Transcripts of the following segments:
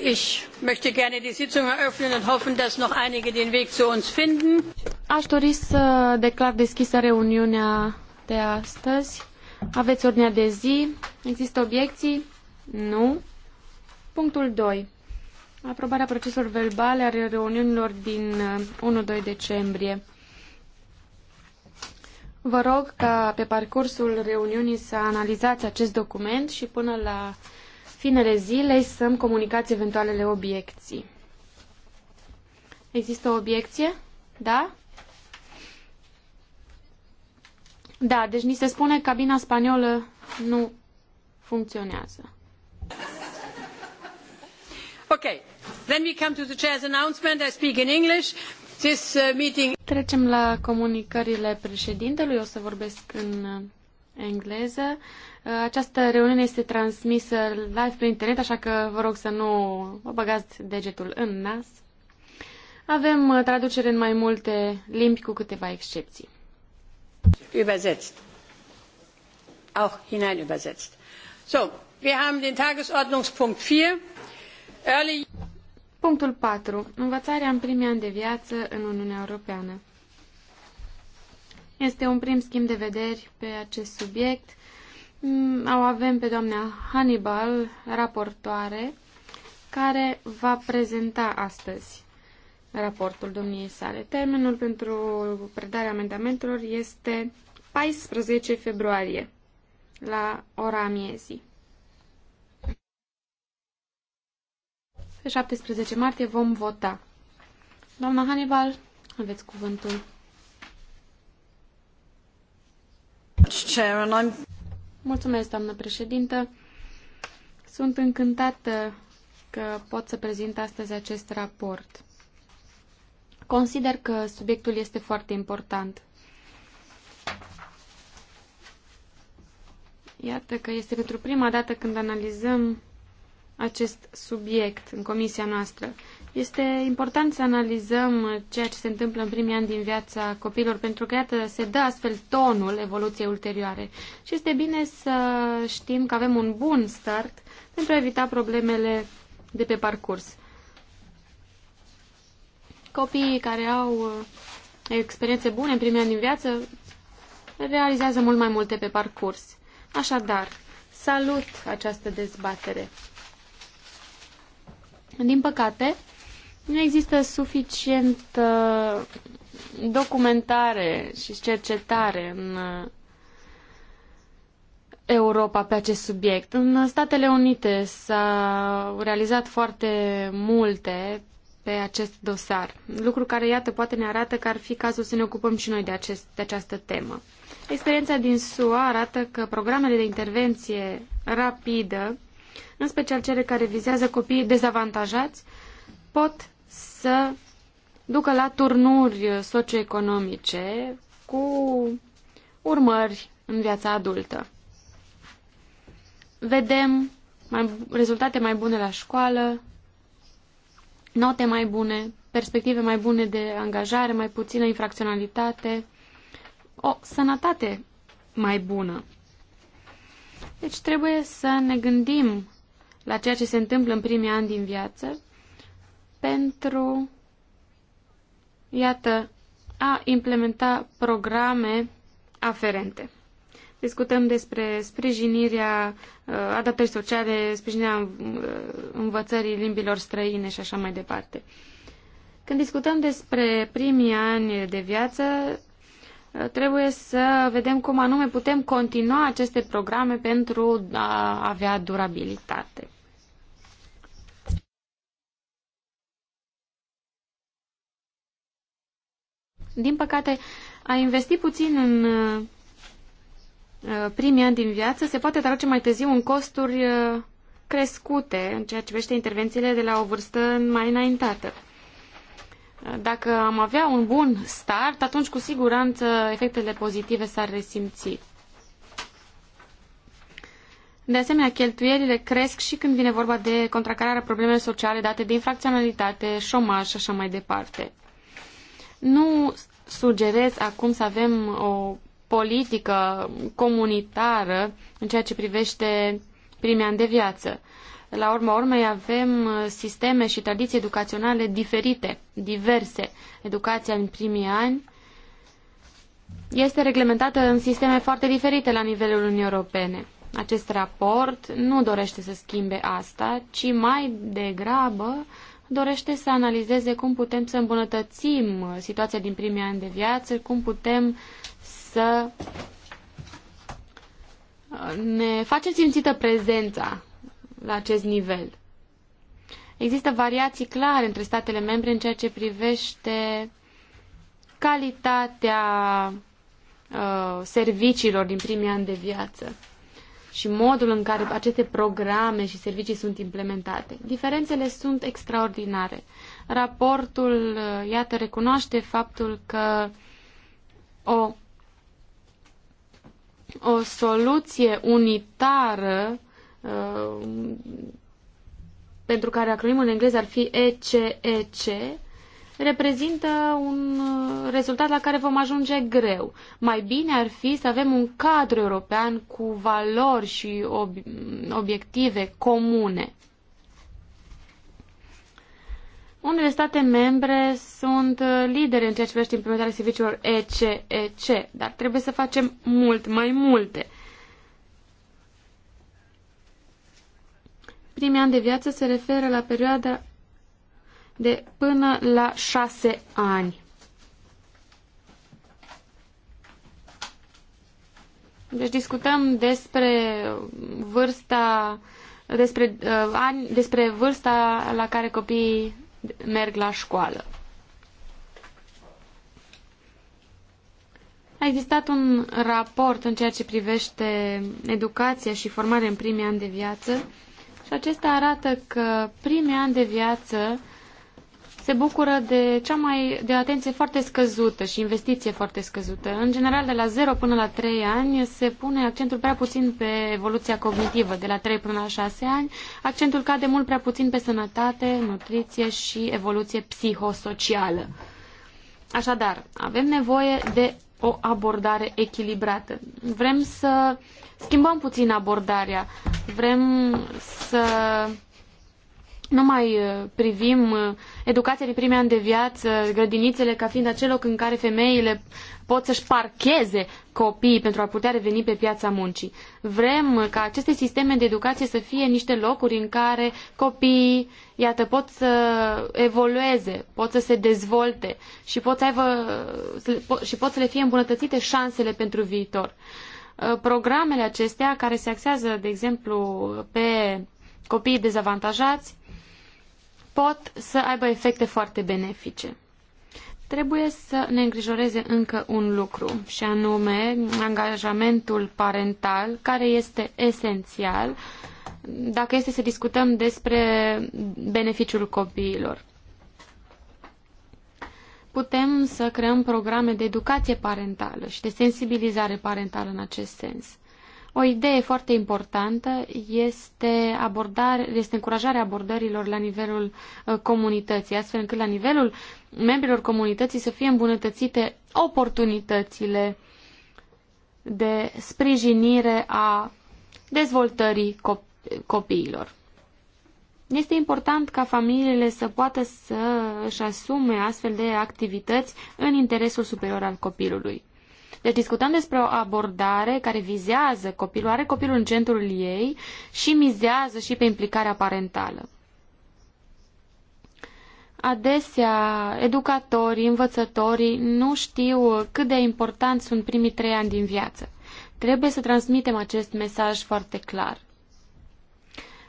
Ich möchte gerne die Sitzung eröffnen und hoffen, dass noch einige den Weg zu uns finden. Aș dori să declar deschisă reuniunea de astăzi. Aveți ordinea de zi? Există obiecții? Nu. Punctul 2. Aprobarea proceselor verbale ale reuniunilor din 1-2 uh, decembrie. Vă rog ca pe parcursul reuniunii să analizați acest document și până la finele zilei să-mi comunicați eventualele obiecții. Există o obiecție? Da? Da, deci ni se spune că cabina spaniolă nu funcționează. Ok. Then we come to the chair's announcement. I speak in English. This uh, meeting... Trecem la comunicările președintelui. O să vorbesc în uh, engleză. Această reuniune este transmisă live pe internet, așa că vă rog să nu vă băgați degetul în nas. Avem uh, traducere în mai multe limbi cu câteva excepții. Übersetzt. Auch hinein übersetzt. So, wir haben den Tagesordnungspunkt 4. Early... Punctul 4. Învățarea în primii ani de viață în Uniunea Europeană. Este un prim schimb de vederi pe acest subiect o mm, avem pe doamna Hannibal, raportoare, care va prezenta astăzi raportul domniei sale. Termenul pentru predarea amendamentelor este 14 februarie, la ora amiezii. Pe 17 martie vom vota. Doamna Hannibal, aveți cuvântul. Chair, I'm Mulțumesc, doamnă președintă. Sunt încântată că pot să prezint astăzi acest raport. Consider că subiectul este foarte important. Iată că este pentru prima dată când analizăm acest subiect în comisia noastră. Este important să analizăm ceea ce se întâmplă în primii ani din viața copilor, pentru că, iată, se dă astfel tonul evoluției ulterioare. Și este bine să știm că avem un bun start pentru a evita problemele de pe parcurs. Copiii care au uh, experiențe bune în primii ani din viață realizează mult mai multe pe parcurs. Așadar, salut această dezbatere. Din păcate, nu există suficientă documentare și cercetare în uh, Europa pe acest subiect. În Statele Unite s-au realizat foarte multe pe acest dosar, lucru care, iată, poate ne arată că ar fi cazul să ne ocupăm și noi de, acest, de această temă. Experiența din SUA arată că programele de intervenție rapidă, în special cele care vizează copiii dezavantajați, pot să ducă la turnuri socioeconomice cu urmări în viața adultă. Vedem mai, rezultate mai bune la școală, note mai bune, perspective mai bune de angajare, mai puțină infracționalitate, o sănătate mai bună. Deci trebuie să ne gândim la ceea ce se întâmplă în primii ani din viață pentru, iată, a implementa programe aferente. Discutăm despre sprijinirea uh, adaptării sociale, sprijinirea uh, învățării limbilor străine și așa mai departe. Când discutăm despre primii ani de viață, uh, trebuie să vedem cum anume putem continua aceste programe pentru a avea durabilitate. Din păcate, a investi puțin în uh, primii ani din viață se poate traduce mai târziu în costuri uh, crescute în ceea ce privește intervențiile de la o vârstă mai înaintată. Uh, dacă am avea un bun start, atunci cu siguranță efectele pozitive s-ar resimți. De asemenea, cheltuielile cresc și când vine vorba de contracararea problemelor sociale date de infracționalitate, șomaj și așa mai departe. Nu sugerez acum să avem o politică comunitară în ceea ce privește primii ani de viață. La urma urmei avem sisteme și tradiții educaționale diferite, diverse. Educația în primii ani este reglementată în sisteme foarte diferite la nivelul Uniunii Europene. Acest raport nu dorește să schimbe asta, ci mai degrabă dorește să analizeze cum putem să îmbunătățim situația din primii ani de viață, cum putem să uh, ne facem simțită prezența la acest nivel. Există variații clare între statele membre în ceea ce privește calitatea uh, serviciilor din primii ani de viață și modul în care aceste programe și servicii sunt implementate. Diferențele sunt extraordinare. Raportul, uh, iată, recunoaște faptul că o, o soluție unitară uh, pentru care acronimul în engleză ar fi ECEC, reprezintă un uh, rezultat la care vom ajunge greu. Mai bine ar fi să avem un cadru european cu valori și ob- obiective comune. Unele state membre sunt uh, lideri în ceea ce privește implementarea serviciilor ECEC, dar trebuie să facem mult mai multe. Primii ani de viață se referă la perioada de până la șase ani. Deci discutăm despre vârsta despre, uh, ani, despre vârsta la care copiii merg la școală. A existat un raport în ceea ce privește educația și formarea în primii ani de viață și acesta arată că primii ani de viață se bucură de cea mai de atenție foarte scăzută și investiție foarte scăzută. În general, de la 0 până la 3 ani se pune accentul prea puțin pe evoluția cognitivă. De la 3 până la 6 ani, accentul cade mult prea puțin pe sănătate, nutriție și evoluție psihosocială. Așadar, avem nevoie de o abordare echilibrată. Vrem să schimbăm puțin abordarea. Vrem să nu mai uh, privim uh, educația din primii ani de viață, grădinițele ca fiind acel loc în care femeile pot să-și parcheze copiii pentru a putea reveni pe piața muncii. Vrem uh, ca aceste sisteme de educație să fie niște locuri în care copiii, iată, pot să evolueze, pot să se dezvolte și pot să, aibă, și pot să le fie îmbunătățite șansele pentru viitor. Programele acestea care se axează, de exemplu, pe copiii dezavantajați, pot să aibă efecte foarte benefice. Trebuie să ne îngrijoreze încă un lucru, și anume angajamentul parental, care este esențial dacă este să discutăm despre beneficiul copiilor. Putem să creăm programe de educație parentală și de sensibilizare parentală în acest sens. O idee foarte importantă este, abordare, este încurajarea abordărilor la nivelul uh, comunității, astfel încât la nivelul membrilor comunității să fie îmbunătățite oportunitățile de sprijinire a dezvoltării copiilor. Este important ca familiile să poată să își asume astfel de activități în interesul superior al copilului. Deci discutăm despre o abordare care vizează copilul, are copilul în centrul ei și mizează și pe implicarea parentală. Adesea, educatorii, învățătorii nu știu cât de important sunt primii trei ani din viață. Trebuie să transmitem acest mesaj foarte clar.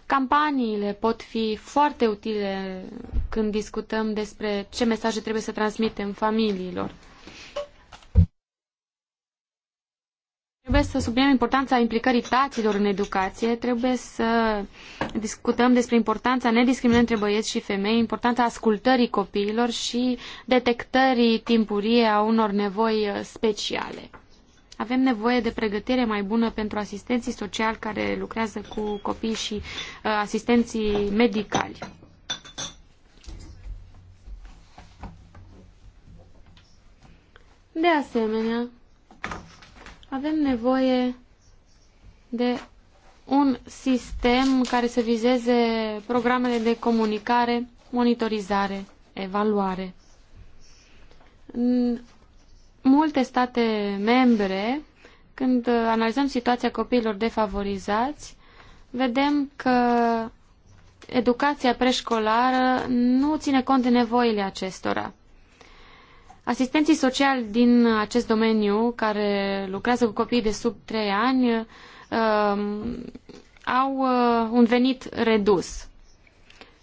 Campaniile pot fi foarte utile când discutăm despre ce mesaje trebuie să transmitem familiilor. Trebuie să subliniem importanța implicării taților în educație, trebuie să discutăm despre importanța nediscriminării între băieți și femei, importanța ascultării copiilor și detectării timpurie a unor nevoi uh, speciale. Avem nevoie de pregătire mai bună pentru asistenții sociali care lucrează cu copii și uh, asistenții medicali. De asemenea, avem nevoie de un sistem care să vizeze programele de comunicare, monitorizare, evaluare. În multe state membre, când analizăm situația copiilor defavorizați, vedem că educația preșcolară nu ține cont de nevoile acestora. Asistenții sociali din acest domeniu care lucrează cu copiii de sub 3 ani uh, au uh, un venit redus.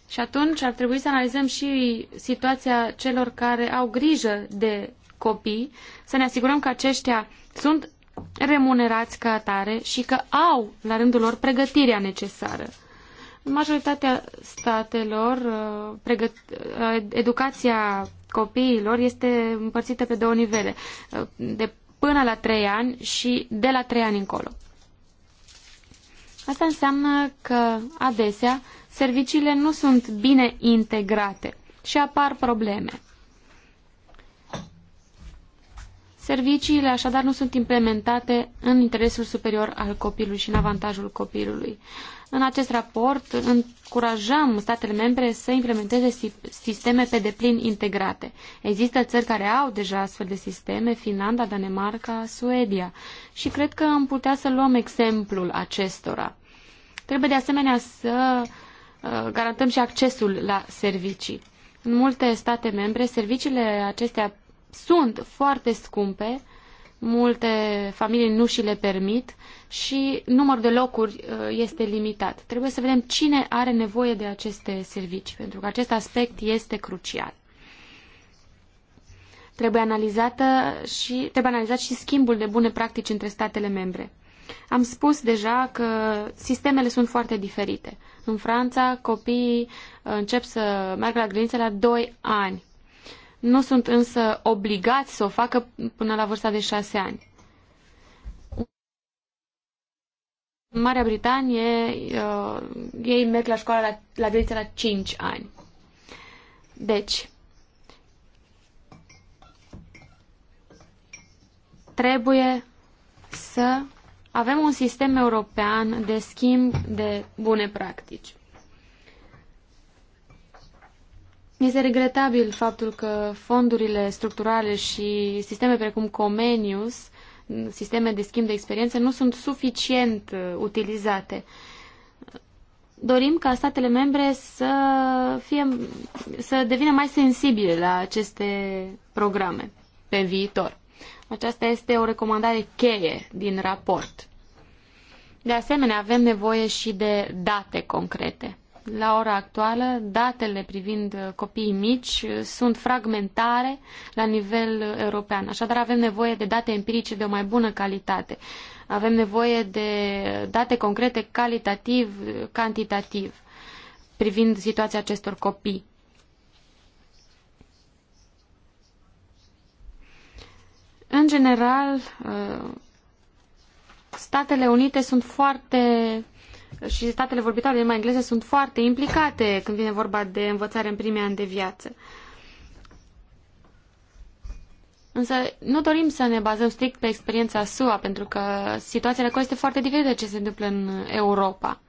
Și atunci ar trebui să analizăm și situația celor care au grijă de copii, să ne asigurăm că aceștia sunt remunerați ca atare și că au, la rândul lor, pregătirea necesară. În majoritatea statelor, uh, pregăt... Uh, educația copiilor este împărțită pe două nivele, de până la trei ani și de la trei ani încolo. Asta înseamnă că adesea serviciile nu sunt bine integrate și apar probleme. Serviciile așadar nu sunt implementate în interesul superior al copilului și în avantajul copilului. În acest raport încurajăm statele membre să implementeze sisteme pe deplin integrate. Există țări care au deja astfel de sisteme, Finlanda, Danemarca, Suedia și cred că am putea să luăm exemplul acestora. Trebuie de asemenea să uh, garantăm și accesul la servicii. În multe state membre, serviciile acestea sunt foarte scumpe, multe familii nu și le permit și numărul de locuri uh, este limitat. Trebuie să vedem cine are nevoie de aceste servicii, pentru că acest aspect este crucial. Trebuie, analizată și, trebuie analizat și schimbul de bune practici între statele membre. Am spus deja că sistemele sunt foarte diferite. În Franța, copiii uh, încep să meargă la grădiniță la 2 ani. Nu sunt însă obligați să o facă până la vârsta de șase ani. În Marea Britanie, uh, ei merg la școală la, la grădiniță la 5 ani. Deci, trebuie să avem un sistem european de schimb de bune practici. Este regretabil faptul că fondurile structurale și sisteme precum Comenius, sisteme de schimb de experiență, nu sunt suficient uh, utilizate. Dorim ca statele membre să, fie, să devină mai sensibile la aceste programe pe viitor. Aceasta este o recomandare cheie din raport. De asemenea, avem nevoie și de date concrete la ora actuală, datele privind copiii mici sunt fragmentare la nivel european. Așadar, avem nevoie de date empirice de o mai bună calitate. Avem nevoie de date concrete calitativ, cantitativ, privind situația acestor copii. În general, Statele Unite sunt foarte și statele vorbitoare de limba engleză sunt foarte implicate când vine vorba de învățare în primii ani de viață. Însă nu dorim să ne bazăm strict pe experiența SUA, pentru că situația acolo este foarte diferită de ce se întâmplă în Europa.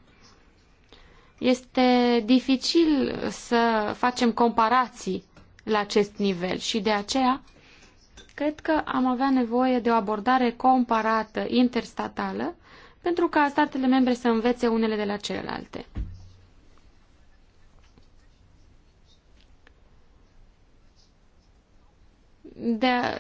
Este dificil să facem comparații la acest nivel și de aceea cred că am avea nevoie de o abordare comparată interstatală pentru ca statele membre să învețe unele de la celelalte. De a,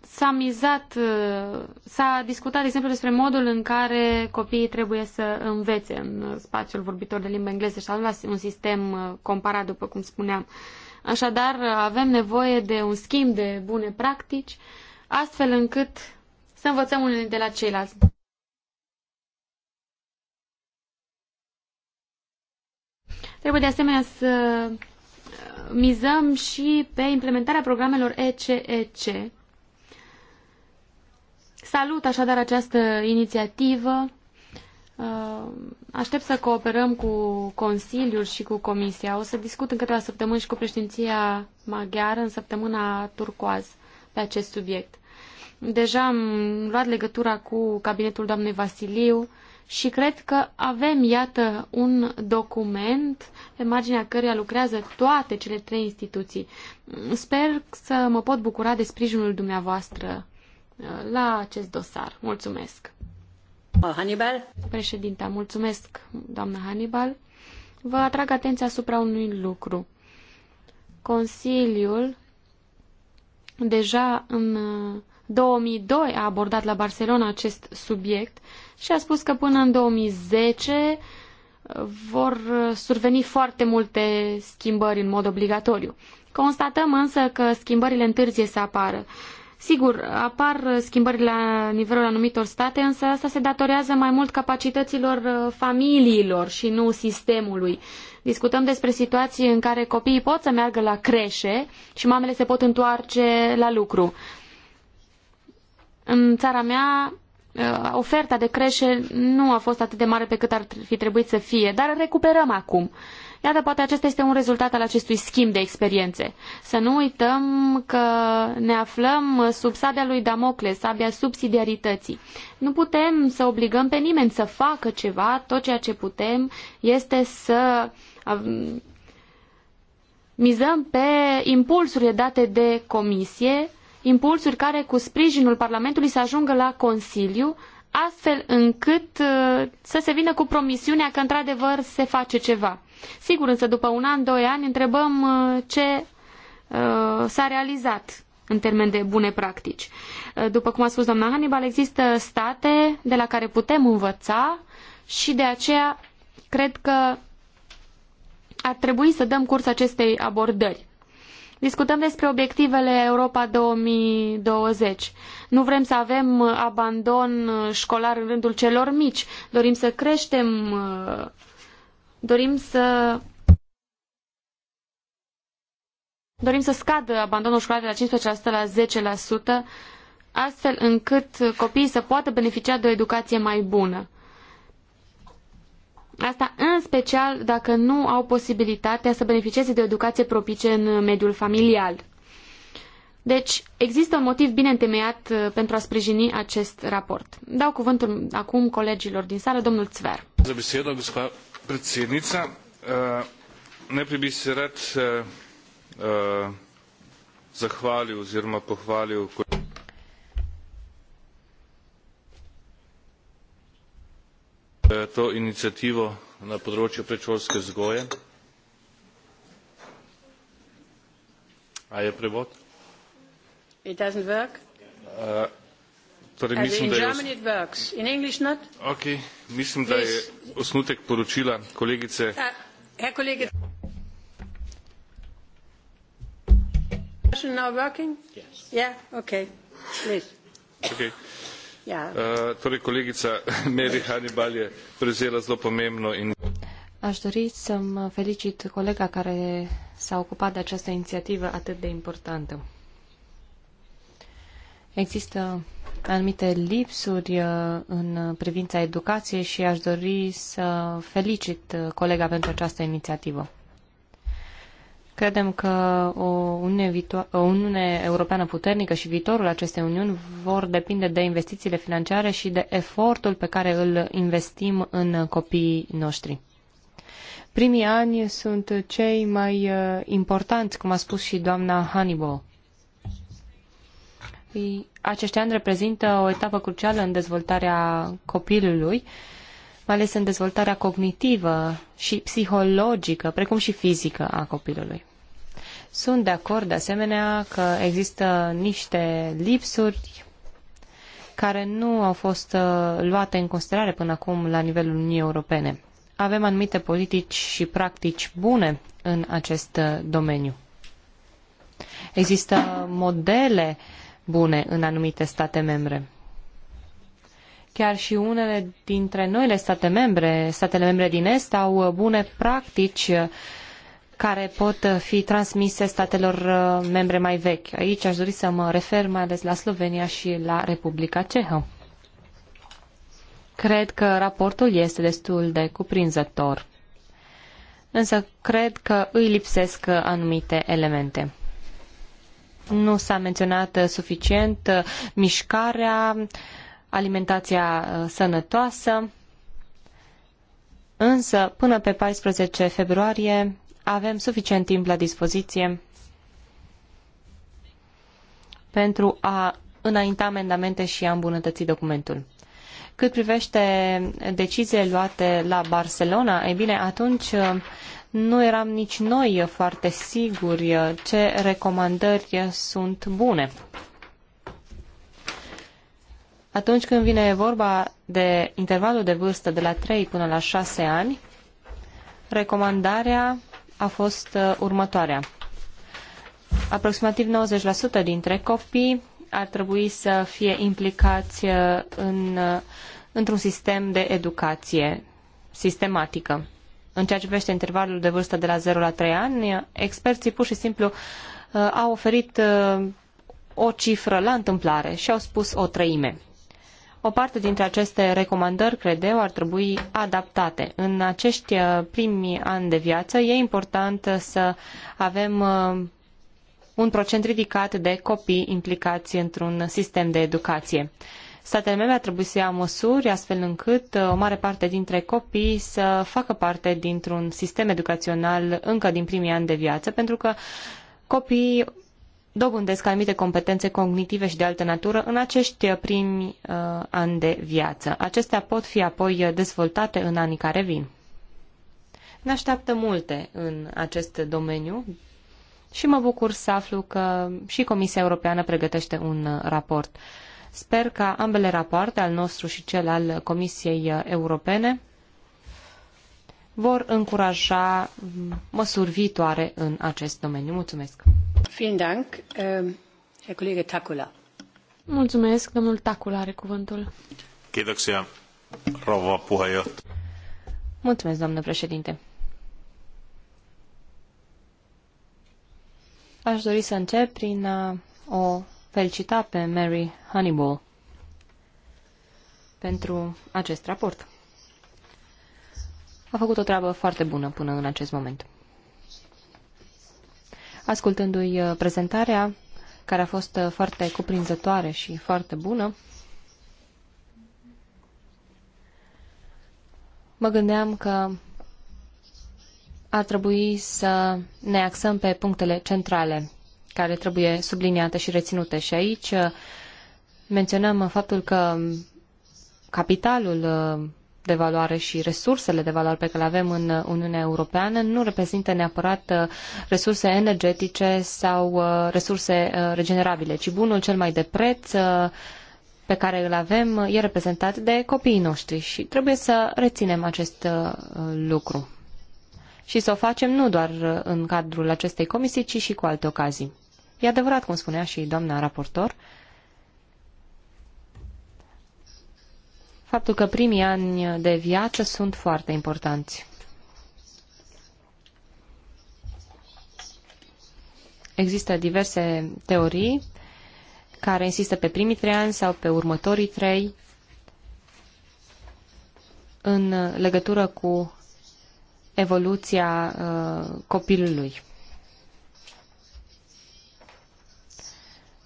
s-a mizat, uh, s-a discutat, de exemplu, despre modul în care copiii trebuie să învețe în spațiul vorbitor de limba engleză și la un sistem uh, comparat, după cum spuneam. Așadar, avem nevoie de un schimb de bune practici, astfel încât să învățăm unele de la ceilalți. Trebuie de asemenea să uh, mizăm și pe implementarea programelor ECEC. Salut așadar această inițiativă. Uh, aștept să cooperăm cu Consiliul și cu Comisia. O să discut în câteva săptămâni și cu președinția maghiară în săptămâna turcoaz pe acest subiect. Deja am luat legătura cu cabinetul doamnei Vasiliu și cred că avem, iată, un document pe marginea căruia lucrează toate cele trei instituții. Sper să mă pot bucura de sprijinul dumneavoastră uh, la acest dosar. Mulțumesc! Uh, Hannibal? Președinta, mulțumesc, doamna Hannibal. Vă atrag atenția asupra unui lucru. Consiliul deja în uh, 2002 a abordat la Barcelona acest subiect și a spus că până în 2010 uh, vor uh, surveni foarte multe schimbări în mod obligatoriu. Constatăm însă că schimbările întârzie să apară. Sigur, apar uh, schimbări la nivelul anumitor state, însă asta se datorează mai mult capacităților familiilor și nu sistemului. Discutăm despre situații în care copiii pot să meargă la creșe și mamele se pot întoarce la lucru. În țara mea, uh, oferta de creșe nu a fost atât de mare pe cât ar fi trebuit să fie, dar recuperăm acum. Iată, poate acesta este un rezultat al acestui schimb de experiențe. Să nu uităm că ne aflăm sub sabia lui Damocles, sabia subsidiarității. Nu putem să obligăm pe nimeni să facă ceva, tot ceea ce putem este să um, mizăm pe impulsurile date de comisie impulsuri care, cu sprijinul Parlamentului, să ajungă la Consiliu, astfel încât uh, să se vină cu promisiunea că, într-adevăr, se face ceva. Sigur, însă, după un an, doi ani, întrebăm uh, ce uh, s-a realizat în termen de bune practici. După cum a spus doamna Hannibal, există state de la care putem învăța și de aceea cred că ar trebui să dăm curs acestei abordări. Discutăm despre obiectivele Europa 2020. Nu vrem să avem abandon școlar în rândul celor mici. Dorim să creștem, dorim să dorim să scadă abandonul școlar de la 15% la 10%, astfel încât copiii să poată beneficia de o educație mai bună. Asta în special dacă nu au posibilitatea să beneficieze de o educație propice în mediul familial. Deci, există un motiv bine întemeiat uh, pentru a sprijini acest raport. Dau cuvântul acum colegilor din sală, domnul Țver. Za besedo, gospa predsednica. Uh, najprej bi se rad uh, zahvalil oziroma pohvalil to inicijativo na področju predšolske vzgoje. A je prevod? It doesn't work. Uh, torej mislim, da je, it works. In English not? Ok, mislim, Please. da je osnutek poročila kolegice. Uh, Herr Kollege. Now working? Yes. Yeah, okay. Please. Okay. Ja. Eh, torej, colegița meri Hannibal je prevzela zelo pomembno in... Aș dori să mă felicit colega care s-a ocupat de această inițiativă atât de importantă. Există anumite lipsuri eh, în privința educației și aș dori să felicit colega pentru această inițiativă. Credem că o Uniune, o Uniune Europeană puternică și viitorul acestei Uniuni vor depinde de investițiile financiare și de efortul pe care îl investim în copiii noștri. Primii ani sunt cei mai uh, importanți, cum a spus și doamna Hannibal. Acești ani reprezintă o etapă crucială în dezvoltarea copilului, mai ales în dezvoltarea cognitivă și psihologică, precum și fizică a copilului. Sunt de acord, de asemenea, că există niște lipsuri care nu au fost uh, luate în considerare până acum la nivelul Uniunii Europene. Avem anumite politici și practici bune în acest uh, domeniu. Există modele bune în anumite state membre. Chiar și unele dintre noile state membre, statele membre din Est, au uh, bune practici uh, care pot fi transmise statelor uh, membre mai vechi. Aici aș dori să mă refer mai ales la Slovenia și la Republica Cehă. Cred că raportul este destul de cuprinzător, însă cred că îi lipsesc anumite elemente. Nu s-a menționat suficient uh, mișcarea, alimentația uh, sănătoasă, însă până pe 14 februarie avem suficient timp la dispoziție pentru a înainta amendamente și a îmbunătăți documentul. Cât privește deciziile luate la Barcelona, ei bine, atunci uh, nu eram nici noi foarte siguri uh, ce recomandări sunt bune. Atunci când vine vorba de intervalul de vârstă de la 3 până la 6 ani, recomandarea a fost uh, următoarea. Aproximativ 90% dintre copii ar trebui să fie implicați uh, în, uh, într-un sistem de educație sistematică. În ceea ce privește intervalul de vârstă de la 0 la 3 ani, experții pur și simplu au oferit o cifră la întâmplare și au spus o treime. O parte dintre aceste recomandări, cred eu, ar trebui adaptate. În acești uh, primi ani de viață e important să avem uh, un procent ridicat de copii implicați într-un sistem de educație. Statele membre ar trebui să ia măsuri astfel încât uh, o mare parte dintre copii să facă parte dintr-un sistem educațional încă din primii ani de viață, pentru că copiii dobândesc anumite competențe cognitive și de altă natură în acești uh, primi uh, ani de viață. Acestea pot fi apoi uh, dezvoltate în anii care vin. Ne așteaptă multe în acest domeniu și mă bucur să aflu că și Comisia Europeană pregătește un uh, raport. Sper ca ambele rapoarte, al nostru și cel al Comisiei Europene, vor încuraja mm, măsuri viitoare în acest domeniu. Mulțumesc! Ähm, Mulțumesc, domnul președinte. Aș dori să încep prin a o felicita pe Mary Honeyball pentru acest raport. A făcut o treabă foarte bună până în acest moment. Ascultându-i uh, prezentarea, care a fost uh, foarte cuprinzătoare și foarte bună, mă gândeam că ar trebui să ne axăm pe punctele centrale care trebuie subliniate și reținute. Și aici uh, menționăm faptul că capitalul de valoare și resursele de valoare pe care le avem în Uniunea Europeană nu reprezintă neapărat uh, resurse energetice sau uh, resurse uh, regenerabile, ci bunul cel mai de preț pe care îl avem e reprezentat de copiii noștri și trebuie să reținem acest lucru. Și să o facem nu doar în cadrul acestei comisii, ci și cu alte ocazii. E adevărat, cum spunea și doamna raportor, faptul că primii ani de viață sunt foarte importanți. Există diverse teorii care insistă pe primii trei ani sau pe următorii trei în legătură cu evoluția uh, copilului.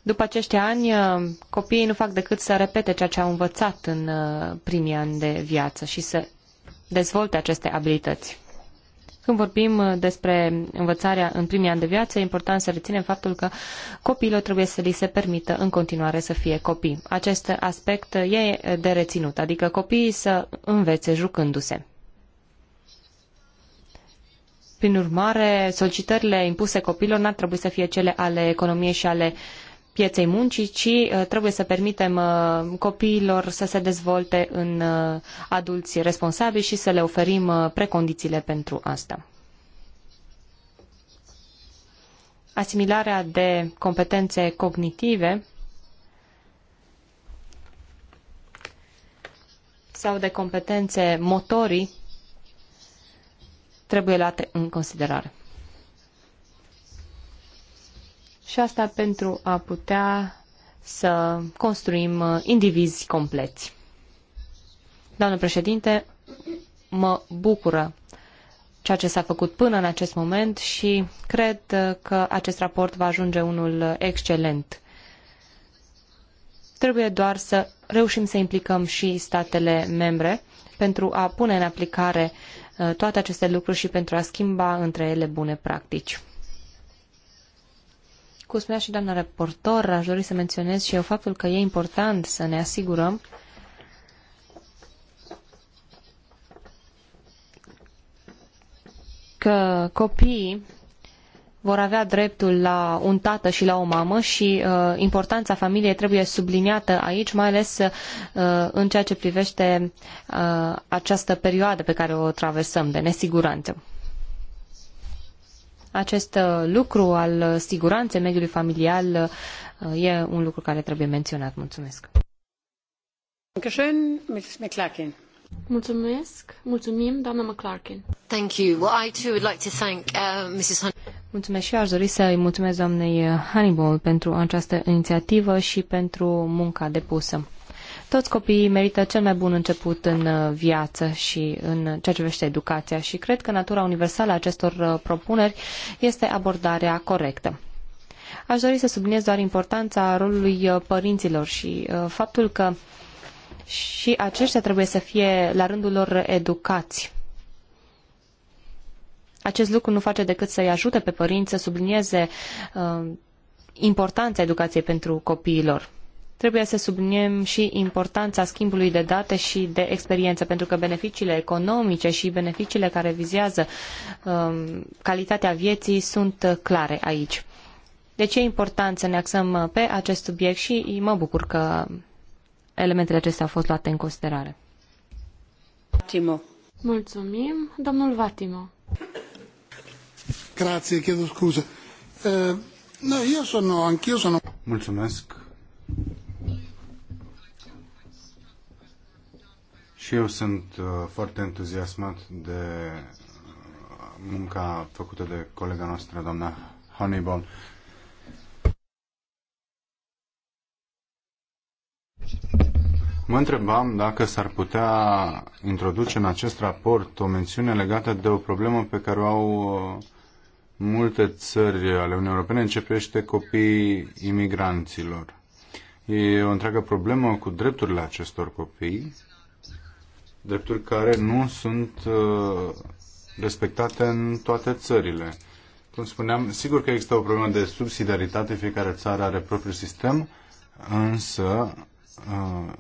După acești ani, uh, copiii nu fac decât să repete ceea ce au învățat în uh, primii ani de viață și să dezvolte aceste abilități. Când vorbim uh, despre învățarea în primii ani de viață, e important să reținem faptul că copiilor trebuie să li se permită în continuare să fie copii. Acest aspect e de reținut, adică copiii să învețe jucându-se. Prin urmare, solicitările impuse copiilor n-ar trebui să fie cele ale economiei și ale uh, pieței muncii, ci uh, trebuie să permitem uh, copiilor să se dezvolte în uh, adulți responsabili și să le oferim precondițiile pentru asta. Asimilarea de competențe cognitive sau de competențe motorii trebuie luate în considerare. Și asta pentru a putea să construim uh, indivizi compleți. Doamnă președinte, mă bucură ceea ce s-a făcut până în acest moment și cred uh, că acest raport va ajunge unul uh, excelent. Trebuie doar să reușim să implicăm și statele membre pentru a pune în aplicare toate aceste lucruri și pentru a schimba între ele bune practici. Cum spunea și doamna raportor, aș dori să menționez și eu faptul că e important să ne asigurăm că copiii vor avea dreptul la un tată și la o mamă și uh, importanța familiei trebuie subliniată aici, mai ales uh, în ceea ce privește uh, această perioadă pe care o traversăm de nesiguranță. Acest uh, lucru al uh, siguranței mediului familial uh, e un lucru care trebuie menționat. Mulțumesc. Mulțumesc. Mulțumim, doamna McClarkin. Thank you. Well, I too would like to thank uh, Mrs. Hunt. Mulțumesc și eu aș dori să îi mulțumesc doamnei Hannibal pentru această inițiativă și pentru munca depusă. Toți copiii merită cel mai bun început în uh, viață și în ceea ce privește educația și cred că natura universală a acestor uh, propuneri este abordarea corectă. Aș dori să subliniez doar importanța rolului uh, părinților și faptul că și aceștia trebuie să fie la rândul lor educați. Acest lucru nu face decât să-i ajute pe părinți să sublinieze uh, importanța educației pentru copiilor. Trebuie să subliniem și importanța schimbului de date și de experiență, pentru că beneficiile economice și beneficiile care vizează um, calitatea vieții sunt clare aici. Deci e important să ne axăm pe acest subiect și mă bucur că elementele acestea au fost luate în considerare. Timo. Mulțumim. Domnul Vatimo. Grazie, chiedo scuze. Eh, no, eu sono, anch'io sono... Mulțumesc. Și eu sunt uh, foarte entuziasmat de uh, munca făcută de colega noastră, doamna Honeyball. Mă întrebam dacă s-ar putea introduce în acest raport o mențiune legată de o problemă pe care o au uh, multe țări ale Uniunii Europene, începește copiii imigranților. E o întreagă problemă cu drepturile acestor copii drepturi care nu sunt uh, respectate în toate țările. Cum spuneam, sigur că există o problemă de subsidiaritate, fiecare țară are propriul sistem, însă uh,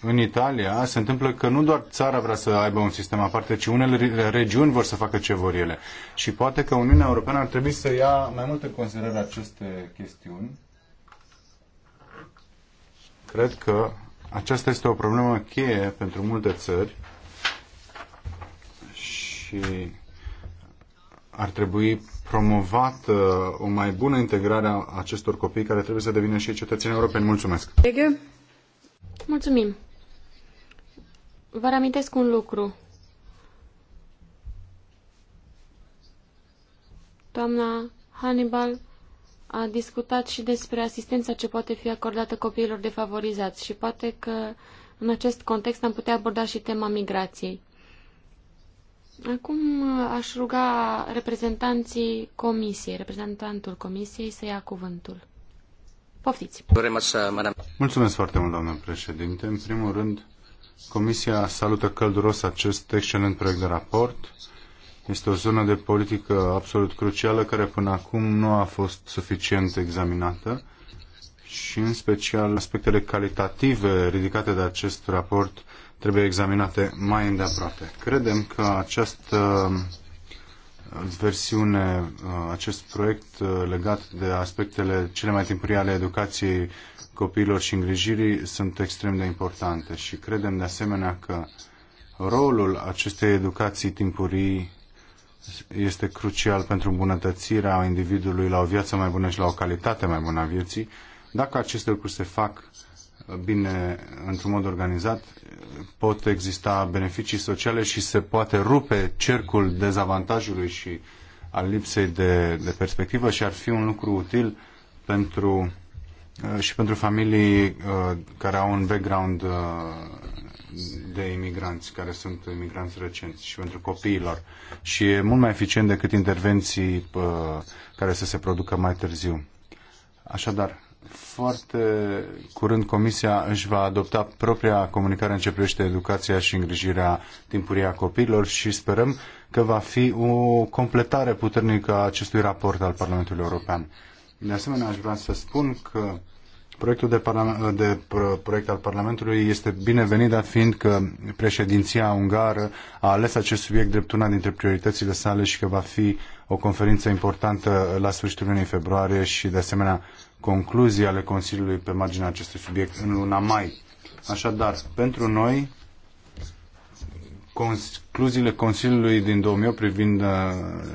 în Italia se întâmplă că nu doar țara vrea să aibă un sistem aparte, ci unele regiuni vor să facă ce vor ele. Și poate că Uniunea Europeană ar trebui să ia mai mult în considerare aceste chestiuni. Cred că aceasta este o problemă cheie pentru multe țări și ar trebui promovată o mai bună integrare a acestor copii care trebuie să devină și cetățeni europeni. Mulțumesc! Mulțumim! Vă reamintesc un lucru. Doamna Hannibal a discutat și despre asistența ce poate fi acordată copiilor defavorizați și poate că în acest context am putea aborda și tema migrației. Acum uh, aș ruga reprezentanții comisiei, reprezentantul comisiei să ia cuvântul. Poftiți! Mulțumesc foarte mult, doamnă președinte. În primul rând, comisia salută călduros acest excelent proiect de raport este o zonă de politică absolut crucială care până acum nu a fost suficient examinată și în special aspectele calitative ridicate de acest raport trebuie examinate mai îndeaproape. Credem că această versiune, acest proiect uh, legat de aspectele cele mai timpurii ale educației copiilor și îngrijirii sunt extrem de importante și credem de asemenea că rolul acestei educații timpurii este crucial pentru îmbunătățirea individului la o viață mai bună și la o calitate mai bună a vieții. Dacă aceste lucruri se fac uh, bine, într-un mod organizat, pot exista beneficii sociale și se poate rupe cercul dezavantajului și al lipsei de, de perspectivă și ar fi un lucru util pentru uh, și pentru familii uh, care au un background de imigranți care sunt imigranți recenți și pentru copiilor. Și e mult mai eficient decât intervenții uh, care să se producă mai târziu. Așadar, foarte curând Comisia își va adopta propria comunicare în ce privește educația și îngrijirea timpurie a copiilor și sperăm că va fi o completare puternică a acestui raport al Parlamentului European. De asemenea, aș vrea să spun că Proiectul de, de proiect al Parlamentului este binevenit, dat fiind că președinția ungară a ales acest subiect drept una dintre prioritățile sale și că va fi o conferință importantă la sfârșitul lunii februarie și, de asemenea, concluzii ale Consiliului pe marginea acestui subiect în luna mai. Așadar, pentru noi, concluziile Consiliului din 2008 privind uh,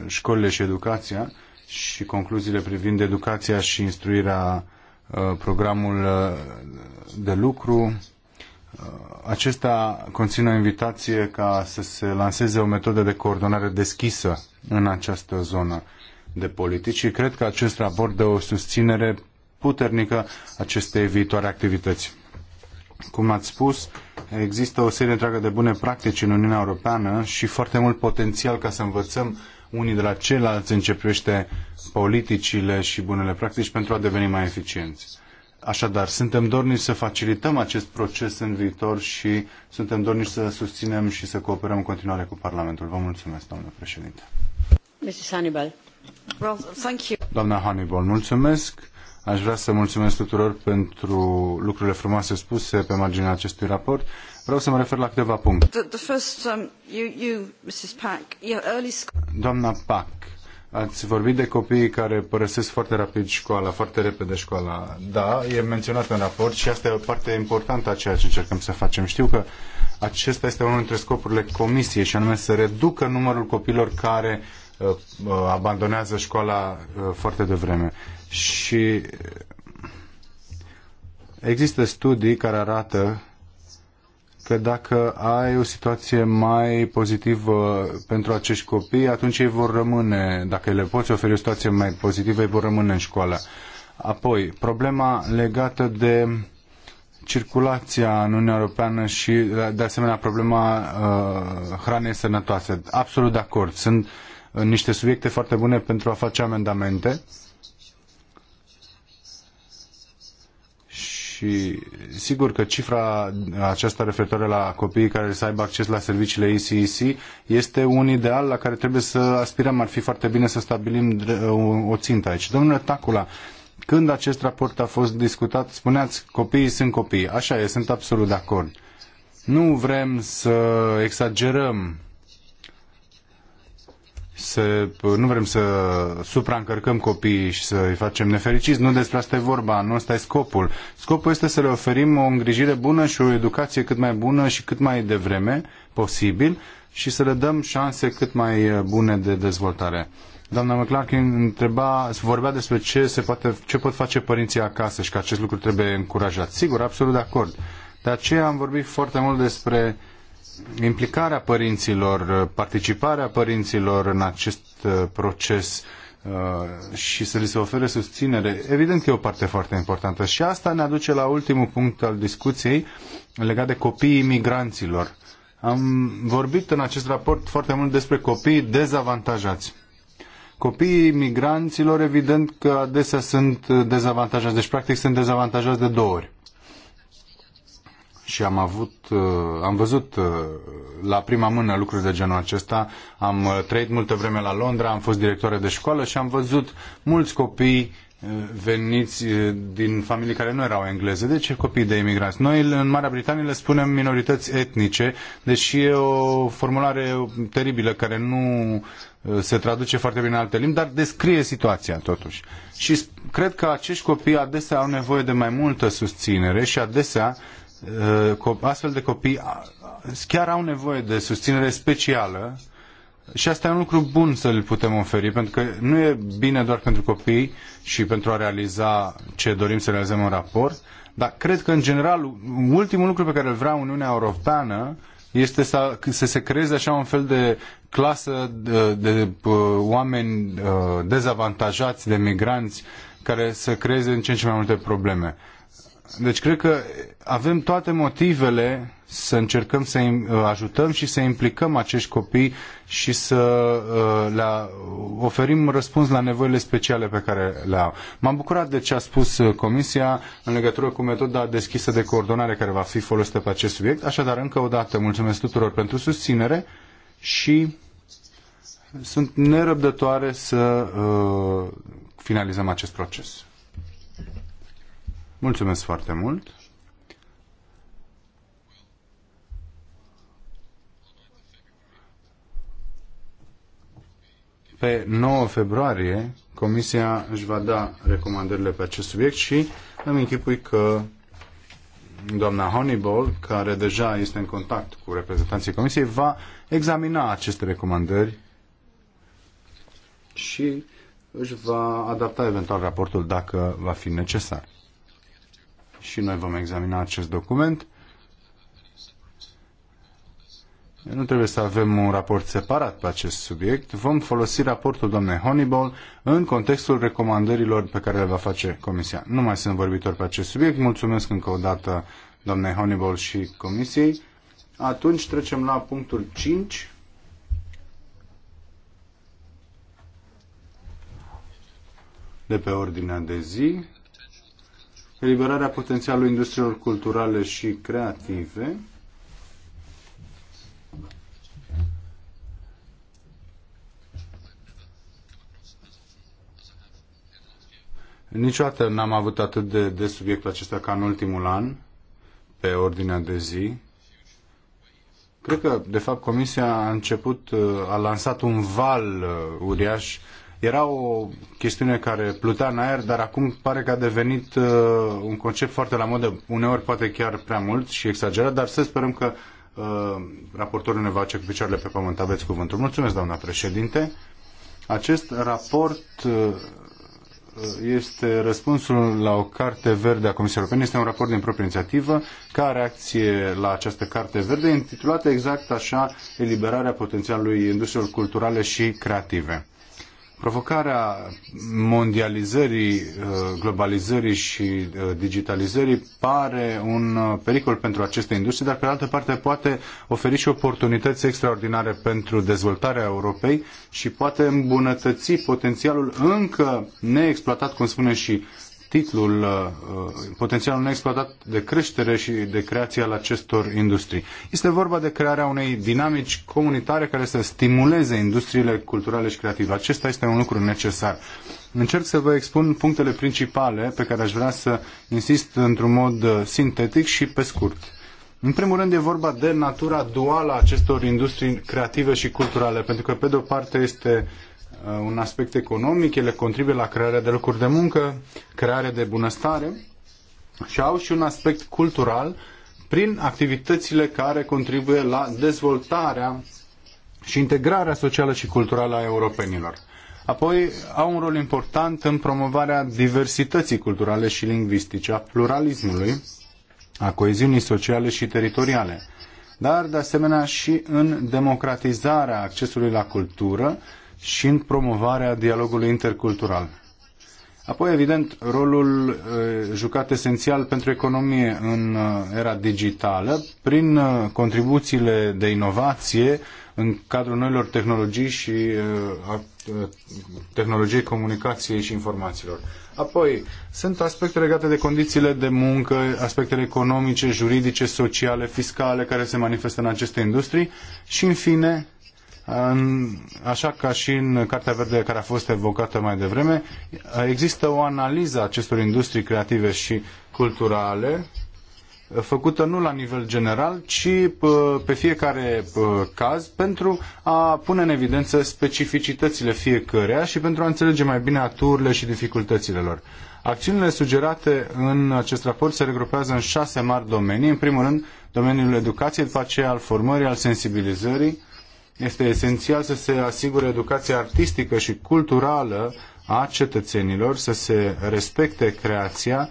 școlile și educația și concluziile privind educația și instruirea Uh, programul uh, de lucru. Uh, acesta conține o invitație ca să se lanseze o metodă de coordonare deschisă în această zonă de politici și cred că acest raport dă o susținere puternică acestei viitoare activități. Cum ați spus, există o serie întreagă de bune practici în Uniunea Europeană și foarte mult potențial ca să învățăm unii de la ceilalți privește politicile și bunele practici pentru a deveni mai eficienți. Așadar, suntem dorniți să facilităm acest proces în viitor și suntem dorniți să susținem și să cooperăm în continuare cu Parlamentul. Vă mulțumesc, doamnă președinte. Hannibal. Well, thank you. Doamna Hannibal, mulțumesc. Aș vrea să mulțumesc tuturor pentru lucrurile frumoase spuse pe marginea acestui raport Vreau să mă refer la câteva puncte. The, the first, um, you, you, Mrs. Pack, early... Doamna Pack, Ați vorbit de copiii care părăsesc foarte rapid școala, foarte repede școala. Da, e menționat în raport și asta e o parte importantă a ceea ce încercăm să facem. Știu că acesta este unul dintre scopurile comisiei și anume să reducă numărul copiilor care uh, uh, abandonează școala uh, foarte devreme. Și există studii care arată că dacă ai o situație mai pozitivă pentru acești copii, atunci ei vor rămâne, dacă le poți oferi o situație mai pozitivă, ei vor rămâne în școală. Apoi, problema legată de circulația în Uniunea Europeană și, de asemenea, problema uh, hranei sănătoase. Absolut de acord. Sunt uh, niște subiecte foarte bune pentru a face amendamente. Uh, Și sigur că cifra aceasta referitoare la copiii care să aibă acces la serviciile ECEC este un ideal la care trebuie să aspirăm. Ar fi foarte bine să stabilim o țintă aici. Domnule Tacula, când acest raport a fost discutat, spuneați copiii sunt copii. Așa e, sunt absolut de acord. Nu vrem să exagerăm să, nu vrem să supraîncărcăm copiii și să îi facem nefericiți. Nu despre asta e vorba, nu ăsta e scopul. Scopul este să le oferim o îngrijire bună și o educație cât mai bună și cât mai devreme posibil și să le dăm șanse cât mai bune de dezvoltare. Doamna McClarkin întreba, vorbea despre ce, se poate, ce pot face părinții acasă și că acest lucru trebuie încurajat. Sigur, absolut de acord. De aceea am vorbit foarte mult despre uh, implicarea părinților, participarea părinților în acest uh, proces uh, și să li se ofere susținere, evident că e o parte foarte importantă. Și asta ne aduce la ultimul punct al discuției legat de copiii migranților. Am vorbit în acest raport foarte mult despre copiii dezavantajați. Copiii migranților, evident că adesea sunt dezavantajați, deci practic sunt dezavantajați de două ori și am avut, uh, am văzut uh, la prima mână lucruri de genul acesta. Am uh, trăit multă vreme la Londra, am fost directoare de școală și am văzut mulți copii veniți din familii care nu erau engleze, deci copii de imigranți. Noi în Marea Britanie le spunem minorități etnice, deși e o formulare teribilă care nu se traduce foarte bine în alte limbi, dar descrie situația totuși. Și cred că acești copii adesea au nevoie de mai multă susținere și adesea Uh, astfel de copii chiar au nevoie de susținere specială și asta e un lucru bun să îl putem oferi, pentru că nu e bine doar pentru copii și pentru a realiza ce dorim să realizăm în raport, dar cred că, în general, ultimul lucru pe care îl vrea Uniunea Europeană este să, să se creeze așa un fel de clasă de, de, de uh, oameni uh, dezavantajați, de migranți, care să creeze în ce în ce mai multe probleme. Deci, deci cred că avem toate motivele să încercăm să uh, ajutăm și să implicăm acești copii și să uh, le oferim răspuns la nevoile speciale pe care le au. M-am bucurat de ce a spus uh, Comisia în legătură cu metoda deschisă de coordonare care va fi folosită pe acest subiect. Așadar, încă o dată, mulțumesc tuturor pentru susținere și sunt nerăbdătoare să finalizăm acest proces. Mulțumesc foarte mult. Pe 9 februarie, Comisia își va da recomandările pe acest subiect și îmi închipui că doamna Honeyball, care deja este în contact cu reprezentanții Comisiei, va examina aceste recomandări și își va adapta eventual raportul dacă va fi necesar și noi vom examina acest document. Nu trebuie să avem un raport separat pe acest subiect. Vom folosi raportul doamnei Honeyball în contextul recomandărilor pe care le va face Comisia. Nu mai sunt vorbitor pe acest subiect. Mulțumesc încă o dată doamnei Honeyball și Comisiei. Atunci trecem la punctul 5. de pe ordinea de zi eliberarea potențialului industriilor culturale și creative, Niciodată n-am avut atât de, de subiectul acesta ca în ultimul an, pe ordinea de zi. Cred că, de fapt, Comisia a început, a lansat un val uh, uriaș era o chestiune care plutea în aer, dar acum pare că a devenit uh, un concept foarte la modă, uneori poate chiar prea mult și exagerat, dar să sperăm că uh, raportorul ne va face cu picioarele pe pământ. Aveți cuvântul. Mulțumesc, doamna președinte. Acest raport uh, este răspunsul la o carte verde a Comisiei Europene. Este un raport din proprie inițiativă ca reacție la această carte verde intitulată exact așa Eliberarea potențialului industriilor culturale și creative. Provocarea mondializării, uh, globalizării și uh, digitalizării pare un uh, pericol pentru aceste industrie, dar pe de altă parte poate oferi și oportunități extraordinare pentru dezvoltarea Europei și poate îmbunătăți potențialul încă neexploatat, cum spune și titlul uh, uh, potențialul neexploatat de creștere și de creație al acestor industrii. Este vorba de crearea unei dinamici comunitare care să stimuleze industriile culturale și creative. Acesta este un lucru necesar. Încerc să vă expun punctele principale pe care aș vrea să insist într-un mod uh, sintetic și pe scurt. În primul rând e vorba de natura duală a acestor industrii creative și culturale, pentru că pe de o parte este uh, Uh, un aspect economic, ele contribuie la crearea de locuri de muncă, crearea de bunăstare și au și un aspect cultural prin activitățile care contribuie la dezvoltarea și integrarea socială și culturală a europenilor. Apoi au un rol important în promovarea diversității culturale și lingvistice, a pluralismului, a coeziunii sociale și teritoriale, dar de asemenea și în democratizarea accesului la cultură și în promovarea dialogului intercultural. Apoi, evident, rolul eh, jucat esențial pentru economie în eh, era digitală, prin eh, contribuțiile de inovație în cadrul noilor tehnologii și a tehnologiei comunicației și informațiilor. Apoi, sunt aspecte legate de condițiile de muncă, aspectele economice, juridice, sociale, fiscale care se manifestă în aceste industrii și, în fine, în, așa ca și în Cartea Verde care a fost evocată mai devreme, există o analiză a acestor industrii creative și culturale făcută nu la nivel general, ci pe fiecare caz pentru a pune în evidență specificitățile fiecăreia și pentru a înțelege mai bine aturile și dificultățile lor. Acțiunile sugerate în acest raport se regrupează în șase mari domenii. În primul rând, domeniul educației, după aceea al formării, al sensibilizării, este esențial să se asigure educația artistică și culturală a cetățenilor, să se respecte creația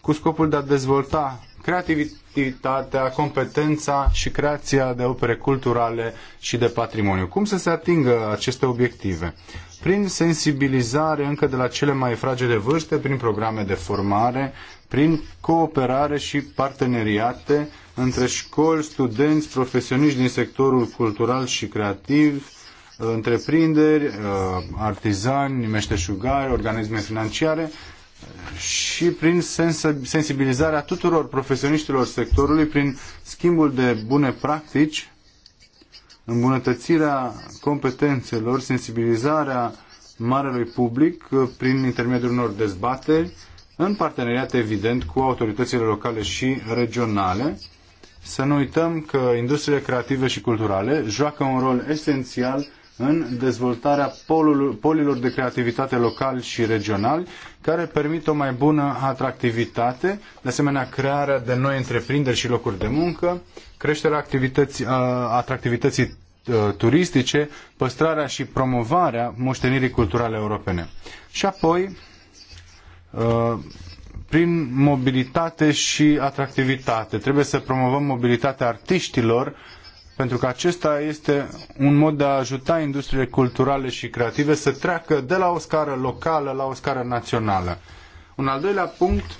cu scopul de a dezvolta creativitatea, competența și creația de opere culturale și de patrimoniu. Cum să se atingă aceste obiective? Prin sensibilizare încă de la cele mai fragile vârste, prin programe de formare, prin cooperare și parteneriate între școli, studenți, profesioniști din sectorul cultural și creativ, întreprinderi, uh, artizani, meșteșugari, organisme financiare și prin sensibilizarea tuturor profesioniștilor sectorului, prin schimbul de bune practici, îmbunătățirea competențelor, sensibilizarea marelui public uh, prin intermediul unor dezbateri, în parteneriat evident cu autoritățile locale și regionale să nu uităm că industriile creative și culturale joacă un rol esențial în dezvoltarea polilor de creativitate local și regional, care permit o mai bună atractivitate, de asemenea crearea de noi întreprinderi și locuri de muncă, creșterea activității, atractivității turistice, păstrarea și promovarea moștenirii culturale europene. Și apoi, prin mobilitate și atractivitate. Trebuie să promovăm mobilitatea artiștilor, pentru că acesta este un mod de a ajuta industriile culturale și creative să treacă de la o scară locală la o scară națională. Un al doilea punct,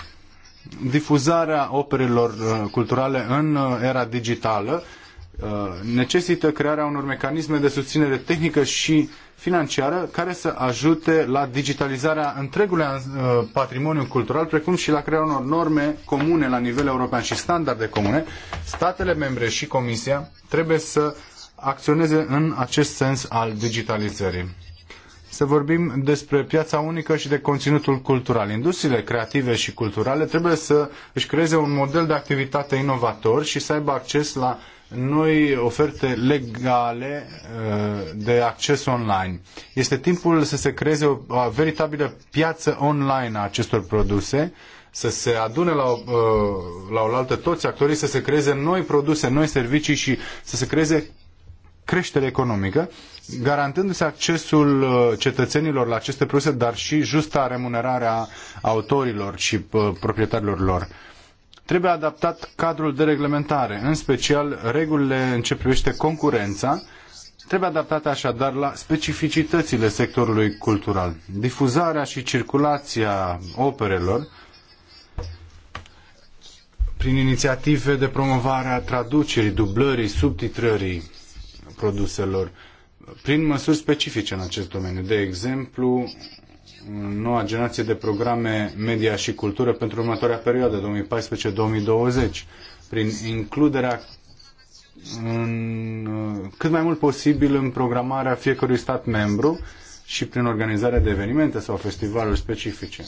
difuzarea operelor uh, culturale în uh, era digitală uh, necesită crearea unor mecanisme de susținere tehnică și financiară care să ajute la digitalizarea întregului uh, patrimoniu cultural, precum și la crearea unor norme comune la nivel european și standarde comune, statele membre și Comisia trebuie să acționeze în acest sens al digitalizării. Să vorbim despre piața unică și de conținutul cultural. Industriile creative și culturale trebuie să își creeze un model de activitate inovator și să aibă acces la noi oferte legale uh, de acces online. Este timpul să se creeze o veritabilă piață online a acestor produse, să se adune la, uh, la oaltă toți actorii, să se creeze noi produse, noi servicii și să se creeze creștere economică, garantându-se accesul uh, cetățenilor la aceste produse, dar și justa remunerarea autorilor și proprietarilor lor trebuie adaptat cadrul de reglementare, în special regulile în ce privește concurența, trebuie adaptate așadar la specificitățile sectorului cultural. Difuzarea și circulația operelor prin inițiative de promovare a traducerii, dublării, subtitrării produselor, prin măsuri specifice în acest domeniu. De exemplu, noua generație de programe media și cultură pentru următoarea perioadă, 2014-2020, prin includerea în, uh, cât mai mult posibil în programarea fiecărui stat membru și prin organizarea de evenimente sau festivaluri specifice.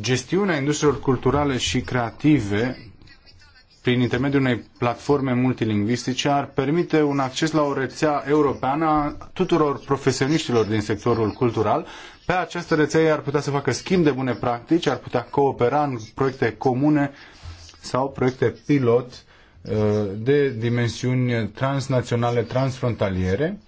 Gestiunea industriilor culturale și creative prin intermediul unei platforme multilingvistice ar permite un acces la o rețea europeană a tuturor profesioniștilor din sectorul cultural. Pe această rețea ar putea să facă schimb de bune practici, ar putea coopera în proiecte comune sau proiecte pilot uh, de dimensiuni transnaționale, transfrontaliere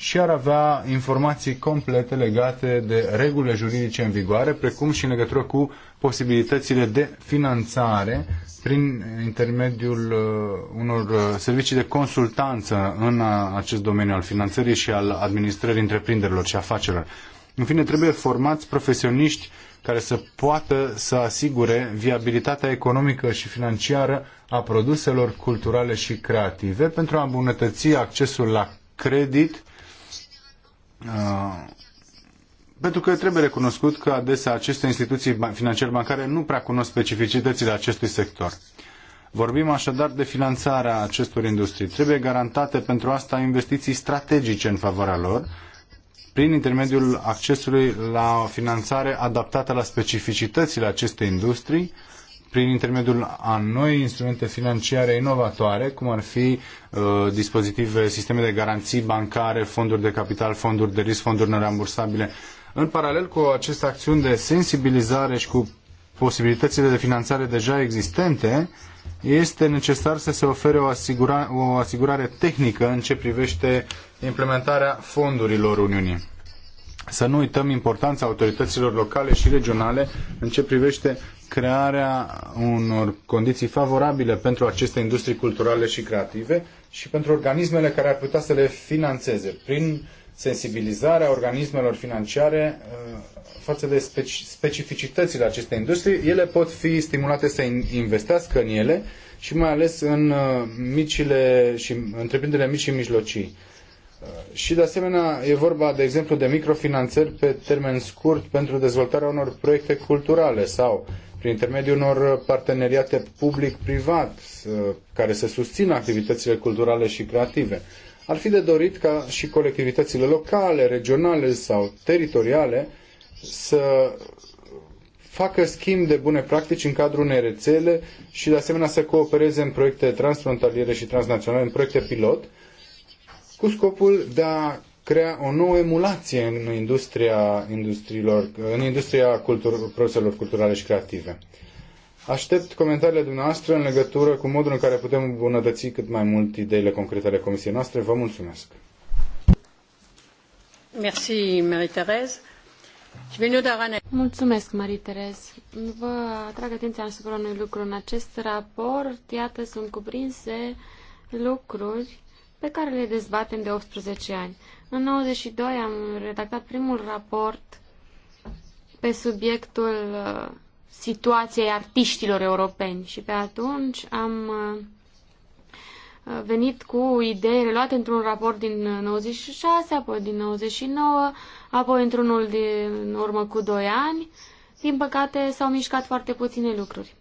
și ar avea informații complete legate de regulile juridice în vigoare, precum și în legătură cu posibilitățile de finanțare prin intermediul uh, unor uh, servicii de consultanță în uh, acest domeniu al finanțării și al administrării întreprinderilor și afacerilor. În fine, trebuie formați profesioniști care să poată să asigure viabilitatea economică și financiară a produselor culturale și creative pentru a îmbunătăți accesul la credit Uh, pentru că trebuie recunoscut că adesea aceste instituții financiare bancare nu prea cunosc specificitățile acestui sector. Vorbim așadar de finanțarea acestor industrii. Trebuie garantate pentru asta investiții strategice în favoarea lor, prin intermediul accesului la finanțare adaptată la specificitățile acestei industrii, prin intermediul a noi instrumente financiare inovatoare, cum ar fi uh, dispozitive, sisteme de garanții bancare, fonduri de capital, fonduri de risc, fonduri nereambursabile. În paralel cu aceste acțiuni de sensibilizare și cu posibilitățile de finanțare deja existente, este necesar să se ofere o, asigura, o asigurare tehnică în ce privește implementarea fondurilor Uniunii să nu uităm importanța autorităților locale și regionale în ce privește crearea unor condiții favorabile pentru aceste industrii culturale și creative și pentru organismele care ar putea să le financeze prin sensibilizarea organismelor financiare uh, față de specificitățile acestei industrii, ele pot fi stimulate să investească în ele și mai ales în uh, micile și întreprinderile mici și mijlocii Uh, și de asemenea e vorba, de exemplu, de microfinanțări pe termen scurt pentru dezvoltarea unor proiecte culturale sau prin intermediul unor parteneriate public-privat uh, care să susțină activitățile culturale și creative. Ar fi de dorit ca și colectivitățile locale, regionale sau teritoriale să facă schimb de bune practici în cadrul unei rețele și de asemenea să coopereze în proiecte transfrontaliere și transnaționale, în proiecte pilot, cu scopul de a crea o nouă emulație în industria, industriilor, în industria cultur, proceselor culturale și creative. Aștept comentariile dumneavoastră în legătură cu modul în care putem îmbunătăți cât mai mult ideile concrete ale comisiei noastre. Vă mulțumesc! Merci, Marie-Thérèse. Mulțumesc, Marie-Terez. Vă atrag atenția asupra unui lucru. În acest raport, iată, sunt cuprinse lucruri pe care le dezbatem de 18 ani. În 92 am redactat primul raport pe subiectul uh, situației artiștilor europeni și pe atunci am uh, venit cu idei reluate într-un raport din 96, apoi din 99, apoi într-unul din urmă cu 2 ani. Din păcate s-au mișcat foarte puține lucruri.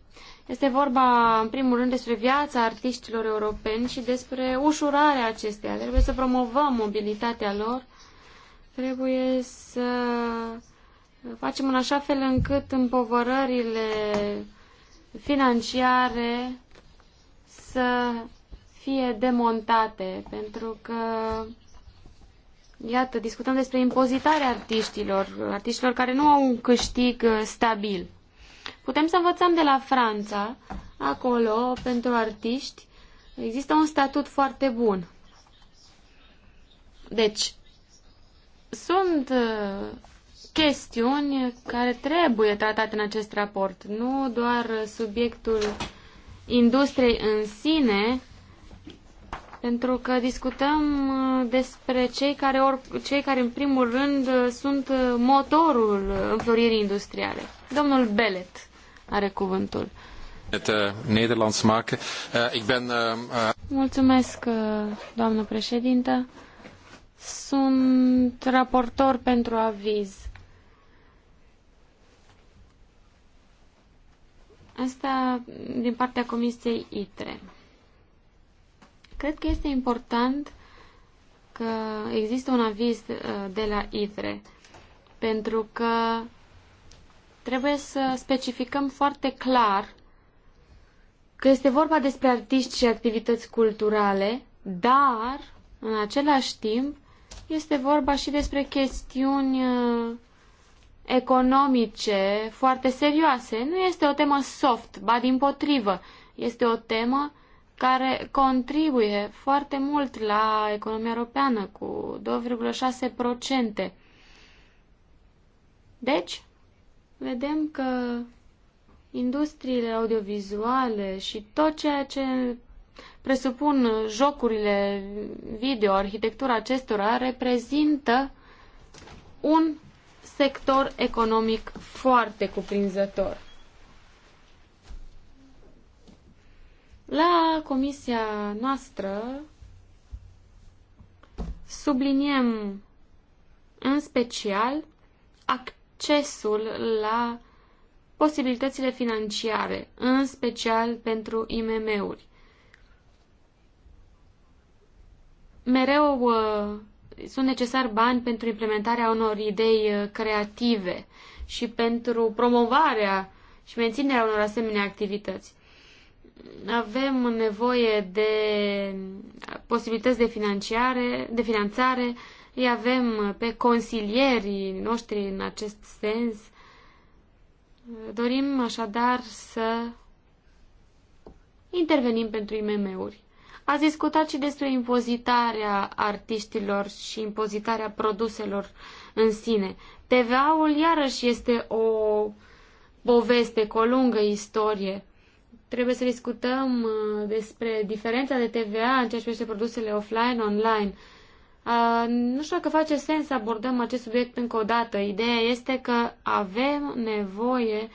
Este vorba, în primul rând, despre viața artiștilor europeni și despre ușurarea acesteia. Trebuie să promovăm mobilitatea lor, trebuie să facem în așa fel încât împovărările financiare să fie demontate, pentru că Iată, discutăm despre impozitarea artiștilor, artiștilor care nu au un câștig uh, stabil. Putem să învățăm de la Franța, acolo, pentru artiști, există un statut foarte bun. Deci, sunt uh, chestiuni care trebuie tratate în acest raport, nu doar subiectul industriei în sine, pentru că discutăm uh, despre cei care, or, cei care în primul rând uh, sunt motorul înfloririi industriale. Domnul Belet are cuvântul. Eh, Nederlands maken. Eh, ik ben. Eh, Mulțumesc, doamnă președintă. Sunt raportor pentru aviz. Asta din partea Comisiei ITRE. Cred că este important că există un aviz de la ITRE, pentru că trebuie să specificăm foarte clar că este vorba despre artiști și activități culturale, dar, în același timp, este vorba și despre chestiuni uh, economice foarte serioase. Nu este o temă soft, ba din potrivă. Este o temă care contribuie foarte mult la economia europeană cu 2,6%. Deci, vedem că industriile audiovizuale și tot ceea ce presupun jocurile video, arhitectura acestora, reprezintă un sector economic foarte cuprinzător. La comisia noastră subliniem în special accesul la posibilitățile financiare, în special pentru IMM-uri. Mereu uh, sunt necesari bani pentru implementarea unor idei uh, creative și pentru promovarea și menținerea unor asemenea activități. Avem nevoie de posibilități de, financiare, de finanțare, îi avem pe consilierii noștri în acest sens. Dorim așadar să intervenim pentru IMM-uri. Ați discutat și despre impozitarea artiștilor și impozitarea produselor în sine. TVA-ul iarăși este o poveste cu o lungă istorie. Trebuie să discutăm uh, despre diferența de TVA în ceea ce privește produsele offline-online. Nu știu dacă face sens să abordăm acest subiect încă o dată. Ideea este că avem nevoie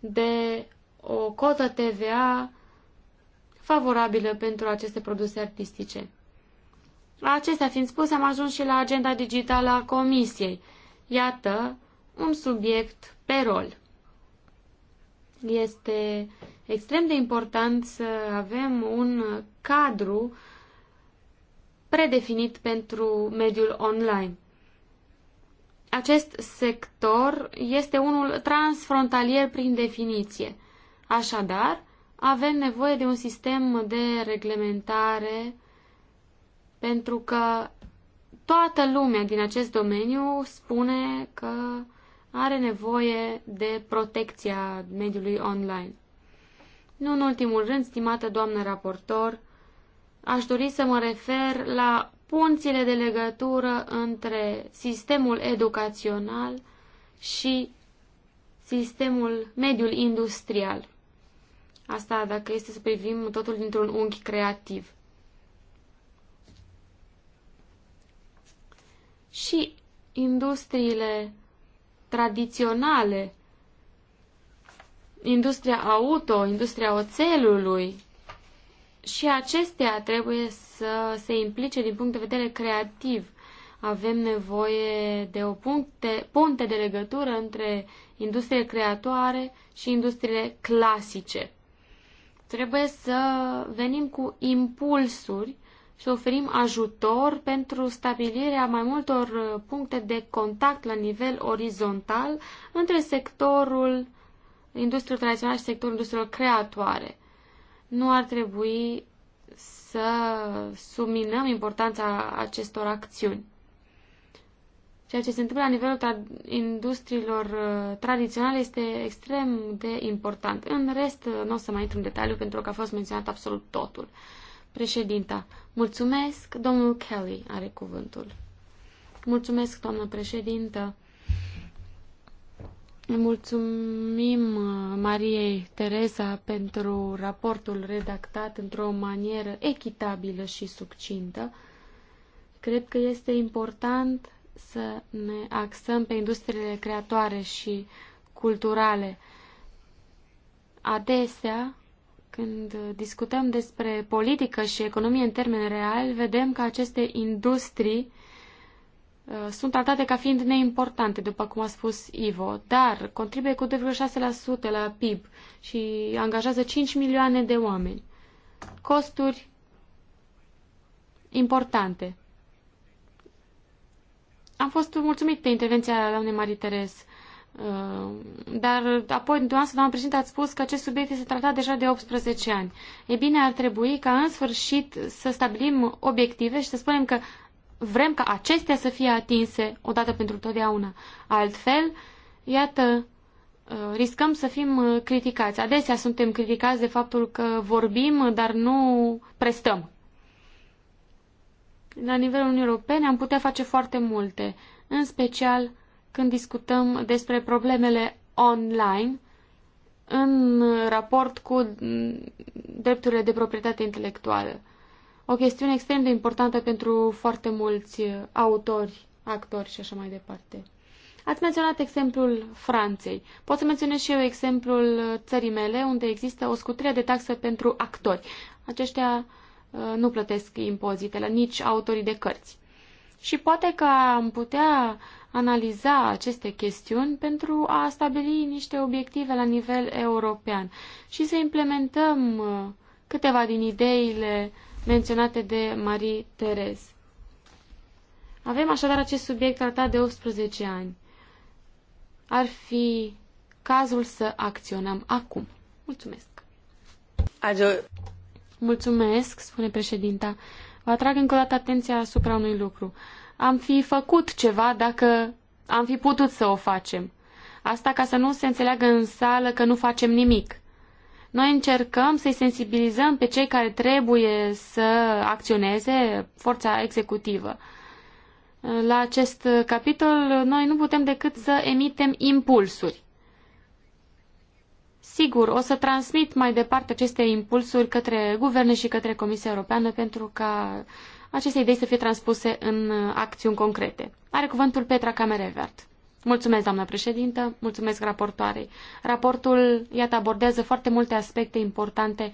de o cotă TVA favorabilă pentru aceste produse artistice. Acestea fiind spuse, am ajuns și la agenda digitală a Comisiei. Iată un subiect pe rol. Este extrem de important să avem un cadru predefinit pentru mediul online. Acest sector este unul transfrontalier prin definiție. Așadar, avem nevoie de un sistem de reglementare pentru că toată lumea din acest domeniu spune că are nevoie de protecția mediului online. Nu în ultimul rând, stimată doamnă raportor, aș dori să mă refer la punțile de legătură între sistemul educațional și sistemul mediul industrial. Asta dacă este să privim totul dintr-un unghi creativ. Și industriile tradiționale, industria auto, industria oțelului, și acestea trebuie să se implice din punct de vedere creativ. Avem nevoie de o puncte, punte de legătură între industriile creatoare și industriile clasice. Trebuie să venim cu impulsuri și oferim ajutor pentru stabilirea mai multor uh, puncte de contact la nivel orizontal între sectorul industriei tradițional și sectorul industriilor creatoare nu ar trebui să subminăm importanța acestor acțiuni. Ceea ce se întâmplă la nivelul industriilor uh, tradiționale este extrem de important. În rest, uh, nu o să mai intru în detaliu pentru că a fost menționat absolut totul. Președinta, mulțumesc. Domnul Kelly are cuvântul. Mulțumesc, doamnă președintă. Ne Mulțumim uh, Mariei Teresa pentru raportul redactat într-o manieră echitabilă și succintă. Cred că este important să ne axăm pe industriile creatoare și culturale. Adesea, când discutăm despre politică și economie în termeni real, vedem că aceste industrii Uh, sunt tratate ca fiind neimportante, după cum a spus Ivo, dar contribuie cu 2,6% la PIB și angajează 5 milioane de oameni. Costuri importante. Am fost mulțumit de intervenția doamnei Marie Teres, uh, dar apoi, dumneavoastră, doamna președinte, ați spus că acest subiect este tratat deja de 18 ani. E bine, ar trebui ca în sfârșit să stabilim obiective și să spunem că vrem ca acestea să fie atinse odată pentru totdeauna. Altfel, iată, uh, riscăm să fim uh, criticați. Adesea suntem criticați de faptul că vorbim, dar nu prestăm. La nivelul Uniunii Europene am putea face foarte multe, în special când discutăm despre problemele online în raport cu mm, drepturile de proprietate intelectuală o chestiune extrem de importantă pentru foarte mulți autori, actori și așa mai departe. Ați menționat exemplul Franței. Pot să menționez și eu exemplul țării mele, unde există o scutire de taxă pentru actori. Aceștia uh, nu plătesc impozitele, nici autorii de cărți. Și poate că am putea analiza aceste chestiuni pentru a stabili niște obiective la nivel european și să implementăm uh, câteva din ideile uh, menționate de Marie Therese. Avem așadar acest subiect tratat de 18 ani. Ar fi cazul să acționăm acum. Mulțumesc. Adio. Mulțumesc, spune președinta. Vă atrag încă o dată atenția asupra unui lucru. Am fi făcut ceva dacă am fi putut să o facem. Asta ca să nu se înțeleagă în sală că nu facem nimic. Noi încercăm să-i sensibilizăm pe cei care trebuie să acționeze forța executivă. La acest capitol, noi nu putem decât să emitem impulsuri. Sigur, o să transmit mai departe aceste impulsuri către guverne și către Comisia Europeană pentru ca aceste idei să fie transpuse în acțiuni concrete. Are cuvântul Petra Camerevert. Mulțumesc, doamnă președintă, mulțumesc raportoarei. Raportul, iată, abordează foarte multe aspecte importante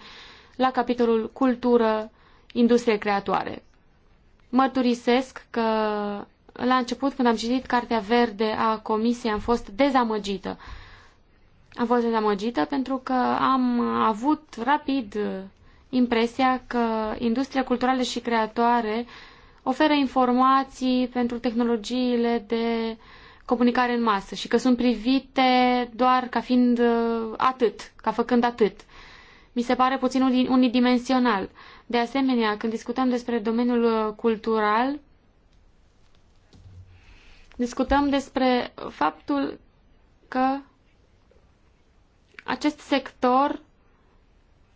la capitolul cultură, industrie creatoare. Mărturisesc că la început, când am citit Cartea Verde a Comisiei, am fost dezamăgită. Am fost dezamăgită pentru că am avut rapid impresia că industria culturală și creatoare oferă informații pentru tehnologiile de comunicare în masă și că sunt privite doar ca fiind uh, atât, ca făcând atât. Mi se pare puțin unidimensional. De asemenea, când discutăm despre domeniul uh, cultural, discutăm despre faptul că acest sector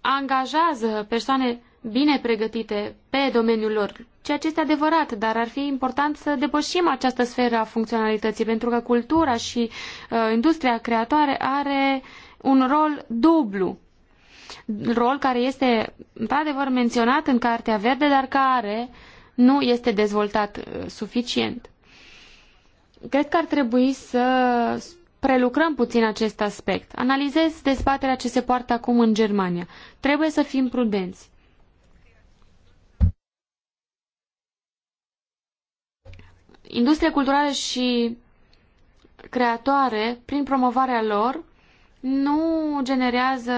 angajează persoane bine pregătite pe domeniul lor, ceea ce este adevărat, dar ar fi important să depășim această sferă a funcționalității, pentru că cultura și uh, industria creatoare are un rol dublu. Rol care este într-adevăr menționat în Cartea Verde, dar care nu este dezvoltat uh, suficient. Cred că ar trebui să prelucrăm puțin acest aspect. Analizez dezbaterea ce se poartă acum în Germania. Trebuie să fim prudenți industrie culturale și creatoare, prin promovarea lor, nu generează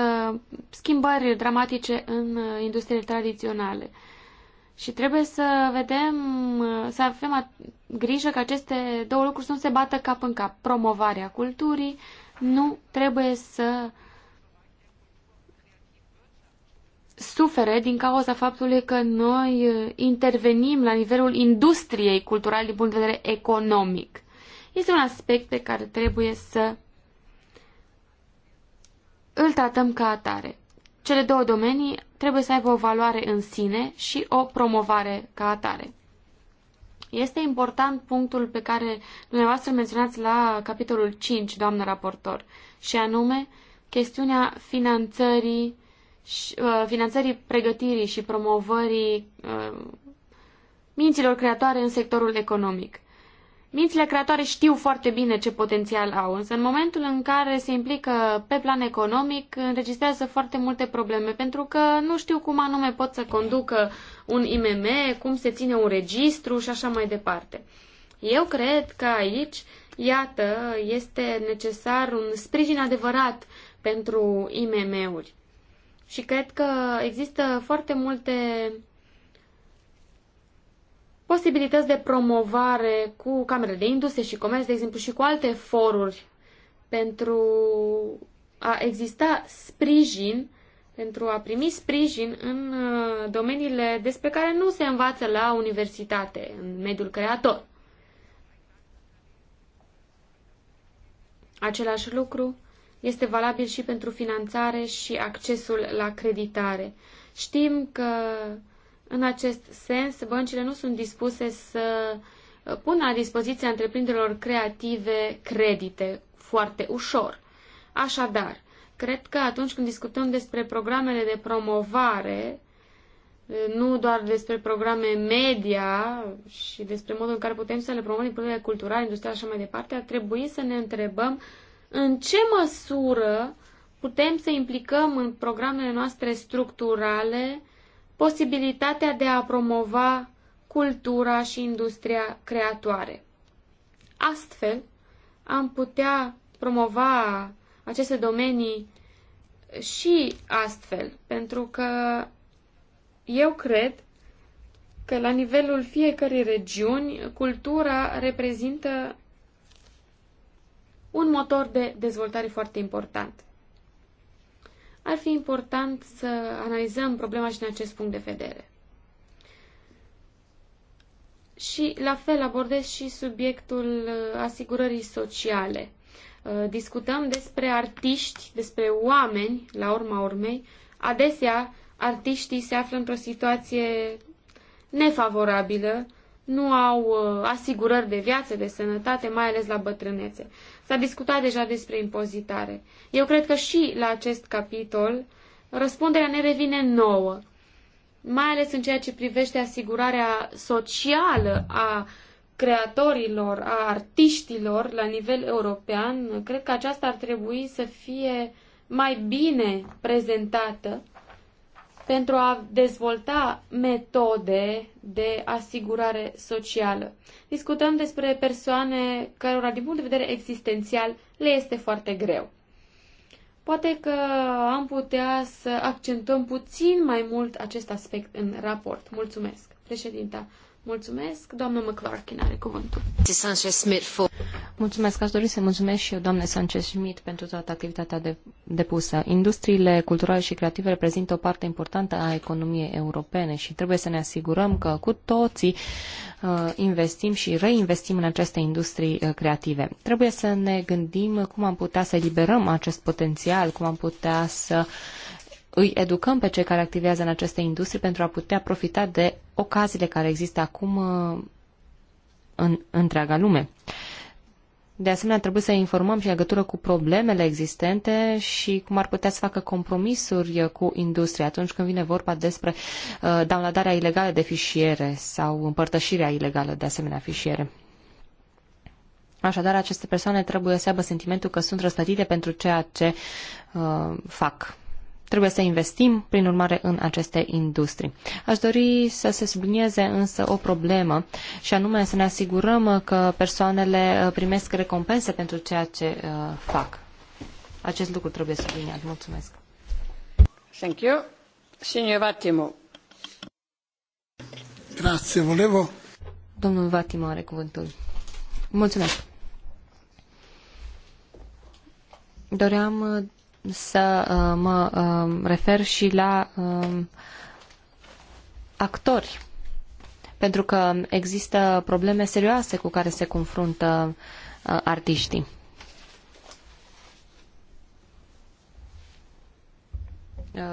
schimbări dramatice în uh, industriile tradiționale. Și trebuie să vedem, uh, să avem grijă că aceste două lucruri să nu se bată cap în cap. Promovarea culturii nu trebuie să sufere din cauza faptului că noi uh, intervenim la nivelul industriei culturale din punct de vedere economic. Este un aspect pe care trebuie să îl tratăm ca atare. Cele două domenii trebuie să aibă o valoare în sine și o promovare ca atare. Este important punctul pe care dumneavoastră menționați la capitolul 5, doamnă raportor, și anume chestiunea finanțării și, uh, finanțării pregătirii și promovării uh, minților creatoare în sectorul economic. Mințile creatoare știu foarte bine ce potențial au, însă în momentul în care se implică pe plan economic, înregistrează foarte multe probleme, pentru că nu știu cum anume pot să conducă un IMM, cum se ține un registru și așa mai departe. Eu cred că aici, iată, este necesar un sprijin adevărat pentru IMM-uri. Și cred că există foarte multe posibilități de promovare cu camerele de industrie și comerț, de exemplu, și cu alte foruri pentru a exista sprijin, pentru a primi sprijin în uh, domeniile despre care nu se învață la universitate, în mediul creator. Același lucru este valabil și pentru finanțare și accesul la creditare. Știm că în acest sens băncile nu sunt dispuse să uh, pună la dispoziția întreprinderilor creative credite foarte ușor. Așadar, cred că atunci când discutăm despre programele de promovare, uh, nu doar despre programe media și despre modul în care putem să le promovăm din punct de cultural, industrial și așa mai departe, ar trebui să ne întrebăm uh, în ce măsură putem să implicăm în programele noastre structurale posibilitatea de a promova cultura și industria creatoare. Astfel, am putea promova aceste domenii și astfel, pentru că eu cred că la nivelul fiecărei regiuni, cultura reprezintă un motor de dezvoltare foarte important. Ar fi important să analizăm problema și din acest punct de vedere. Și la fel abordez și subiectul uh, asigurării sociale. Uh, discutăm despre artiști, despre oameni, la urma urmei. Adesea, artiștii se află într-o situație nefavorabilă, nu au uh, asigurări de viață, de sănătate, mai ales la bătrânețe. S-a discutat deja despre impozitare. Eu cred că și la acest capitol răspunderea ne revine nouă, mai ales în ceea ce privește asigurarea socială a creatorilor, a artiștilor la nivel european, cred că aceasta ar trebui să fie mai bine prezentată pentru a dezvolta metode de asigurare socială. Discutăm despre persoane cărora, din punct de vedere existențial, le este foarte greu. Poate că am putea să accentuăm puțin mai mult acest aspect în raport. Mulțumesc, președinta. Mulțumesc. Doamna McClarkin are cuvântul. Mulțumesc. Aș dori să mulțumesc și eu, doamne Sanchez-Schmidt, pentru toată activitatea de, depusă. Industriile culturale și creative reprezintă o parte importantă a economiei europene și trebuie să ne asigurăm că cu toții uh, investim și reinvestim în aceste industrii uh, creative. Trebuie să ne gândim cum am putea să eliberăm acest potențial, cum am putea să uh, îi educăm pe cei care activează în aceste industrie pentru a putea profita de ocaziile care există acum uh, în întreaga lume. De asemenea, trebuie să informăm și legătură cu problemele existente și cum ar putea să facă compromisuri cu industria atunci când vine vorba despre uh, downloadarea ilegală de fișiere sau împărtășirea ilegală de asemenea fișiere. Așadar, aceste persoane trebuie să aibă sentimentul că sunt răspătite pentru ceea ce uh, fac. Trebuie să investim, prin urmare, în aceste industrii. Aș dori să se sublinieze însă o problemă și anume să ne asigurăm că persoanele uh, primesc recompense pentru ceea ce uh, fac. Acest lucru trebuie subliniat. Mulțumesc. Thank you. Signor Vattimo. Grazie, volevo... Domnul Vattimo are cuvântul. Mulțumesc. Doream uh, să uh, mă uh, refer și la uh, actori, pentru că există probleme serioase cu care se confruntă artiștii.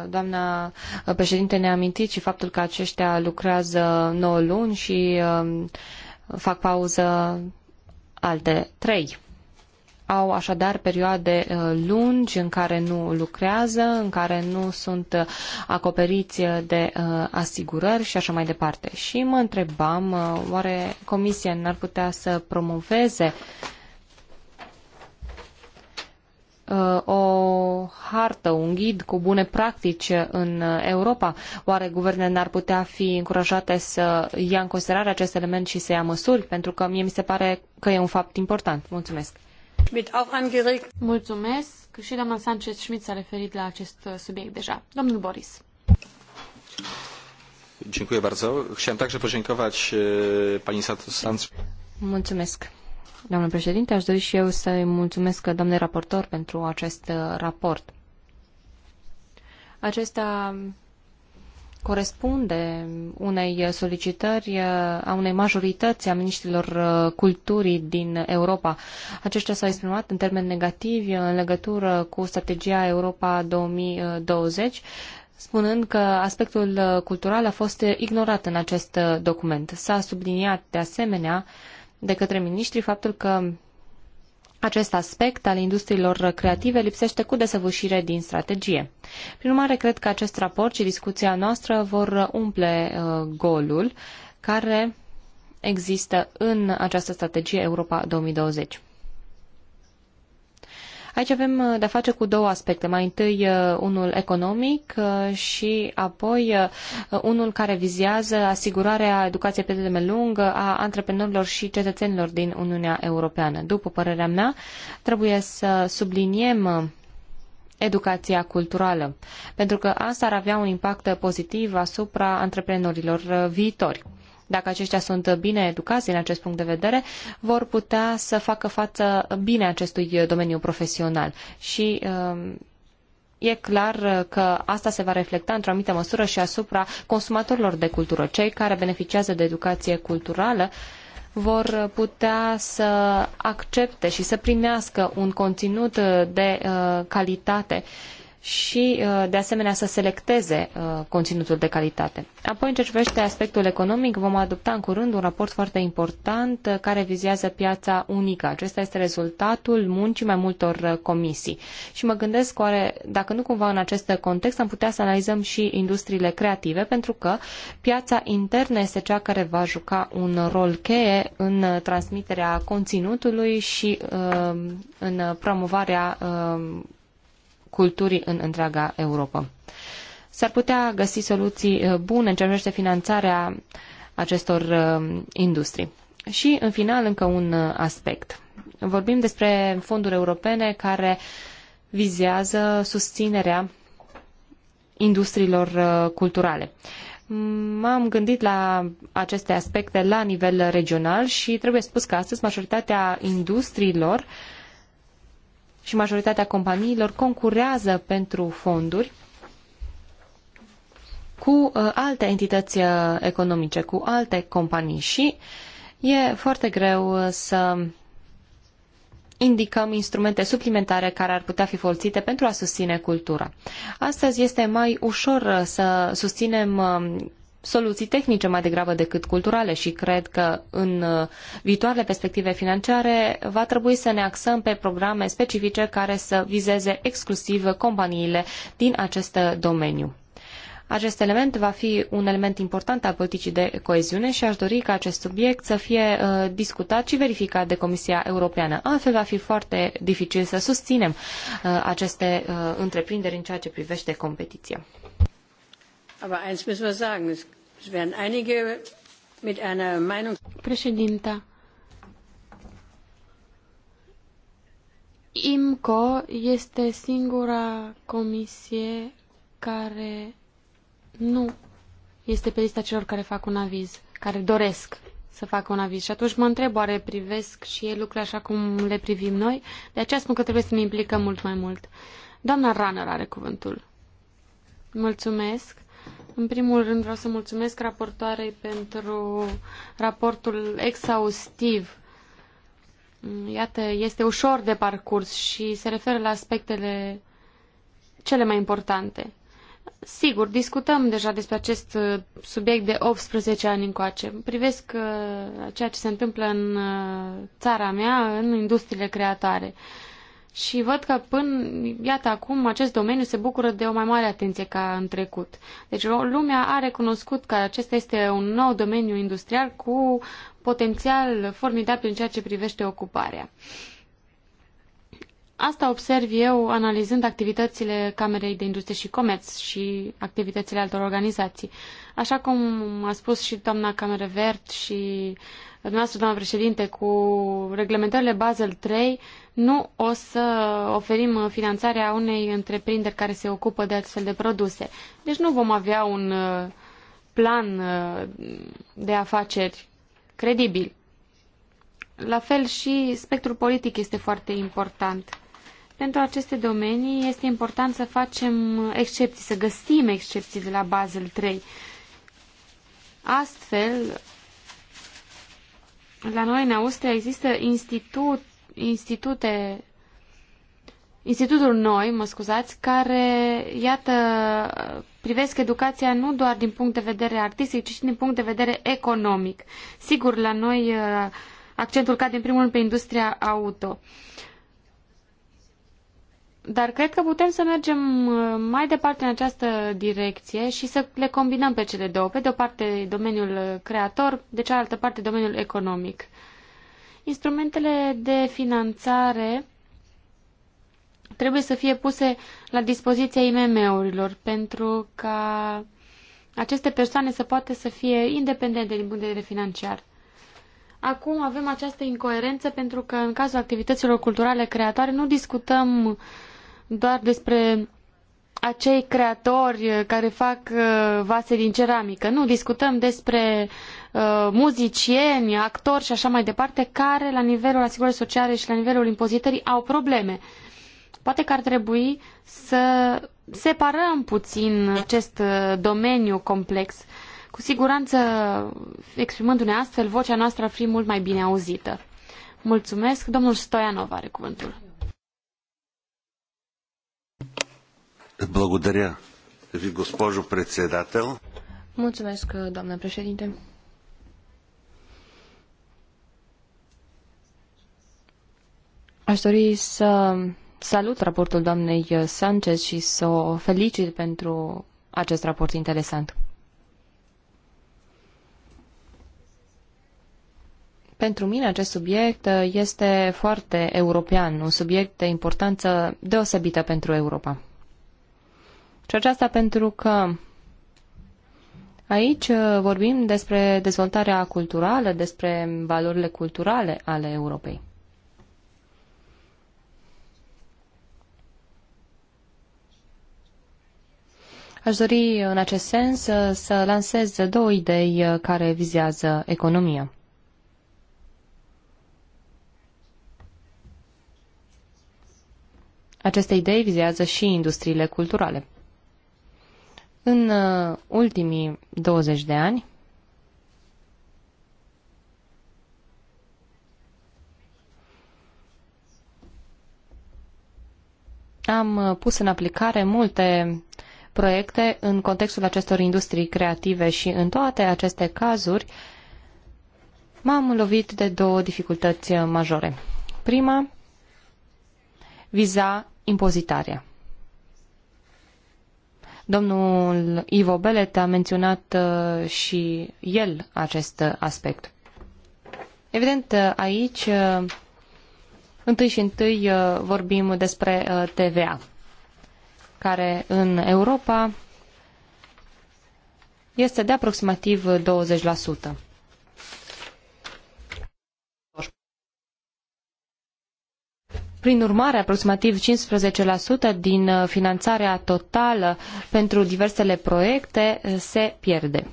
Doamna președinte ne-a amintit și faptul că aceștia lucrează 9 luni și fac pauză alte 3 au așadar perioade uh, lungi în care nu lucrează, în care nu sunt uh, acoperiți uh, de asigurări și așa mai departe. Și mă întrebam, oare Comisia n-ar putea să promoveze o hartă, un ghid cu bune practici în Europa? Oare guvernele n-ar putea fi încurajate să ia în considerare acest element și să ia măsuri? Pentru că mie mi se pare că e un fapt important. Mulțumesc. Mulțumesc. Și doamna Sanchez Schmidt s-a referit la acest uh, subiect deja. Domnul Boris. Dziękuję bardzo. Chciałem także podziękować pani Sanz. Mulțumesc. Doamnă președinte, aș dori și eu să-i mulțumesc doamnei raportor pentru acest uh, raport. Acesta corespunde unei solicitări uh, a unei majorități a miniștrilor uh, culturii din Europa. Aceștia s-au exprimat în termeni negativi în legătură cu strategia Europa 2020 spunând că aspectul uh, cultural a fost ignorat în acest document. S-a subliniat de asemenea de către miniștri faptul că acest aspect al industriilor creative lipsește cu desăvârșire din strategie. Prin urmare, cred că acest raport și discuția noastră vor umple uh, golul care există în această strategie Europa 2020. Aici avem uh, de-a face cu două aspecte. Mai întâi uh, unul economic uh, și apoi unul care vizează asigurarea educației pe termen lung a antreprenorilor și cetățenilor din Uniunea Europeană. După părerea mea, trebuie să subliniem educația culturală, pentru că asta ar avea un impact pozitiv asupra antreprenorilor viitori dacă aceștia sunt bine educați din acest punct de vedere, vor putea să facă față bine acestui domeniu profesional. Și um, e clar că asta se va reflecta într-o anumită măsură și asupra consumatorilor de cultură. Cei care beneficiază de educație culturală vor putea să accepte și să primească un conținut de uh, calitate și, uh, de asemenea, să selecteze uh, conținutul de calitate. Apoi, în ce privește aspectul economic, vom adopta în curând un raport foarte important uh, care vizează piața unică. Acesta este rezultatul muncii mai multor comisii. Și mă gândesc, oare, dacă nu cumva în acest context, am putea să analizăm și industriile creative, pentru că piața internă este cea care va juca un rol cheie în transmiterea conținutului și în promovarea culturii în întreaga Europa. S-ar putea găsi soluții uh, bune în ce privește finanțarea acestor uh, industrii. Și, în final, încă un uh, aspect. Vorbim despre fonduri europene care vizează susținerea industriilor culturale. M-am gândit la aceste aspecte la nivel regional și trebuie spus că astăzi majoritatea industriilor uh, și majoritatea companiilor concurează pentru fonduri cu uh, alte entități uh, economice, cu alte companii și e foarte greu uh, să indicăm instrumente suplimentare care ar putea fi folosite pentru a susține cultura. Astăzi este mai ușor să susținem um, soluții tehnice mai degrabă decât culturale și cred că în uh, viitoarele perspective financiare va trebui să ne axăm pe programe specifice care să vizeze exclusiv companiile din acest domeniu. Acest element va fi un element important al politicii de coeziune și aș dori ca acest subiect să fie uh, discutat și verificat de Comisia Europeană. Altfel va fi foarte dificil să susținem uh, aceste întreprinderi în ceea ce privește competiția. Aber eins müssen wir sagen, es werden einige mit einer Meinung. Președinta. IMCO este singura comisie care nu este pe lista celor care fac un aviz, care doresc să facă un aviz. Și atunci mă întreb, oare privesc și ei lucrurile așa cum le privim noi? De aceea spun că trebuie să ne implicăm mult mai mult. Doamna Runner are cuvântul. Mulțumesc. În primul rând vreau să mulțumesc raportoarei pentru raportul exhaustiv. Iată, este ușor de parcurs și se referă la aspectele cele mai importante. Sigur, discutăm deja despre acest uh, subiect de 18 ani încoace. Privesc uh, ceea ce se întâmplă în uh, țara mea, în industriile creatoare și văd că până, iată, acum acest domeniu se bucură de o mai mare atenție ca în trecut. Deci lumea a recunoscut că acesta este un nou domeniu industrial cu potențial formidabil în ceea ce privește ocuparea. Asta observ eu analizând activitățile Camerei de Industrie și Comerț și activitățile altor organizații. Așa cum a spus și doamna Vert și dumneavoastră, doamnă președinte, cu reglementările Basel III, nu o să oferim finanțarea unei întreprinderi care se ocupă de astfel de produse. Deci nu vom avea un uh, plan uh, de afaceri credibil. La fel și spectrul politic este foarte important. Pentru aceste domenii este important să facem excepții, să găsim excepții de la Basel III. Astfel, la noi, în Austria, există institut, institute Institutul Noi, mă scuzați, care, iată, privesc educația nu doar din punct de vedere artistic, ci și din punct de vedere economic. Sigur, la noi uh, accentul cade în primul rând pe industria auto. Dar cred că putem să mergem uh, mai departe în această direcție și să le combinăm pe cele două. Pe de o parte domeniul uh, creator, de cealaltă parte domeniul economic. Instrumentele de finanțare trebuie să fie puse la dispoziția IMM-urilor pentru ca aceste persoane să poată să fie independente din punct de vedere financiar. Acum avem această incoerență pentru că în cazul activităților culturale creatoare nu discutăm doar despre acei creatori care fac uh, vase din ceramică. Nu, discutăm despre uh, muzicieni, actori și așa mai departe, care la nivelul asigurării sociale și la nivelul impozitării au probleme. Poate că ar trebui să separăm puțin acest uh, domeniu complex. Cu siguranță, exprimându-ne astfel, vocea noastră ar fi mult mai bine auzită. Mulțumesc. Domnul Stoianov are cuvântul. Благодаря ви, госпожо председател. Mulțumesc, doamnă președinte. Aș dori să salut raportul doamnei Sanchez și să o felicit pentru acest raport interesant. Pentru mine acest subiect este foarte european, un subiect de importanță deosebită pentru Europa. Și aceasta pentru că aici uh, vorbim despre dezvoltarea culturală, despre valorile culturale ale Europei. Aș dori în acest sens uh, să lansez două idei uh, care vizează economia. Aceste idei vizează și industriile culturale. În uh, ultimii 20 de ani, am uh, pus în aplicare multe proiecte în contextul acestor industrii creative și în toate aceste cazuri m-am lovit de două dificultăți uh, majore. Prima viza impozitarea. Domnul Ivo Belet a menționat uh, și el acest aspect. Evident, uh, aici uh, întâi și întâi vorbim despre TVA, care în Europa este de aproximativ 20%. Prin urmare, aproximativ 15% din uh, finanțarea totală pentru diversele proiecte uh, se pierde.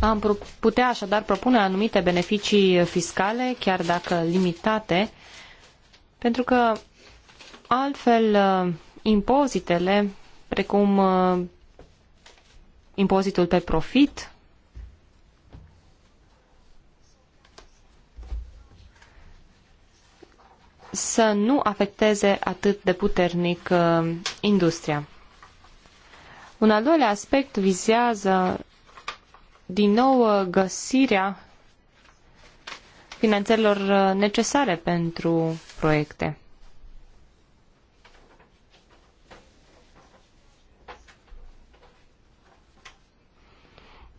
Am putea așadar propune anumite beneficii fiscale, chiar dacă limitate, pentru că altfel uh, impozitele precum uh, impozitul pe profit, să nu afecteze atât de puternic uh, industria. Un al doilea aspect vizează din nou uh, găsirea finanțelor necesare pentru proiecte.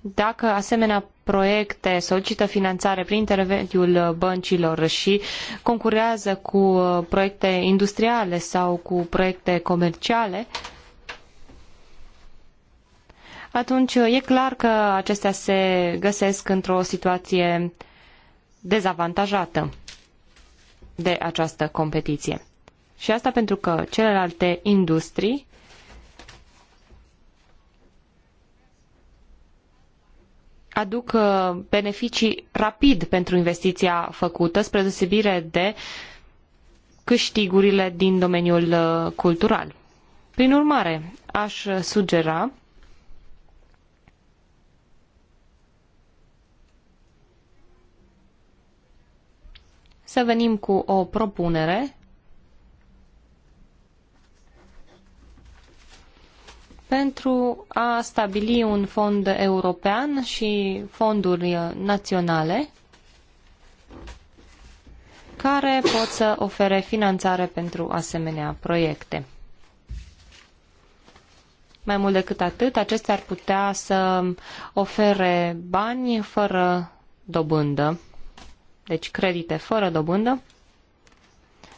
dacă asemenea proiecte solicită finanțare prin intermediul băncilor și concurează cu uh, proiecte industriale sau cu proiecte comerciale, atunci uh, e clar că acestea se găsesc într-o situație dezavantajată de această competiție. Și asta pentru că celelalte industrii aduc uh, beneficii rapid pentru investiția făcută, spre deosebire de câștigurile din domeniul uh, cultural. Prin urmare, aș uh, sugera să venim cu o propunere pentru a stabili un fond european și fonduri naționale care pot să ofere finanțare pentru asemenea proiecte. Mai mult decât atât, acestea ar putea să ofere bani fără dobândă, deci credite fără dobândă,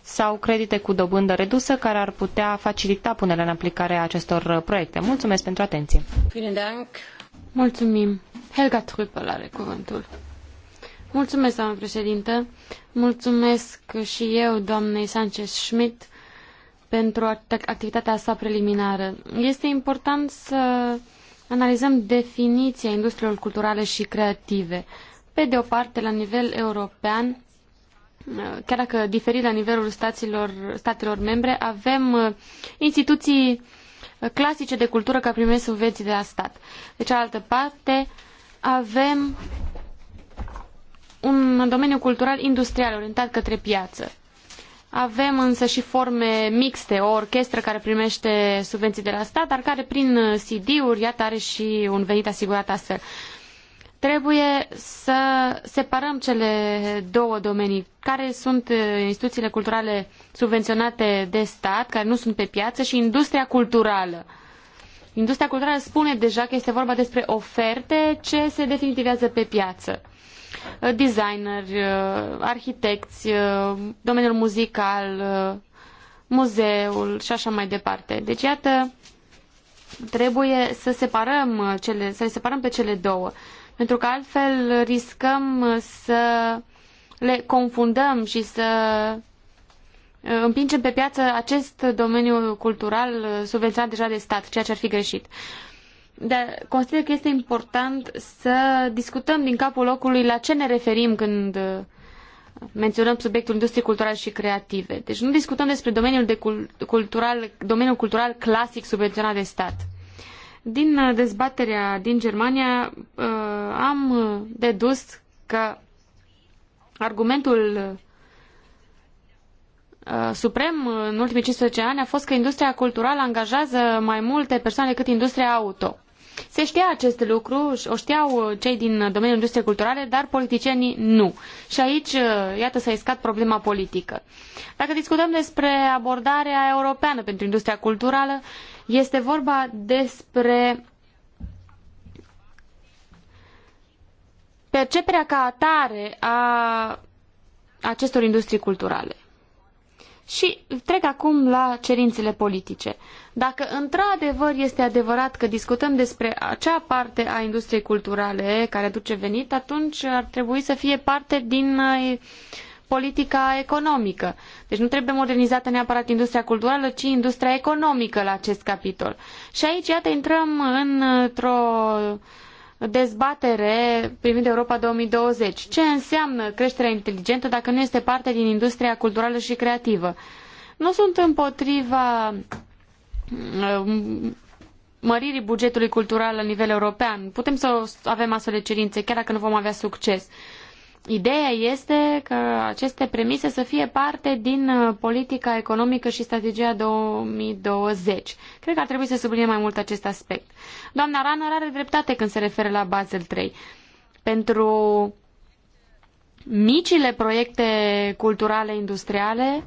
sau credite cu dobândă redusă care ar putea facilita punerea în aplicare a acestor proiecte. Mulțumesc pentru atenție! Mulțumim! Helga Trüppel are cuvântul. Mulțumesc, doamnă președinte. Mulțumesc și eu, doamnei Sanchez-Schmidt, pentru activitatea sa preliminară. Este important să analizăm definiția industriilor culturale și creative. Pe de o parte, la nivel european, chiar dacă diferit la nivelul staților, statelor membre, avem uh, instituții uh, clasice de cultură care primesc subvenții de la stat. De cealaltă parte, avem un domeniu cultural industrial orientat către piață. Avem însă și forme mixte, o orchestră care primește subvenții de la stat, dar care prin uh, CD-uri, iată, are și un venit asigurat astfel. Trebuie să separăm cele două domenii, care sunt uh, instituțiile culturale subvenționate de stat, care nu sunt pe piață, și industria culturală. Industria culturală spune deja că este vorba despre oferte ce se definitivează pe piață. Uh, designeri, uh, arhitecți, domeniul muzical, muzeul și așa mai departe. Deci, iată, trebuie să separăm cele, să le separăm pe cele două pentru că altfel riscăm să le confundăm și să uh, împingem pe piață acest domeniu cultural uh, subvenționat deja de stat, ceea ce ar fi greșit. Dar consider că este important să discutăm din capul locului la ce ne referim când uh, menționăm subiectul industriei culturale și creative. Deci nu discutăm despre domeniul de cul- cultural, domeniul cultural clasic subvenționat de stat. Din uh, dezbaterea din Germania uh, am uh, dedus că argumentul suprem în ultimii 15 ani a fost că industria culturală angajează mai multe persoane decât industria auto. Se știa acest lucru, o știau cei din domeniul industriei culturale, dar politicienii nu. Și aici, iată, s-a iscat problema politică. Dacă discutăm despre abordarea europeană pentru industria culturală, este vorba despre perceperea ca atare a acestor industrii culturale. Și trec acum la cerințele politice. Dacă într-adevăr este adevărat că discutăm despre acea parte a industriei culturale care aduce venit, atunci ar trebui să fie parte din uh, politica economică. Deci nu trebuie modernizată neapărat industria culturală, ci industria economică la acest capitol. Și aici, iată, intrăm într-o dezbatere privind Europa 2020. Ce înseamnă creșterea inteligentă dacă nu este parte din industria culturală și creativă? Nu sunt împotriva mm, măririi bugetului cultural la nivel european. Putem să avem astfel de cerințe, chiar dacă nu vom avea succes. Ideea este că aceste premise să fie parte din uh, politica economică și strategia 2020. Cred că ar trebui să subliniem mai mult acest aspect. Doamna Ranor are dreptate când se referă la Basel 3. Pentru micile proiecte culturale industriale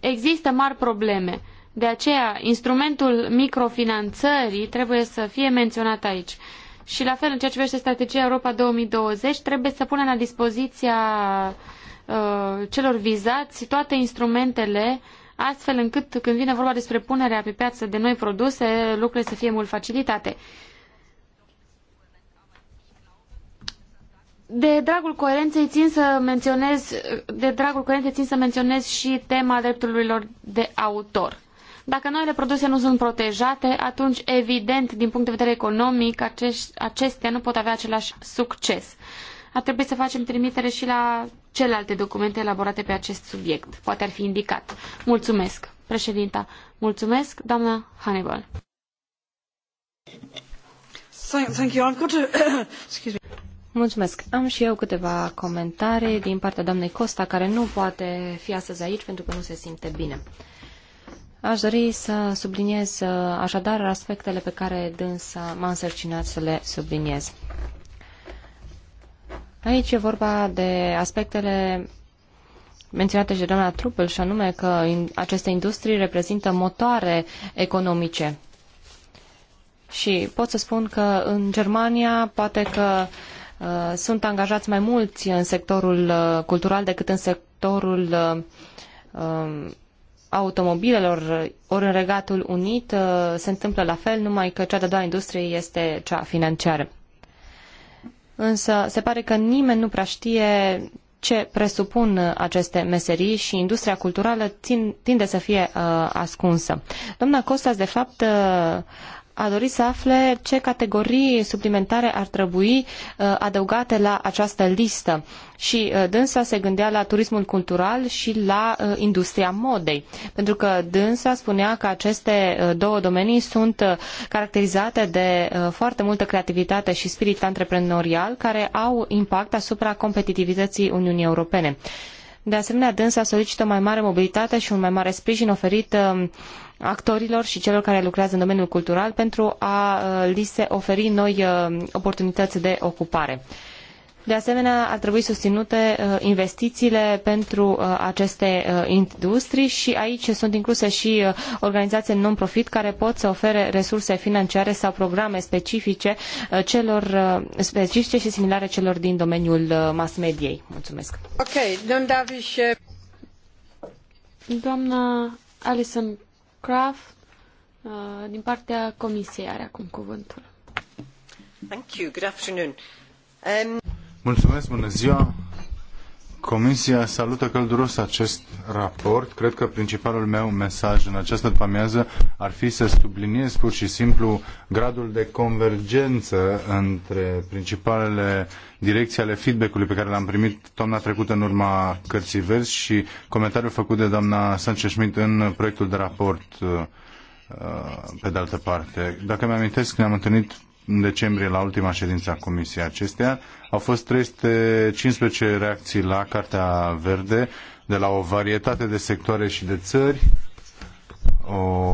există mari probleme. De aceea, instrumentul microfinanțării trebuie să fie menționat aici. Și la fel, în ceea ce privește strategia Europa 2020, trebuie să pună la dispoziția uh, celor vizați toate instrumentele astfel încât când vine vorba despre punerea pe piață de noi produse, lucrurile să fie mult facilitate. De dragul coerenței țin să menționez, de dragul coerenței țin să menționez și tema drepturilor de autor. Dacă noile produse nu sunt protejate, atunci, evident, din punct de vedere economic, acestea nu pot avea același succes. Ar trebui să facem trimitere și la celelalte documente elaborate pe acest subiect. Poate ar fi indicat. Mulțumesc, președinta. Mulțumesc, doamna Hannibal. Mulțumesc. Am și eu câteva comentarii din partea doamnei Costa, care nu poate fi astăzi aici pentru că nu se simte bine. Aș dori să subliniez uh, așadar aspectele pe care dânsa m-a însărcinat să le subliniez. Aici e vorba de aspectele menționate și de doamna Trupel, și anume că aceste industrii reprezintă motoare economice. Și pot să spun că în Germania poate că uh, sunt angajați mai mulți în sectorul uh, cultural decât în sectorul uh, um, automobilelor, ori în Regatul Unit uh, se întâmplă la fel, numai că cea de-a doua industrie este cea financiară. Însă se pare că nimeni nu prea știe ce presupun aceste meserii și industria culturală tinde să fie uh, ascunsă. Doamna Costas, de fapt, uh, a dori să afle ce categorii suplimentare ar trebui uh, adăugate la această listă. Și uh, dânsa se gândea la turismul cultural și la uh, industria modei, pentru că dânsa spunea că aceste două domenii sunt caracterizate de foarte multă creativitate și spirit antreprenorial care au impact asupra competitivității Uniunii Europene. De asemenea, dânsa solicită mai mare mobilitate și un mai mare sprijin oferit um, actorilor și celor care lucrează în domeniul cultural pentru a uh, li se oferi noi uh, oportunități de ocupare. De asemenea, ar trebui susținute uh, investițiile pentru aceste industrii și aici sunt incluse și organizații non-profit care pot să ofere resurse financiare sau programe specifice, celor, specifice și similare celor din domeniul mass mediei. Mulțumesc. Ok, Doamna Alison Craft uh, din partea Comisiei are acum cuvântul. Thank you. Good afternoon. Um... Mulțumesc, bună ziua. Comisia salută călduros acest raport. Cred că principalul meu mesaj în această după-amiază ar fi să subliniez pur și simplu gradul de convergență între principalele direcții ale feedback-ului pe care l-am primit toamna trecută în urma cărții verzi și comentariul făcut de doamna Sanchez Schmidt în proiectul de raport uh, pe de altă parte. Dacă mi-amintesc, ne-am întâlnit în decembrie la ultima ședință a comisiei acesteia. Au fost 315 reacții la Cartea Verde de la o varietate de sectoare și de țări o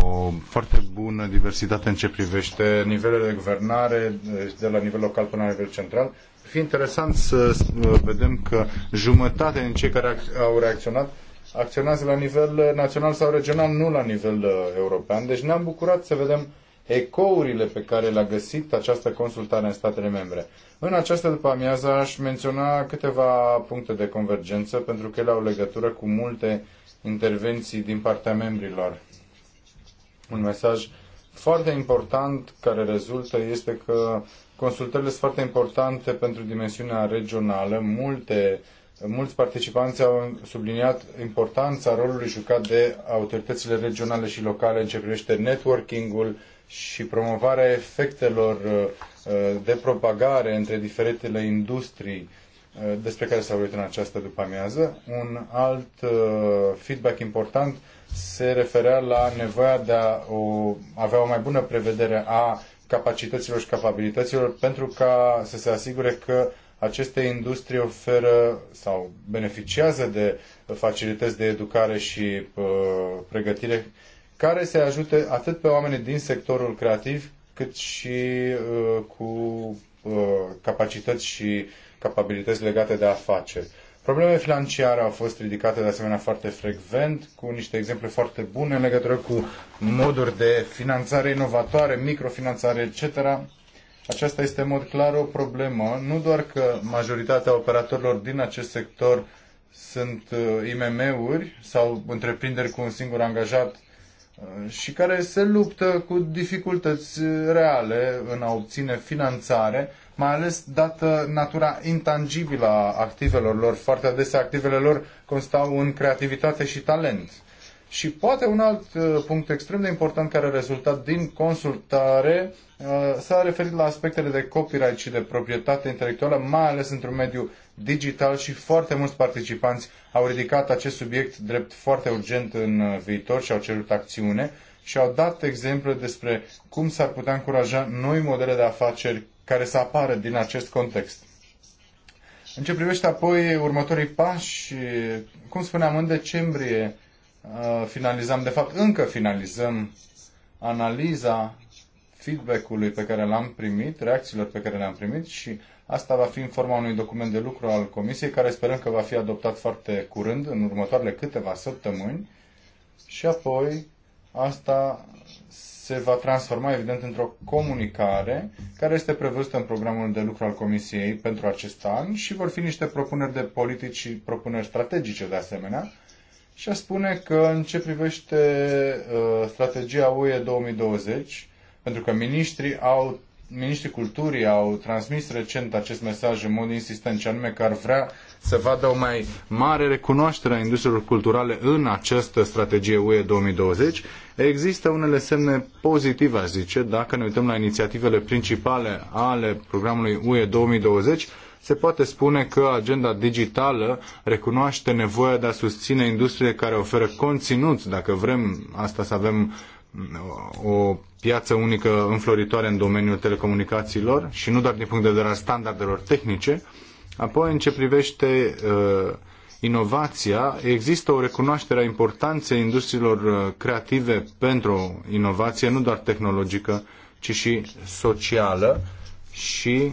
foarte bună diversitate în ce privește nivelele de guvernare, deci de la nivel local până la nivel central. Fi interesant să uh, vedem că jumătate din cei care au reacționat acționează la nivel național sau regional, nu la nivel uh, european. Deci ne-am bucurat să vedem uh, ecourile pe care le-a găsit această consultare în statele membre. În această după-amiază aș menționa câteva puncte de convergență, pentru că ele au legătură cu multe intervenții din partea membrilor. Un mesaj foarte important care rezultă este că consultările sunt foarte importante pentru dimensiunea regională. Multe, mulți participanți au subliniat importanța rolului jucat de autoritățile regionale și locale în ce privește networking-ul, și promovarea efectelor uh, uh, de propagare între diferitele industrii uh, despre care s-a vorbit în această după-amiază. Un alt feedback important se referea la nevoia de a o, avea o mai bună prevedere a capacităților și capabilităților pentru ca să se asigure că aceste industrie oferă sau beneficiază de facilități de educare și uh, pregătire care să ajute atât pe oamenii din sectorul creativ, cât și uh, cu uh, capacități și capabilități legate de afaceri. Probleme financiare au fost ridicate de asemenea foarte frecvent, cu niște exemple foarte bune în legătură cu moduri de finanțare inovatoare, microfinanțare, etc. Aceasta este în mod clar o problemă, nu doar că majoritatea operatorilor din acest sector sunt uh, IMM-uri sau întreprinderi cu un singur angajat și care se luptă cu dificultăți reale în a obține finanțare, mai ales dată natura intangibilă a activelor lor. Foarte adesea activele lor constau în creativitate și talent și poate un alt uh, punct extrem de important care a rezultat din consultare uh, s-a referit la aspectele de copyright și de proprietate intelectuală, mai ales într-un mediu digital și foarte mulți participanți au ridicat acest subiect drept foarte urgent în uh, viitor și au cerut acțiune și au dat exemple despre cum s-ar putea încuraja noi modele de afaceri care să apară din acest context. În ce privește apoi următorii pași, cum spuneam, în decembrie Uh, finalizăm, de fapt încă finalizăm analiza feedback-ului pe care l-am primit, reacțiilor pe care le-am primit și asta va fi în forma unui document de lucru al Comisiei care sperăm că va fi adoptat foarte curând, în următoarele câteva săptămâni și apoi asta se va transforma evident într-o comunicare care este prevăzută în programul de lucru al Comisiei pentru acest an și vor fi niște propuneri de politici și propuneri strategice de asemenea și a spune că în ce privește uh, strategia UE 2020, pentru că ministrii au Ministrii Culturii au transmis recent acest mesaj în mod insistent, ce anume că ar vrea să vadă o mai mare recunoaștere a industriilor culturale în această strategie UE 2020. Există unele semne pozitive, aș zice, dacă ne uităm la inițiativele principale ale programului UE 2020, se poate spune că agenda digitală recunoaște nevoia de a susține industrie care oferă conținut, dacă vrem asta să avem mm, o piață unică înfloritoare în domeniul telecomunicațiilor și nu doar din punct de vedere al standardelor tehnice. Apoi, în ce privește uh, inovația, există o recunoaștere a importanței industriilor uh, creative pentru inovație, nu doar tehnologică, ci și socială și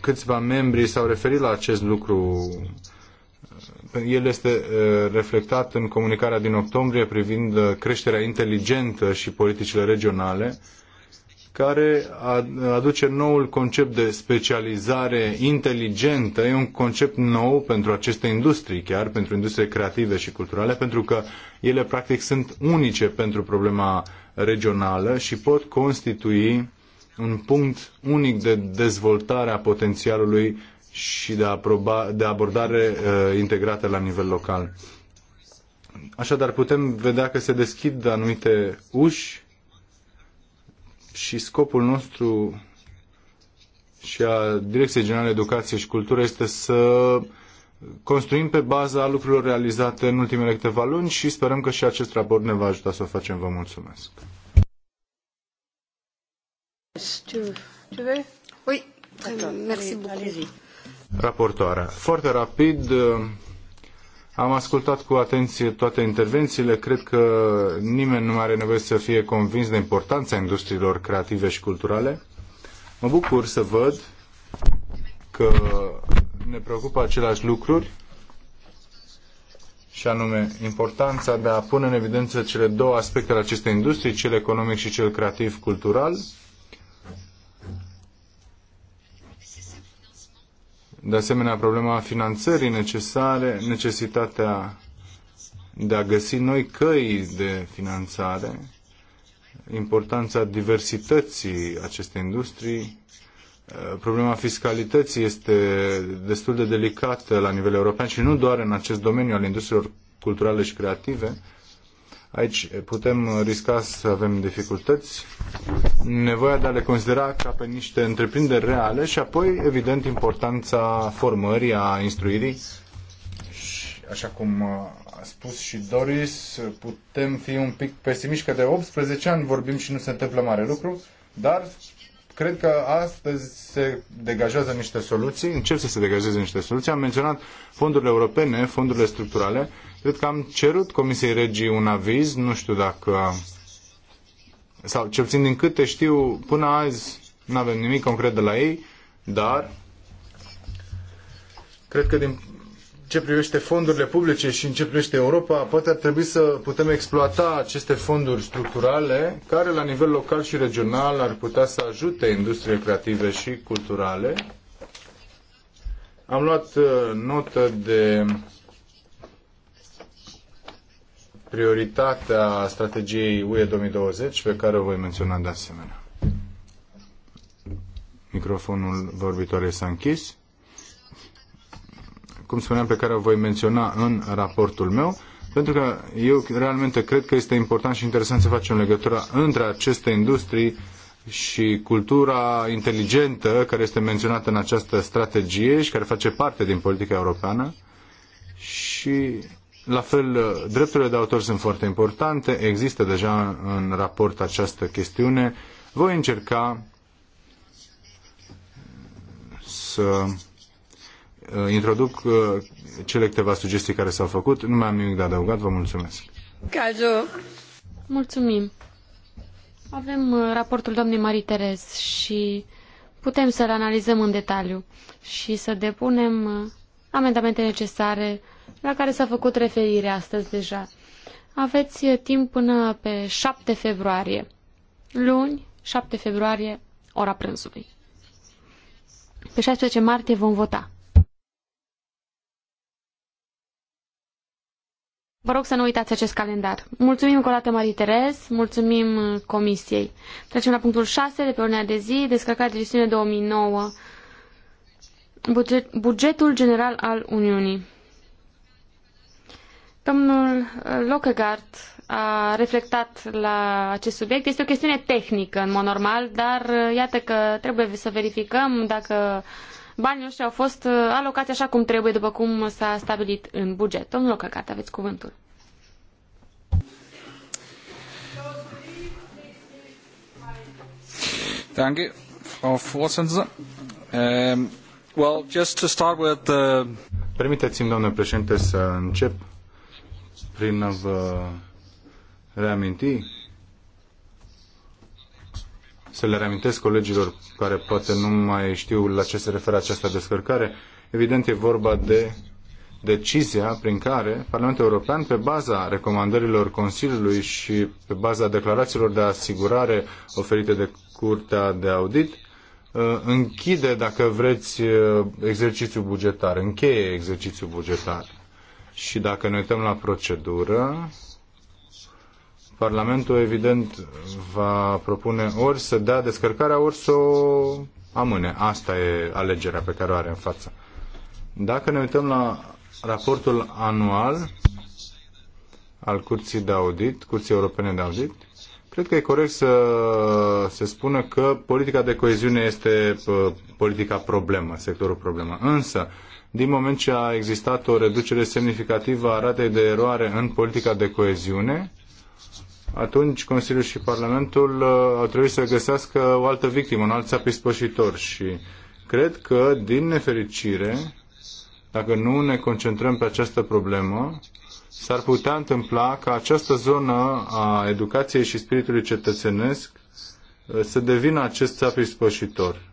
câțiva membri s-au referit la acest lucru. El este uh, reflectat în comunicarea din octombrie privind uh, creșterea inteligentă și politicile regionale, care aduce noul concept de specializare inteligentă. E un concept nou pentru aceste industrii, chiar pentru industrie creative și culturale, pentru că ele practic sunt unice pentru problema regională și pot constitui un punct unic de dezvoltare a potențialului și de, aproba, de abordare uh, integrată la nivel local. Așadar, putem vedea că se deschid anumite uși și scopul nostru și a Direcției Generale Educație și Cultură este să construim pe baza lucrurilor realizate în ultimele câteva luni și sperăm că și acest raport ne va ajuta să o facem. Vă mulțumesc! Tu, tu veux? Oui, merci beaucoup. Raportoarea. Foarte rapid, uh, am ascultat cu atenție toate intervențiile. Cred că nimeni nu mai are nevoie să fie convins de importanța industriilor creative și culturale. Mă bucur să văd că ne preocupă aceleași lucruri și anume importanța de a pune în evidență cele două aspecte ale acestei industrii, cel economic și cel creativ-cultural De asemenea, problema finanțării necesare, necesitatea de a găsi noi căi de finanțare, importanța diversității acestei industrii, eh, problema fiscalității este destul de delicată la nivel european și nu doar în acest domeniu al industriilor culturale și creative, Aici putem risca să avem dificultăți, nevoia de a le considera ca pe niște întreprinderi reale și apoi, evident, importanța formării, a instruirii. Și, așa cum a spus și Doris, putem fi un pic pesimiști că de 18 ani vorbim și nu se întâmplă mare lucru, dar cred că astăzi se degajează niște soluții, încep să se degajeze niște soluții. Am menționat fondurile europene, fondurile structurale, Cred că am cerut Comisiei Regii un aviz, nu știu dacă... Sau cel puțin din câte știu, până azi nu avem nimic concret de la ei, dar cred că din ce privește fondurile publice și în ce privește Europa, poate ar trebui să putem exploata aceste fonduri structurale care la nivel local și regional ar putea să ajute industriile creative și culturale. Am luat uh, notă de prioritatea strategiei UE 2020 pe care o voi menționa de asemenea. Microfonul vorbitoarei s-a închis. Cum spuneam, pe care o voi menționa în raportul meu, pentru că eu realmente cred că este important și interesant să facem legătura între aceste industrii și cultura inteligentă care este menționată în această strategie și care face parte din politica europeană și la fel, drepturile de autor sunt foarte importante, există deja în raport această chestiune. Voi încerca să uh, introduc uh, cele câteva sugestii care s-au făcut. Nu mai am nimic de adăugat, vă mulțumesc. Cazu. Mulțumim. Avem uh, raportul doamnei Marie Terez și putem să-l analizăm în detaliu și să depunem amendamente necesare la care s-a făcut referire astăzi deja. Aveți eh, timp până pe 7 februarie, luni, 7 februarie, ora prânzului. Pe 16 martie vom vota. Vă rog să nu uitați acest calendar. Mulțumim încă o dată, Marie Terez, mulțumim eh, Comisiei. Trecem la punctul 6 de pe ordinea de zi, descărcare de gestiune 2009, buget, bugetul general al Uniunii. Domnul uh, Lockegaard a reflectat la acest subiect. Este o chestiune tehnică, în mod normal, dar uh, iată că trebuie să verificăm dacă banii ăștia au fost uh, alocați așa cum trebuie, după cum s-a stabilit în buget. Domnul Lockegaard, aveți cuvântul. Danke, Frau sense? Um, well, just to start with the... Permiteți-mi, domnule președinte, să încep prin a vă reaminti, să le reamintesc colegilor care poate nu mai știu la ce se referă această descărcare, evident e vorba de decizia prin care Parlamentul European, pe baza recomandărilor Consiliului și pe baza declarațiilor de asigurare oferite de Curtea de Audit, uh, închide, dacă vreți, uh, exercițiul bugetar, încheie exercițiul bugetar. Și dacă ne uităm la procedură, Parlamentul evident va propune ori să dea descărcarea, ori să o amâne. Asta e alegerea pe care o are în față. Dacă ne uităm la raportul anual al Curții de Audit, Curții Europene de Audit, cred că e corect să se spună că politica de coeziune este uh, politica problemă, sectorul problemă. Însă, din moment ce a existat o reducere semnificativă a ratei de eroare în politica de coeziune, atunci Consiliul și Parlamentul uh, au trebuit să găsească o altă victimă, un alt țap ispășitor și cred că, din nefericire, dacă nu ne concentrăm pe această problemă, s-ar putea întâmpla ca această zonă a educației și spiritului cetățenesc uh, să devină acest țap ispășitor.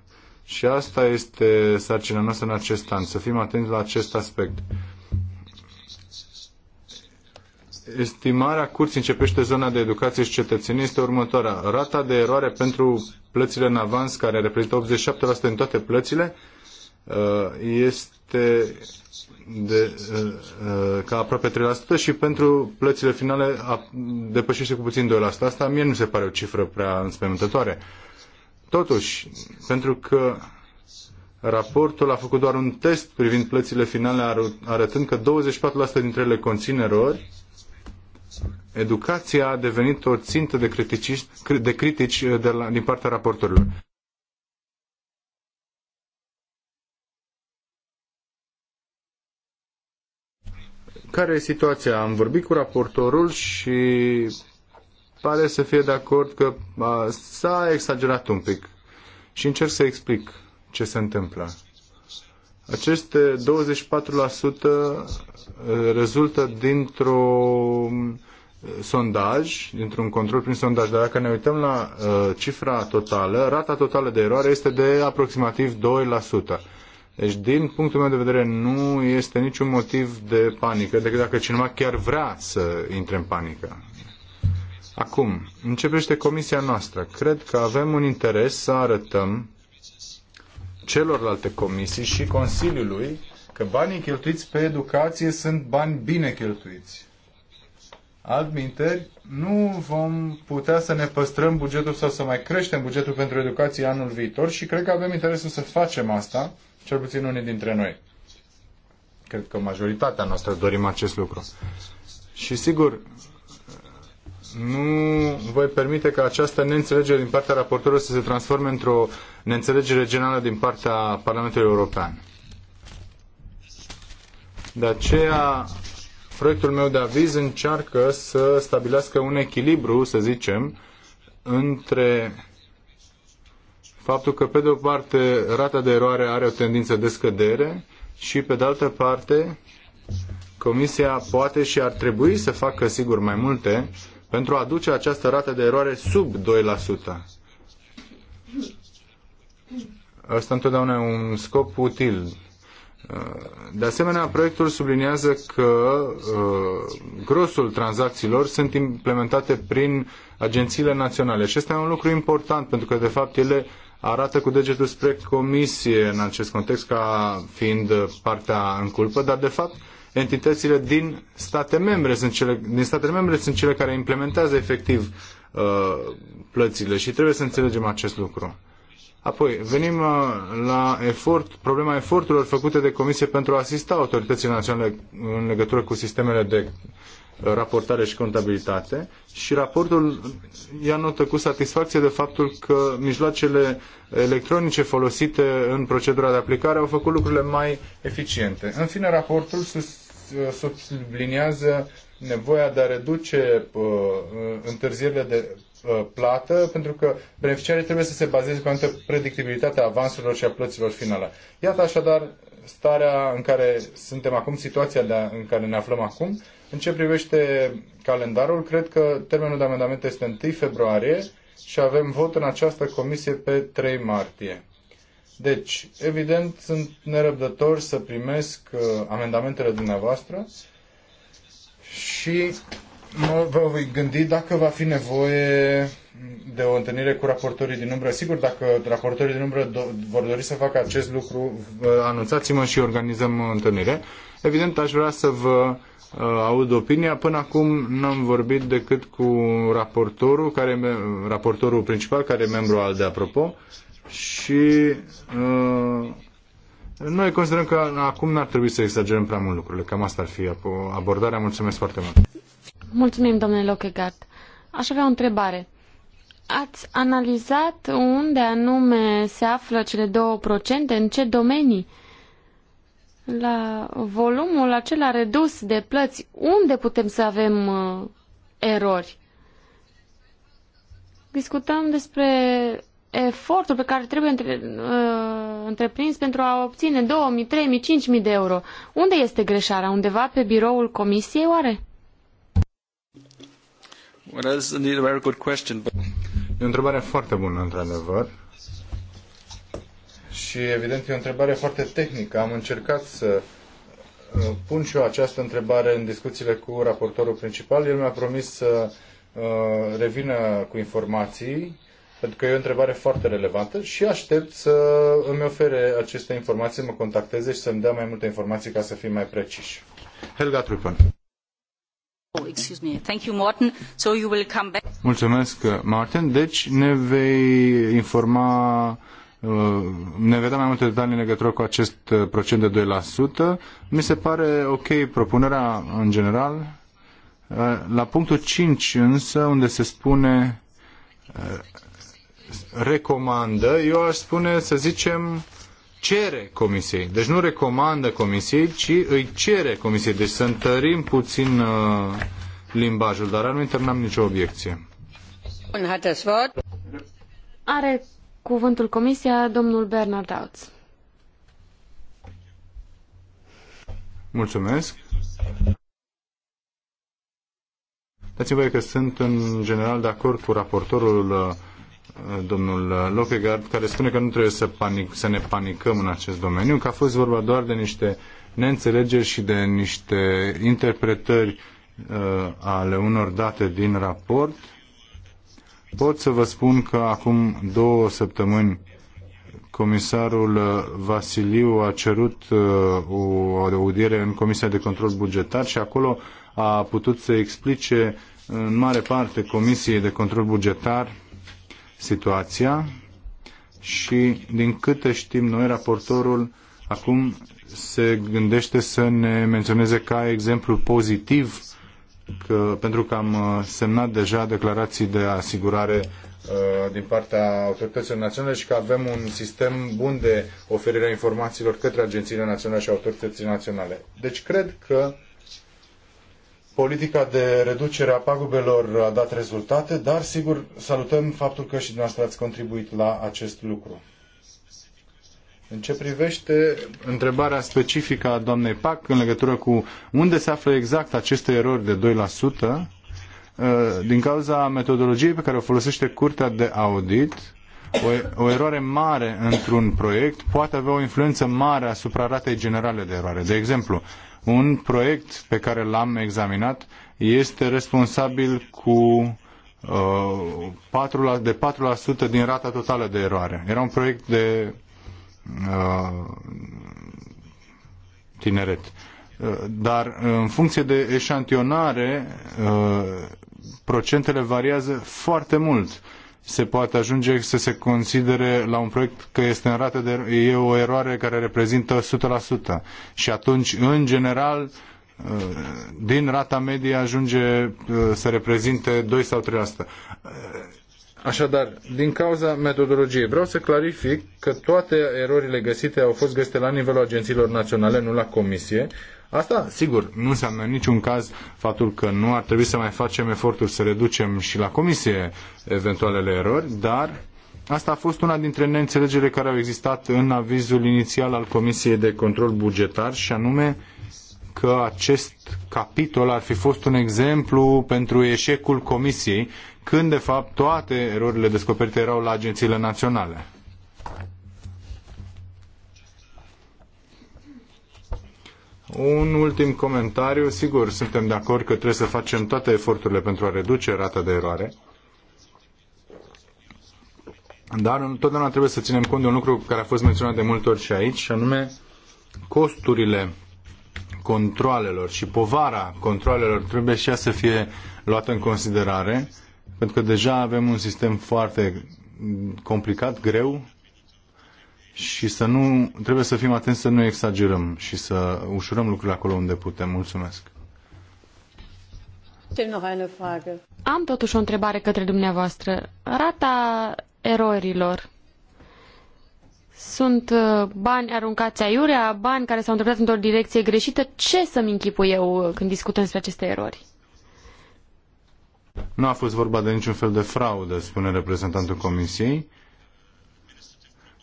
Și asta este sarcina noastră în acest an, să fim atenți la acest aspect. Estimarea curții începește zona de educație și cetățenie este următoarea. Rata de eroare pentru plățile în avans, care reprezintă 87% în toate plățile, uh, este de, uh, uh, ca aproape 3% și pentru plățile finale depășește cu puțin 2%. Asta mie nu se pare o cifră prea înspăimântătoare. Totuși, pentru că raportul a făcut doar un test privind plățile finale, arătând că 24% dintre ele conțin erori, educația a devenit o țintă de critici, de critici eh, de la, din partea raportorilor. Care e situația? Am vorbit cu raportorul și pare să fie de acord că s-a exagerat un pic. Și încerc să explic ce se întâmplă. Aceste 24% rezultă dintr-un sondaj, dintr-un control prin sondaj, dar dacă ne uităm la uh, cifra totală, rata totală de eroare este de aproximativ 2%. Deci, din punctul meu de vedere, nu este niciun motiv de panică, decât dacă cineva chiar vrea să intre în panică. Acum, începește comisia noastră. Cred că avem un interes să arătăm celorlalte comisii și Consiliului că banii cheltuiți pe educație sunt bani bine cheltuiți. Adminteri, nu vom putea să ne păstrăm bugetul sau să mai creștem bugetul pentru educație anul viitor și cred că avem interesul să facem asta, cel puțin unii dintre noi. Cred că majoritatea noastră dorim acest lucru. Și sigur, nu voi permite ca această neînțelegere din partea raportorului să se transforme într-o neînțelegere generală din partea Parlamentului European. De aceea, proiectul meu de aviz încearcă să stabilească un echilibru, să zicem, între faptul că, pe de o parte, rata de eroare are o tendință de scădere și, pe de altă parte, Comisia poate și ar trebui să facă, sigur, mai multe pentru a duce această rată de eroare sub 2%. Asta întotdeauna e un scop util. De asemenea, proiectul subliniază că uh, grosul tranzacțiilor sunt implementate prin agențiile naționale și este un lucru important pentru că, de fapt, ele arată cu degetul spre comisie în acest context ca fiind partea în culpă, dar, de fapt, entitățile din state membre sunt cele, din statele membre sunt cele care implementează efectiv uh, plățile și trebuie să înțelegem acest lucru. Apoi, venim uh, la efort, problema eforturilor făcute de Comisie pentru a asista autoritățile naționale în legătură cu sistemele de uh, raportare și contabilitate și raportul ia notă cu satisfacție de faptul că mijloacele electronice folosite în procedura de aplicare au făcut lucrurile mai eficiente. În fine, raportul sus subliniază nevoia de a reduce uh, întârzierile de uh, plată, pentru că beneficiarii trebuie să se bazeze pe anumită predictibilitate a avansurilor și a plăților finale. Iată așadar starea în care suntem acum, situația în care ne aflăm acum. În ce privește calendarul, cred că termenul de amendamente este 1 februarie și avem vot în această comisie pe 3 martie. Deci, evident, sunt nerăbdător să primesc uh, amendamentele dumneavoastră și mă vă voi gândi dacă va fi nevoie de o întâlnire cu raportorii din umbră. Sigur, dacă raportorii din umbră do- vor dori să facă acest lucru, anunțați-mă și organizăm o întâlnire. Evident, aș vrea să vă uh, aud opinia. Până acum n-am vorbit decât cu raportorul, care, raportorul principal, care e membru al de apropo, uh, și uh, noi considerăm că acum n-ar trebui să exagerăm prea mult lucrurile. Cam asta ar fi abordarea. Mulțumesc foarte mult. Mulțumim, domnule Lochegat. Aș avea o întrebare. Ați analizat unde anume se află cele două procente, în ce domenii? La volumul acela redus de plăți, unde putem să avem uh, erori? Discutăm despre efortul pe care trebuie între, uh, întreprins pentru a obține 2000, 3000, 5000 de euro. Unde este greșeala? Undeva pe biroul comisiei, oare? E o întrebare foarte bună, într-adevăr. Și evident e o întrebare foarte tehnică. Am încercat să uh, pun și eu această întrebare în discuțiile cu raportorul principal. El mi-a promis să uh, revină cu informații pentru că e o întrebare foarte relevantă și aștept să îmi ofere aceste informații, mă contacteze și să-mi dea mai multe informații ca să fim mai preciși. Helga oh, back. Mulțumesc, Martin. Deci ne vei informa, uh, ne vedem da mai multe detalii în legătură cu acest uh, procent de 2%. Mi se pare ok propunerea în general. Uh, la punctul 5 însă, unde se spune recomandă, eu aș spune, să zicem, cere comisiei. Deci nu recomandă comisiei, ci îi cere comisiei. Deci să întărim puțin uh, limbajul, dar anumite n-am nicio obiecție. Are cuvântul comisia domnul Bernard Autz. Mulțumesc. Dați-mi voie că sunt în general de acord cu raportorul uh, domnul Lockegaard, care spune că nu trebuie să, panic, să ne panicăm în acest domeniu, că a fost vorba doar de niște neînțelegeri și de niște interpretări uh, ale unor date din raport. Pot să vă spun că acum două săptămâni comisarul Vasiliu a cerut uh, o audiere în Comisia de Control Bugetar și acolo a putut să explice în mare parte Comisiei de Control Bugetar situația și, din câte știm noi, raportorul acum se gândește să ne menționeze ca exemplu pozitiv că, pentru că am uh, semnat deja declarații de asigurare uh, din partea autorităților naționale și că avem un sistem bun de oferire a informațiilor către agențiile naționale și autoritățile naționale. Deci cred că politica de reducere a pagubelor a dat rezultate, dar sigur salutăm faptul că și dumneavoastră ați contribuit la acest lucru. În ce privește întrebarea specifică a doamnei PAC în legătură cu unde se află exact aceste erori de 2%, eh, din cauza metodologiei pe care o folosește Curtea de Audit, o, o eroare mare într-un proiect poate avea o influență mare asupra ratei generale de eroare. De exemplu, un proiect pe care l-am examinat este responsabil cu 4, uh, de 4% din rata totală de eroare. Era un proiect de uh, tineret. Uh, dar în funcție de eșantionare, uh, procentele variază foarte mult se poate ajunge să se considere la un proiect că este în rată de, e o eroare care reprezintă 100%. Și atunci, în general, uh, din rata medie ajunge uh, să reprezinte 2 sau 3%. Uh, așadar, din cauza metodologiei, vreau să clarific că toate erorile găsite au fost găsite la nivelul agențiilor naționale, nu la comisie, Asta, sigur, nu înseamnă în niciun caz faptul că nu ar trebui să mai facem eforturi să reducem și la comisie eventualele erori, dar asta a fost una dintre neînțelegerile care au existat în avizul inițial al Comisiei de Control Bugetar și anume că acest capitol ar fi fost un exemplu pentru eșecul Comisiei, când de fapt toate erorile descoperite erau la agențiile naționale. Un ultim comentariu. Sigur, suntem de acord că trebuie să facem toate eforturile pentru a reduce rata de eroare. Dar întotdeauna trebuie să ținem cont de un lucru care a fost menționat de multe ori și aici, și anume costurile controlelor și povara controlelor trebuie și ea să fie luată în considerare, pentru că deja avem un sistem foarte complicat, greu, și să nu, trebuie să fim atenți să nu exagerăm și să ușurăm lucrurile acolo unde putem. Mulțumesc. Am totuși o întrebare către dumneavoastră. Rata erorilor sunt uh, bani aruncați aiurea, bani care s-au întâmplat într-o direcție greșită. Ce să-mi închipu eu uh, când discutăm despre aceste erori? Nu a fost vorba de niciun fel de fraudă, spune reprezentantul Comisiei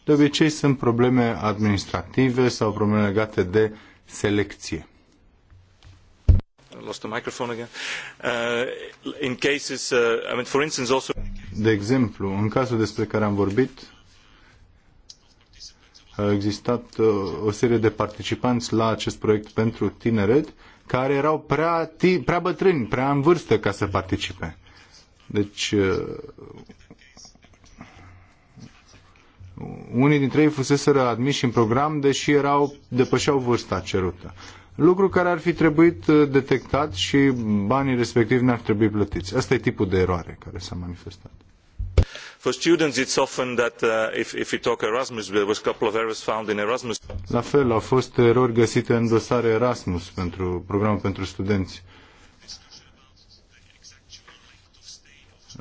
de obicei sunt probleme administrative sau probleme legate de selecție. Uh, uh, de exemplu, în cazul despre care am vorbit, a existat uh, o serie de participanți la acest proiect pentru tineret care erau prea, prea bătrâni, prea în vârstă ca să participe. Deci, unii dintre ei fusese admiși în program, deși erau, depășeau vârsta cerută. Lucru care ar fi trebuit uh, detectat și banii respectivi n-ar trebui plătiți. Asta e tipul de eroare care s-a manifestat for students it's often that uh, if, if we talk Erasmus there was a couple of errors found in Erasmus. La fel au fost erori găsite în dosare Erasmus pentru programul pentru studenți.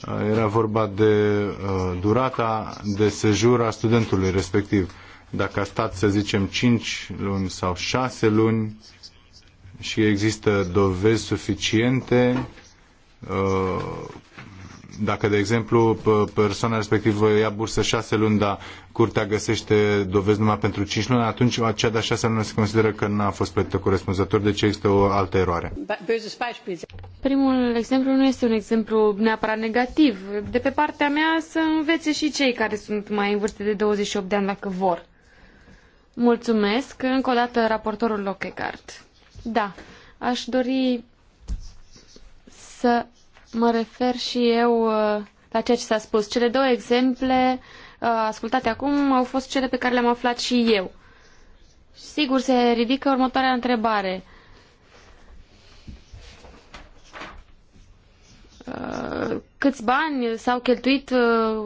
Uh, era vorba de uh, durata de sejur a studentului respectiv. Dacă a stat, să zicem, 5 luni sau 6 luni și există dovezi suficiente uh, dacă, de exemplu, persoana respectivă ia bursă șase luni, dar curtea găsește dovezi numai pentru cinci luni, atunci cea de-a șasea lună se consideră că n-a fost plătită corespunzător, deci există o altă eroare. Primul exemplu nu este un exemplu neapărat negativ. De pe partea mea să învețe și cei care sunt mai în vârstă de 28 de ani dacă vor. Mulțumesc. Încă o dată raportorul Lockhart. Da, aș dori să Mă refer și eu uh, la ceea ce s-a spus. Cele două exemple uh, ascultate acum au fost cele pe care le-am aflat și eu. Sigur, se ridică următoarea întrebare. Uh, câți bani s-au cheltuit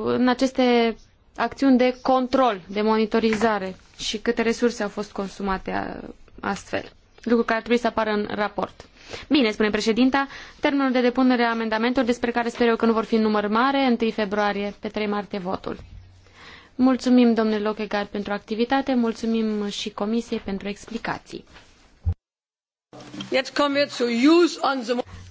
în aceste acțiuni de control, de monitorizare și câte resurse au fost consumate astfel? Lucru care ar trebui să apară în raport. Bine, spune președinta, termenul de depunere a amendamentelor, despre care sper eu că nu vor fi în număr mare, 1 februarie, pe 3 martie votul. Mulțumim, domnule Lochegard, pentru activitate, mulțumim și comisiei pentru explicații.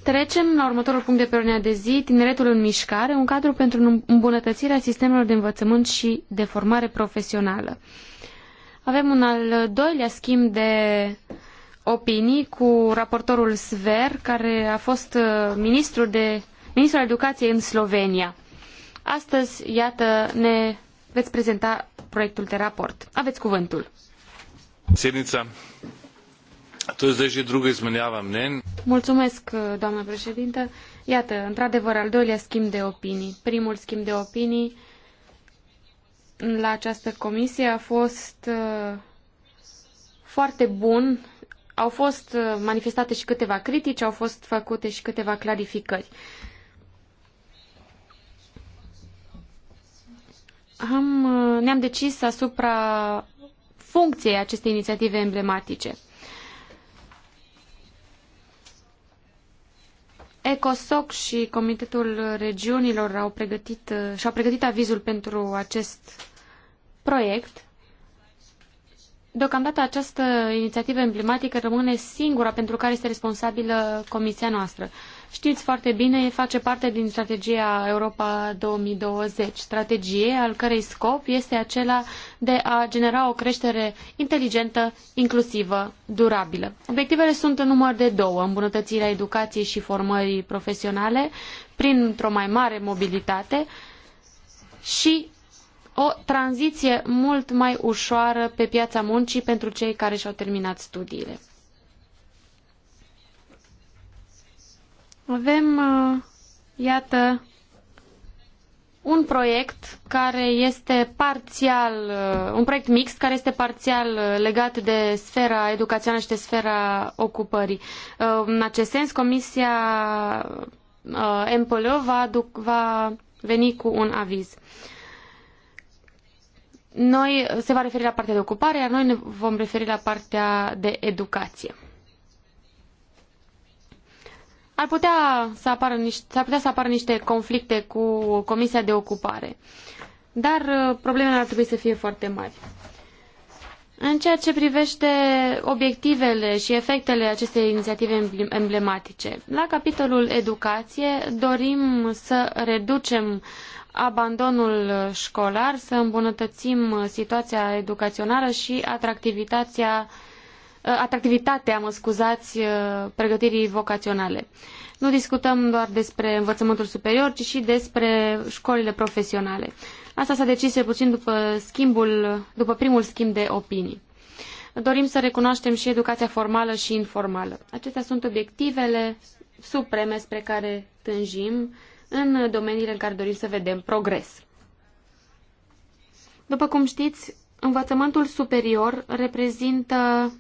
Trecem la următorul punct de pe ordinea de zi, tineretul în mișcare, un cadru pentru îmbunătățirea sistemelor de învățământ și de formare profesională. Avem un al doilea schimb de opinii cu raportorul Sver, care a fost uh, ministru, de, ministru al educației în Slovenia. Astăzi, iată, ne veți prezenta proiectul de raport. Aveți cuvântul. Sjednica. To je zdaj druga izmenjava mnen. Mulțumesc, uh, doamnă președintă. Iată, într-adevăr, al doilea schimb de opinii. Primul schimb de opinii la această comisie a fost uh, foarte bun au fost uh, manifestate și câteva critici, au fost făcute și câteva clarificări. Am, uh, ne-am decis asupra funcției acestei inițiative emblematice. ECOSOC și Comitetul Regiunilor au pregătit, uh, și-au pregătit avizul pentru acest proiect. Deocamdată această inițiativă emblematică rămâne singura pentru care este responsabilă comisia noastră. Știți foarte bine, face parte din strategia Europa 2020, strategie al cărei scop este acela de a genera o creștere inteligentă, inclusivă, durabilă. Obiectivele sunt în număr de două, îmbunătățirea educației și formării profesionale printr-o mai mare mobilitate și o tranziție mult mai ușoară pe piața muncii pentru cei care și-au terminat studiile. Avem, uh, iată, un proiect care este parțial, uh, un proiect mixt care este parțial uh, legat de sfera educațională și de sfera ocupării. În acest sens, Comisia MPL va, va veni cu un aviz noi se va referi la partea de ocupare, iar noi ne vom referi la partea de educație. Ar putea să apară niște, ar putea să apară niște conflicte cu Comisia de Ocupare, dar uh, problemele ar trebui să fie foarte mari. În ceea ce privește obiectivele și efectele acestei inițiative emblematice, la capitolul educație dorim să reducem abandonul școlar, să îmbunătățim situația educațională și atractivitatea, atractivitatea mă scuzați, pregătirii vocaționale. Nu discutăm doar despre învățământul superior, ci și despre școlile profesionale. Asta s-a decis cel puțin după, schimbul, după primul schimb de opinii. Dorim să recunoaștem și educația formală și informală. Acestea sunt obiectivele supreme spre care tânjim în domeniile în care dorim să vedem progres. După cum știți, învățământul superior reprezintă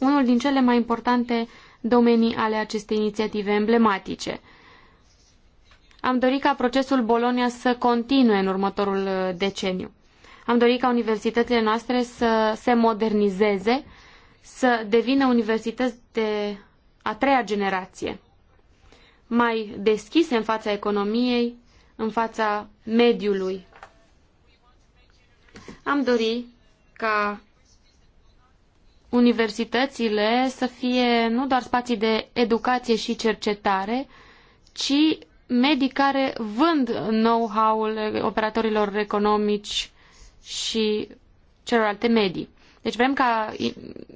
unul din cele mai importante domenii ale acestei inițiative emblematice. Am dorit ca procesul Bolonia să continue în următorul uh, deceniu. Am dorit ca universitățile noastre să se modernizeze, să devină universități de a treia generație mai deschise în fața economiei, în fața mediului. Am dori ca universitățile să fie nu doar spații de educație și cercetare, ci medii care vând know-how-ul operatorilor economici și celorlalte medii. Deci vrem ca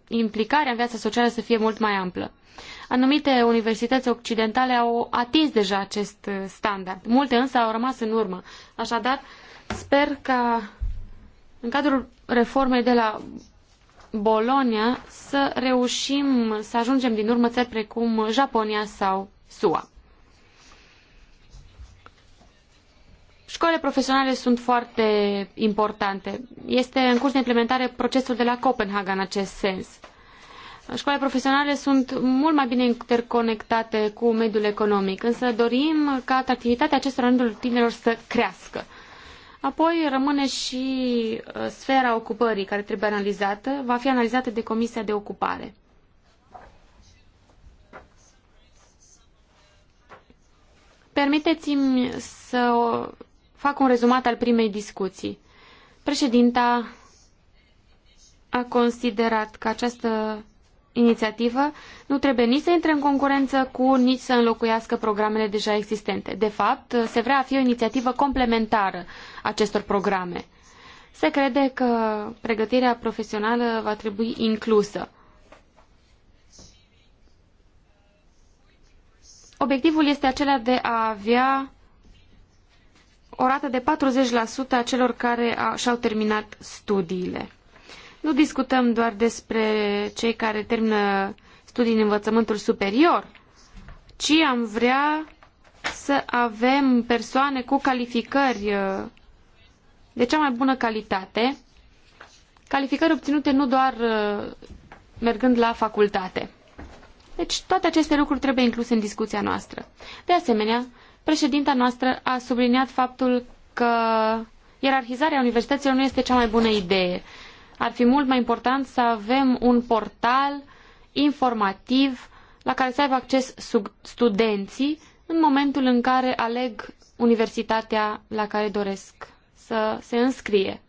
implicarea în viața socială să fie mult mai amplă. Anumite universități occidentale au atins deja acest standard. Multe însă au rămas în urmă. Așadar, sper ca în cadrul reformei de la Bologna să reușim să ajungem din urmă țări precum Japonia sau SUA. Școlile profesionale sunt foarte importante. Este în curs de implementare procesul de la Copenhaga în acest sens. Școlile profesionale sunt mult mai bine interconectate cu mediul economic, însă dorim ca atractivitatea acestor rândul tinerilor să crească. Apoi rămâne și uh, sfera ocupării care trebuie analizată, va fi analizată de Comisia de Ocupare. Permiteți-mi să fac un rezumat al primei discuții. Președinta a considerat că această inițiativă nu trebuie nici să intre în concurență cu, nici să înlocuiască programele deja existente. De fapt, se vrea a fi o inițiativă complementară acestor programe. Se crede că pregătirea profesională va trebui inclusă. Obiectivul este acela de a avea o rată de 40% a celor care și-au terminat studiile. Nu discutăm doar despre cei care termină studii în învățământul superior, ci am vrea să avem persoane cu calificări uh, de cea mai bună calitate, calificări obținute nu doar uh, mergând la facultate. Deci toate aceste lucruri trebuie incluse în discuția noastră. De asemenea, președinta noastră a subliniat faptul că ierarhizarea universităților nu este cea mai bună idee. Ar fi mult mai important să avem un portal informativ la care să aibă acces studenții în momentul în care aleg universitatea la care doresc să se înscrie.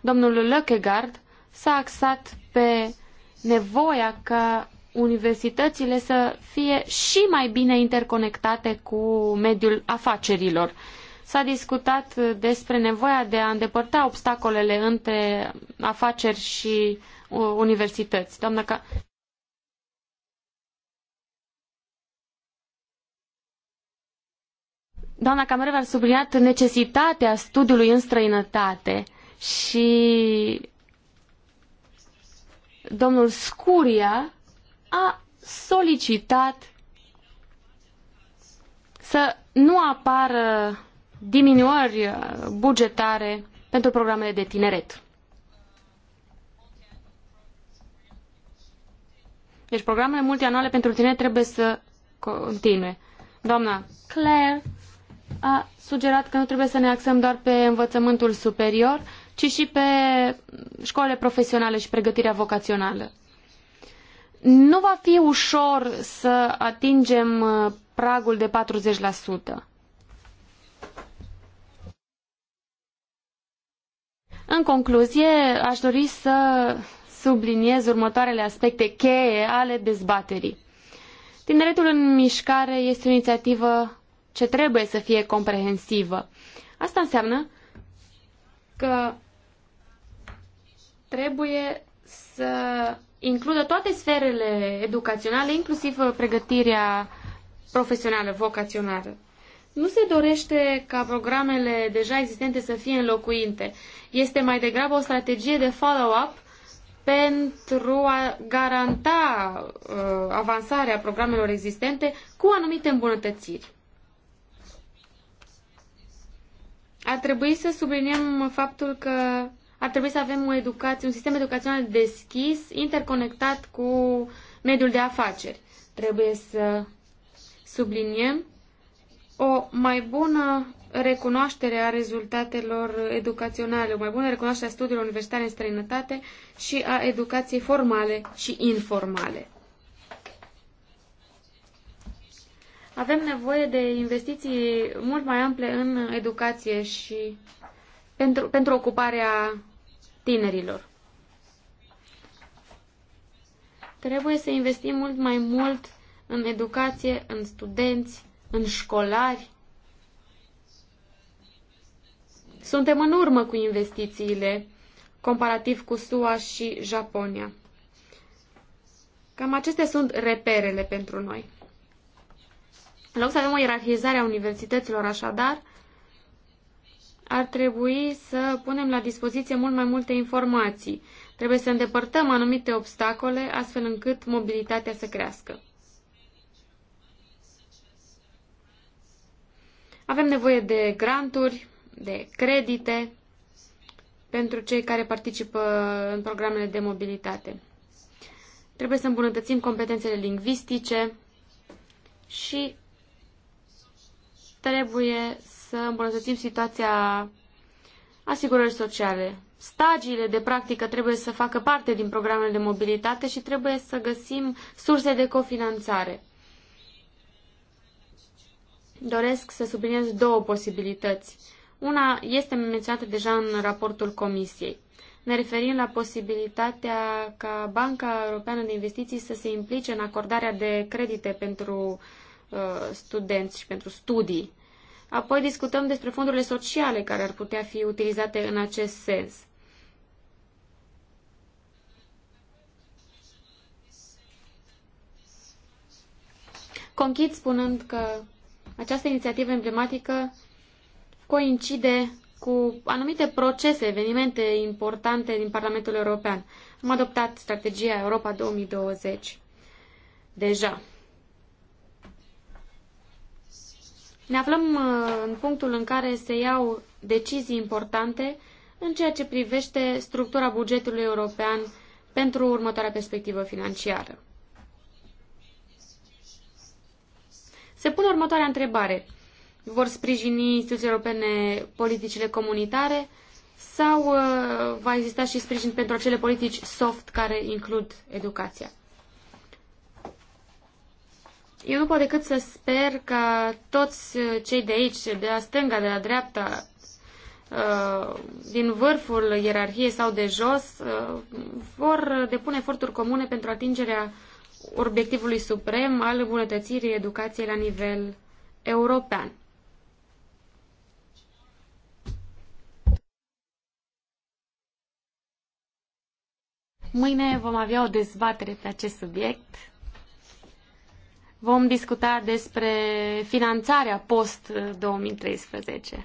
Domnul Lökegard s-a axat pe nevoia ca universitățile să fie și mai bine interconectate cu mediul afacerilor. S-a discutat despre nevoia de a îndepărta obstacolele între afaceri și uh, universități. Doamna Ca... Doamna Camereva a subliniat necesitatea studiului în străinătate și domnul Scuria a solicitat să nu apară diminuări bugetare pentru programele de tineret. Deci programele multianuale pentru tine trebuie să continue. Doamna Claire a sugerat că nu trebuie să ne axăm doar pe învățământul superior, ci și pe școlile profesionale și pregătirea vocațională. Nu va fi ușor să atingem uh, pragul de 40%. În concluzie, aș dori să subliniez următoarele aspecte cheie ale dezbaterii. Tineretul în mișcare este o inițiativă ce trebuie să fie comprehensivă. Asta înseamnă că trebuie să includă toate sferele educaționale, inclusiv pregătirea profesională, vocațională. Nu se dorește ca programele deja existente să fie înlocuite. Este mai degrabă o strategie de follow-up pentru a garanta uh, avansarea programelor existente cu anumite îmbunătățiri. Ar trebui să subliniem faptul că ar trebui să avem o educație, un sistem educațional deschis, interconectat cu mediul de afaceri. Trebuie să subliniem o mai bună recunoaștere a rezultatelor educaționale, o mai bună recunoaștere a studiilor universitare în străinătate și a educației formale și informale. Avem nevoie de investiții mult mai ample în educație și pentru, pentru ocuparea tinerilor. Trebuie să investim mult mai mult în educație, în studenți, în școlari. Suntem în urmă cu investițiile comparativ cu SUA și Japonia. Cam acestea sunt reperele pentru noi. În loc să avem o ierarhizare a universităților așadar, ar trebui să punem la dispoziție mult mai multe informații. Trebuie să îndepărtăm anumite obstacole astfel încât mobilitatea să crească. Avem nevoie de granturi, de credite pentru cei care participă în programele de mobilitate. Trebuie să îmbunătățim competențele lingvistice și trebuie să îmbunătățim situația asigurări sociale. Stagiile de practică trebuie să facă parte din programele de mobilitate și trebuie să găsim surse de cofinanțare doresc să subliniez două posibilități. Una este menționată deja în raportul Comisiei. Ne referim la posibilitatea ca Banca Europeană de Investiții să se implice în acordarea de credite pentru uh, studenți și pentru studii. Apoi discutăm despre fondurile sociale care ar putea fi utilizate în acest sens. Conchid spunând că această inițiativă emblematică coincide cu anumite procese, evenimente importante din Parlamentul European. Am adoptat strategia Europa 2020 deja. Ne aflăm uh, în punctul în care se iau decizii importante în ceea ce privește structura bugetului european pentru următoarea perspectivă financiară. Se pune următoarea întrebare. Vor sprijini instituțiile europene politicile comunitare sau uh, va exista și sprijin pentru acele politici soft care includ educația? Eu nu pot decât să sper că toți cei de aici, de la stânga, de la dreapta, uh, din vârful ierarhiei sau de jos, uh, vor depune eforturi comune pentru atingerea obiectivului suprem al îmbunătățirii educației la nivel european. Mâine vom avea o dezbatere pe acest subiect. Vom discuta despre finanțarea post-2013.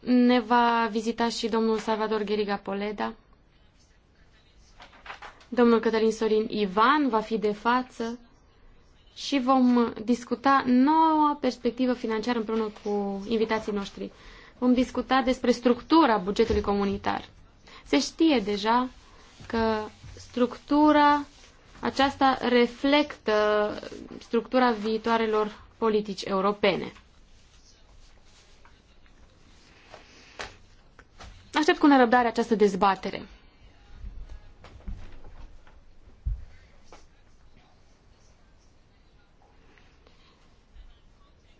Ne va vizita și domnul Salvador Gheriga Poleda. Domnul Cătălin Sorin Ivan va fi de față și vom discuta noua perspectivă financiară împreună cu invitații noștri. Vom discuta despre structura bugetului comunitar. Se știe deja că structura aceasta reflectă structura viitoarelor politici europene. Aștept cu nerăbdare această dezbatere.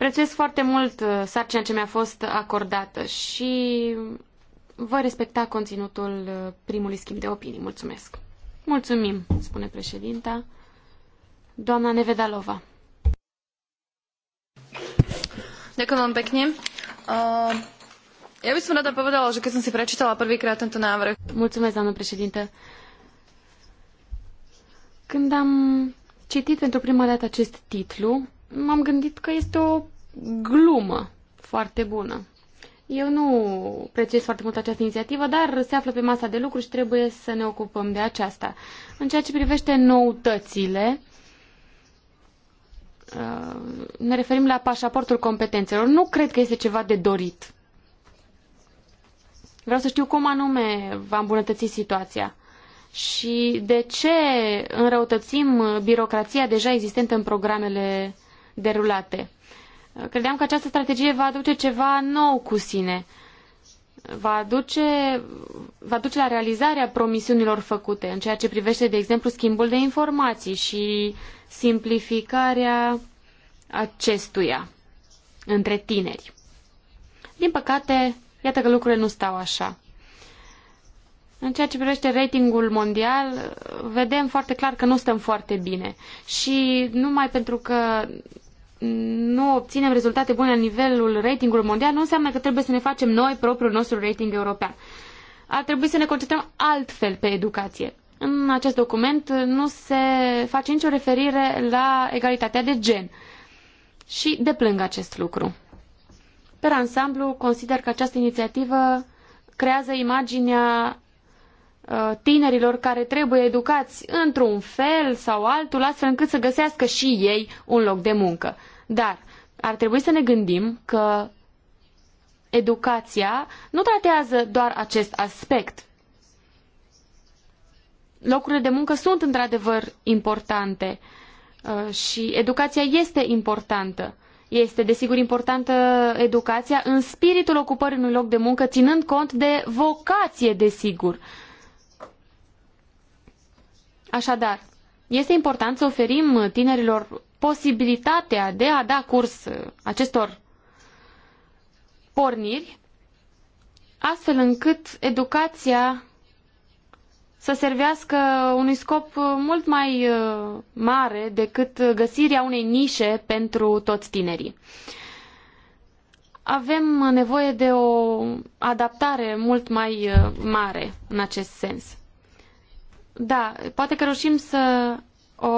Prețuiesc foarte mult uh, sarcina ce mi-a fost acordată și voi respecta conținutul uh, primului schimb de opinii. Mulțumesc. Mulțumim, spune președinta. Doamna Nevedalova. Ďakujem pekne. Ja by som rada povedala, že keď som si prečítala prvýkrát tento návrh. Mulțumesc, doamnă președinte. Când am citit pentru prima dată acest titlu, m-am gândit că este o glumă foarte bună. Eu nu prețuiesc foarte mult această inițiativă, dar se află pe masa de lucru și trebuie să ne ocupăm de aceasta. În ceea ce privește noutățile, uh, ne referim la pașaportul competențelor. Nu cred că este ceva de dorit. Vreau să știu cum anume va îmbunătăți situația și de ce înrăutățim birocrația deja existentă în programele uh, derulate. Credeam că această strategie va aduce ceva nou cu sine. Va aduce, va duce la realizarea promisiunilor făcute în ceea ce privește, de exemplu, schimbul de informații și simplificarea acestuia între tineri. Din păcate, iată că lucrurile nu stau așa. În ceea ce privește ratingul mondial, vedem foarte clar că nu stăm foarte bine. Și numai pentru că nu obținem rezultate bune la nivelul ratingului mondial, nu înseamnă că trebuie să ne facem noi propriul nostru rating european. Ar trebui să ne concentrăm altfel pe educație. În acest document nu se face nicio referire la egalitatea de gen. Și deplâng acest lucru. Per ansamblu, consider că această inițiativă creează imaginea Uh, tinerilor care trebuie educați într-un fel sau altul, astfel încât să găsească și ei un loc de muncă. Dar ar trebui să ne gândim că educația nu tratează doar acest aspect. Locurile de muncă sunt într-adevăr importante uh, și educația este importantă. Este, desigur, importantă educația în spiritul ocupării unui loc de muncă, ținând cont de vocație, desigur. Uh, Așadar, este important să oferim tinerilor posibilitatea de a da curs acestor porniri, astfel încât educația să servească unui scop mult mai uh, mare decât găsirea unei nișe pentru toți tinerii. Avem nevoie de o adaptare mult mai uh, mare în acest sens. Da, poate că reușim să o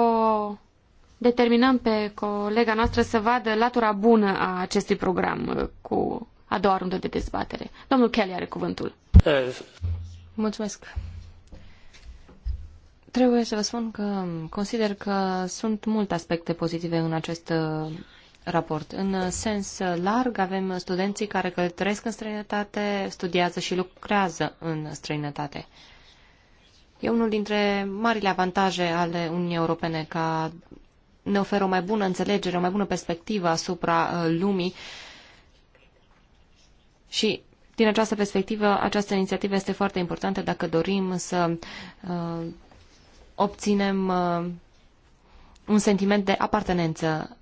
determinăm pe colega noastră să vadă latura bună a acestui program cu a doua rundă de dezbatere. Domnul Kelly are cuvântul. Mulțumesc. Trebuie să vă spun că consider că sunt multe aspecte pozitive în acest uh, raport. În uh, sens uh, larg avem studenții care călătoresc în străinătate, studiază și lucrează în străinătate. Uh, E unul dintre marile avantaje ale Uniunii Europene ca ne oferă o mai bună înțelegere, o mai bună perspectivă asupra uh, lumii și din această perspectivă, această inițiativă este foarte importantă dacă dorim să uh, obținem uh, un sentiment de apartenență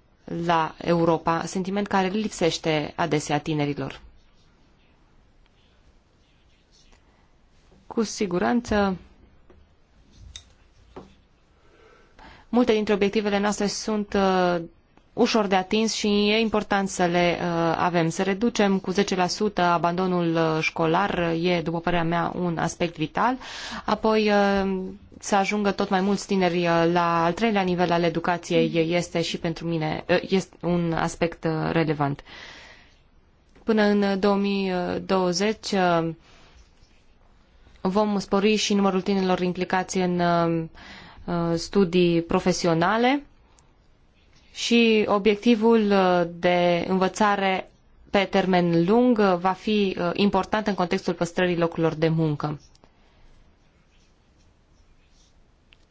la Europa, sentiment care lipsește adesea tinerilor. Cu siguranță, Multe dintre obiectivele noastre sunt uh, ușor de atins și e important să le uh, avem. Să reducem cu 10% abandonul uh, școlar e, după părerea mea, un aspect vital. Apoi să ajungă tot mai mulți tineri la al treilea nivel al educației este și pentru mine este un aspect relevant. Până în 2020 vom spori și numărul tinerilor implicați în Uh, studii profesionale și obiectivul uh, de învățare pe termen lung uh, va fi important în contextul păstrării locurilor de muncă.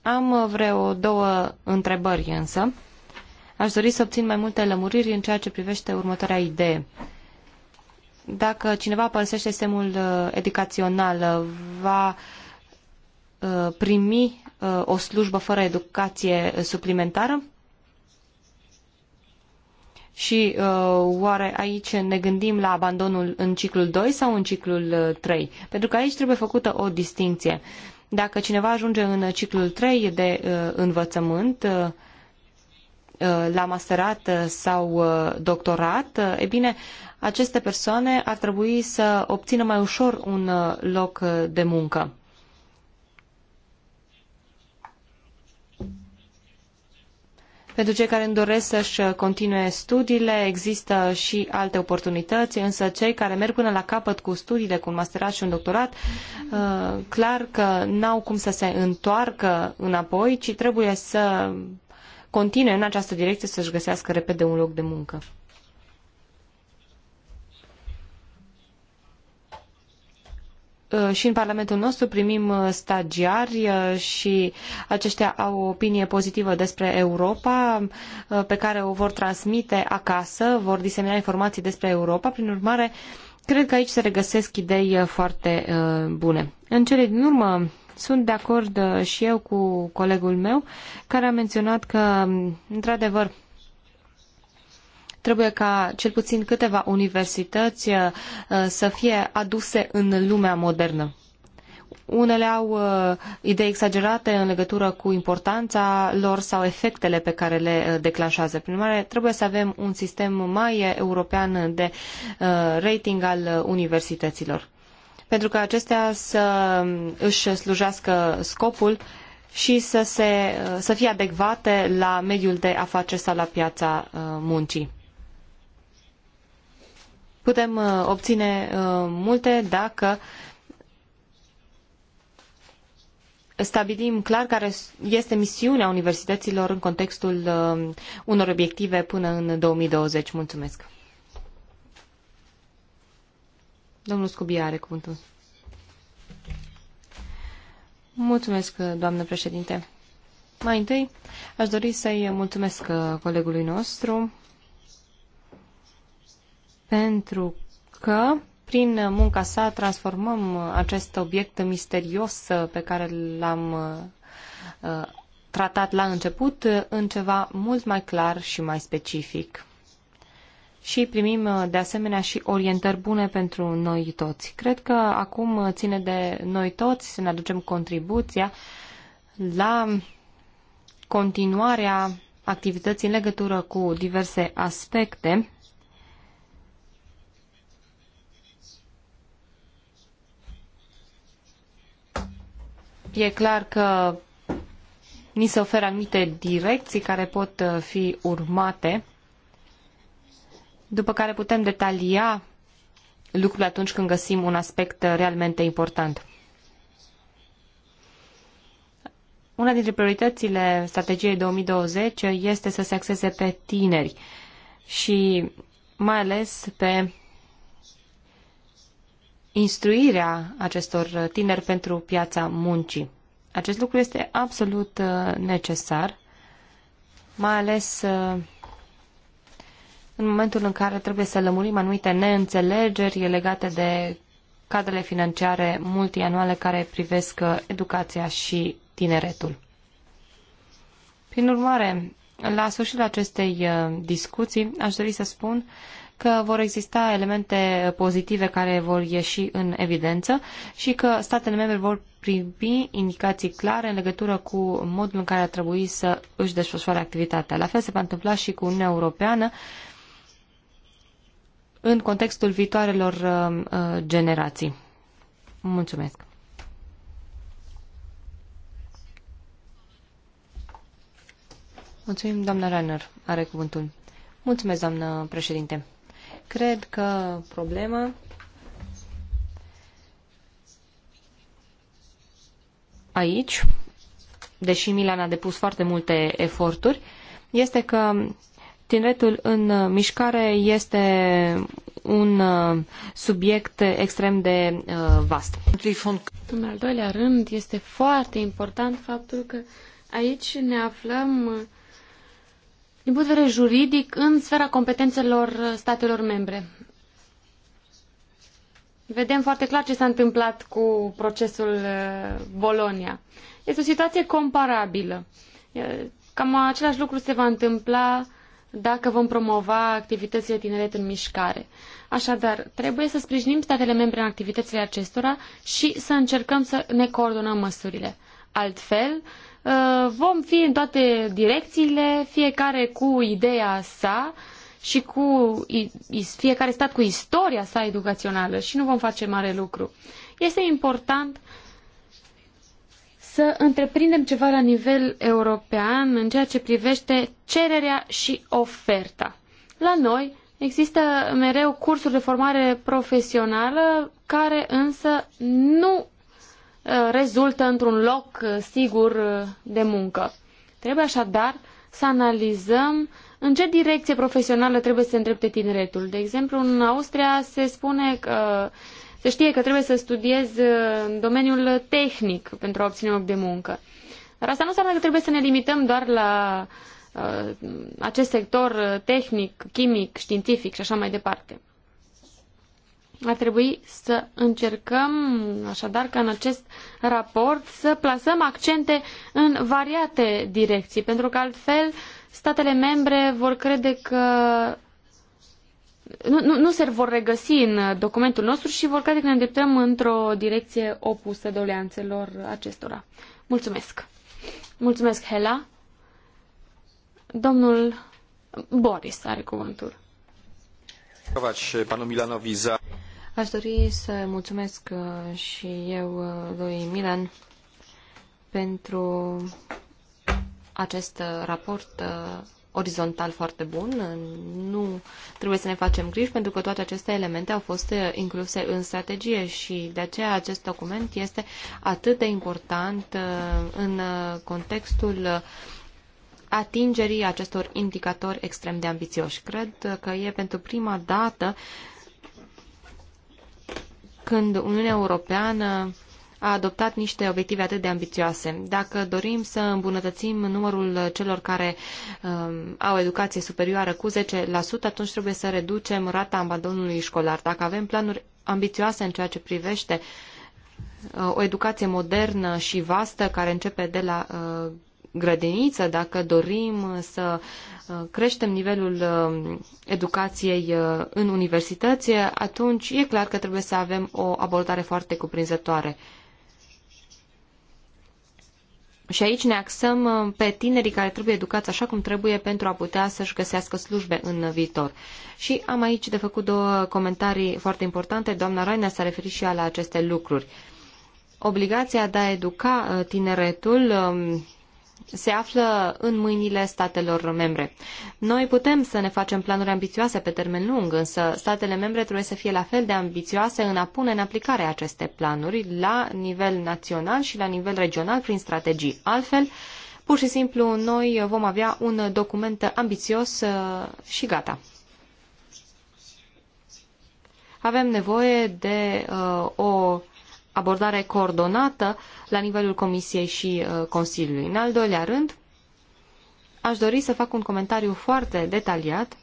Am vreo două întrebări însă. Aș dori să obțin mai multe lămuriri în ceea ce privește următoarea idee. Dacă cineva părăsește sistemul educațional, va primi o slujbă fără educație suplimentară? Și uh, oare aici ne gândim la abandonul în ciclul 2 sau în ciclul 3? Uh, Pentru că aici trebuie făcută o distinție. Dacă cineva ajunge în ciclul 3 de uh, învățământ, la masterat sau doctorat, e bine, aceste persoane ar trebui să obțină mai ușor un loc de muncă. Pentru cei care îmi doresc să-și continue studiile, există și alte oportunități, însă cei care merg până la capăt cu studiile, cu un masterat și un doctorat, uh, clar că n-au cum să se întoarcă înapoi, ci trebuie să continue în această direcție să-și găsească repede un loc de muncă. Uh, și în Parlamentul nostru primim uh, stagiari uh, și aceștia au o opinie pozitivă despre Europa pe care o vor transmite acasă, vor disemina informații despre Europa. Prin urmare, cred că aici se regăsesc idei foarte bune. În cele din urmă, sunt de acord și eu cu colegul meu care a menționat că, um, într-adevăr, Trebuie ca cel puțin câteva universități uh, să fie aduse în lumea modernă. Unele au uh, idei exagerate în legătură cu importanța lor sau efectele pe care le uh, declanșează. Prin urmare, trebuie să avem un sistem mai european de rating al universităților. Pentru că acestea să își slujească scopul și să, se, să fie adecvate la mediul de afaceri sau la piața muncii putem uh, obține uh, multe dacă stabilim clar care este misiunea universităților în contextul uh, unor obiective până în 2020. Mulțumesc. Domnul Scubia are cuvântul. Mulțumesc, doamnă președinte. Mai întâi, aș dori să-i mulțumesc colegului nostru pentru că prin munca sa transformăm acest obiect misterios pe care l-am uh, tratat la început în ceva mult mai clar și mai specific. Și primim uh, de asemenea și orientări bune pentru noi toți. Cred că acum ține de noi toți să ne aducem contribuția la continuarea activității în legătură cu diverse aspecte E clar că ni se oferă anumite direcții care pot uh, fi urmate, după care putem detalia lucrurile atunci când găsim un aspect uh, realmente important. Una dintre prioritățile strategiei 2020 este să se axeze pe tineri și mai ales pe instruirea acestor tineri pentru piața muncii. Acest lucru este absolut uh, necesar, mai ales uh, în momentul în care trebuie să lămurim anumite neînțelegeri legate de cadrele financiare multianuale care privesc uh, educația și tineretul. Prin urmare, la sfârșitul acestei discuții, aș dori să spun că vor exista elemente pozitive care vor ieși în evidență și că statele membre vor primi indicații clare în legătură cu modul în care ar trebui să își desfășoare activitatea. La fel se va întâmpla și cu Uniunea Europeană în contextul viitoarelor uh, uh generații. Mulțumesc! Mulțumim, doamna Rainer. Are cuvântul. Mulțumesc, doamnă președinte. Cred că problema aici, deși Milan a depus foarte multe eforturi, este că tineretul în mișcare este un uh, subiect extrem de uh, vast. În al doilea rând, este foarte important faptul că aici ne aflăm uh, din punct de vedere juridic în sfera competențelor statelor membre. Vedem foarte clar ce s-a întâmplat cu procesul uh, Bolonia. Este o situație comparabilă. Cam același lucru se va întâmpla dacă vom promova activitățile tineret în mișcare. Așadar, trebuie să sprijinim statele membre în activitățile acestora și să încercăm să ne coordonăm măsurile. Altfel, Uh, vom fi în toate direcțiile, fiecare cu ideea sa și cu fiecare stat cu istoria sa educațională și nu vom face mare lucru. Este important să întreprindem ceva la nivel european în ceea ce privește cererea și oferta. La noi există mereu cursuri de formare profesională care însă nu Uh, rezultă într-un loc uh, sigur uh, de muncă. Trebuie așadar să analizăm în ce direcție profesională trebuie să se îndrepte tineretul. De exemplu, în Austria se spune că se știe că trebuie să studiezi în domeniul tehnic pentru a obține loc de muncă. Dar asta nu înseamnă că trebuie să ne limităm doar la acest sector tehnic, chimic, științific și așa mai departe va trebui să încercăm, așadar, ca în acest raport să plasăm accente în variate direcții, pentru că altfel statele membre vor crede că nu, nu, nu se vor regăsi în documentul nostru și vor crede că ne îndreptăm într-o direcție opusă doleanțelor acestora. Mulțumesc! Mulțumesc, Hela! Domnul Boris are cuvântul. Panu Milanowi za Aș dori să mulțumesc uh, și eu uh, lui Milan pentru acest uh, raport orizontal foarte bun. Nu trebuie să ne facem griji pentru că toate aceste elemente au fost incluse în strategie și de aceea acest document este atât de important în contextul atingerii acestor indicatori extrem de ambițioși. Cred că e pentru prima dată uh, când Uniunea Europeană a adoptat niște obiective atât de ambițioase. Dacă dorim să îmbunătățim numărul celor care um, au educație superioară cu 10%, atunci trebuie să reducem rata abandonului școlar. Dacă avem planuri ambițioase în ceea ce privește uh, o educație modernă și vastă care începe de la uh, grădiniță, dacă dorim să uh, creștem nivelul uh, educației uh, în universități, atunci e clar că trebuie să avem o abordare foarte cuprinzătoare. Și aici ne axăm pe tinerii care trebuie educați așa cum trebuie pentru a putea să-și găsească slujbe în viitor. Și am aici de făcut două comentarii foarte importante. Doamna Raina s-a referit și ea la aceste lucruri. Obligația de a educa tineretul um, se află în mâinile statelor membre. Noi putem să ne facem planuri ambițioase pe termen lung, însă statele membre trebuie să fie la fel de ambițioase în a pune în aplicare aceste planuri la nivel național și la nivel regional prin strategii. Altfel, pur și simplu, noi vom avea un document ambițios uh, și gata avem nevoie de uh, o abordare coordonată la nivelul Comisiei și uh, Consiliului. În al doilea rând, aș dori să fac un comentariu foarte detaliat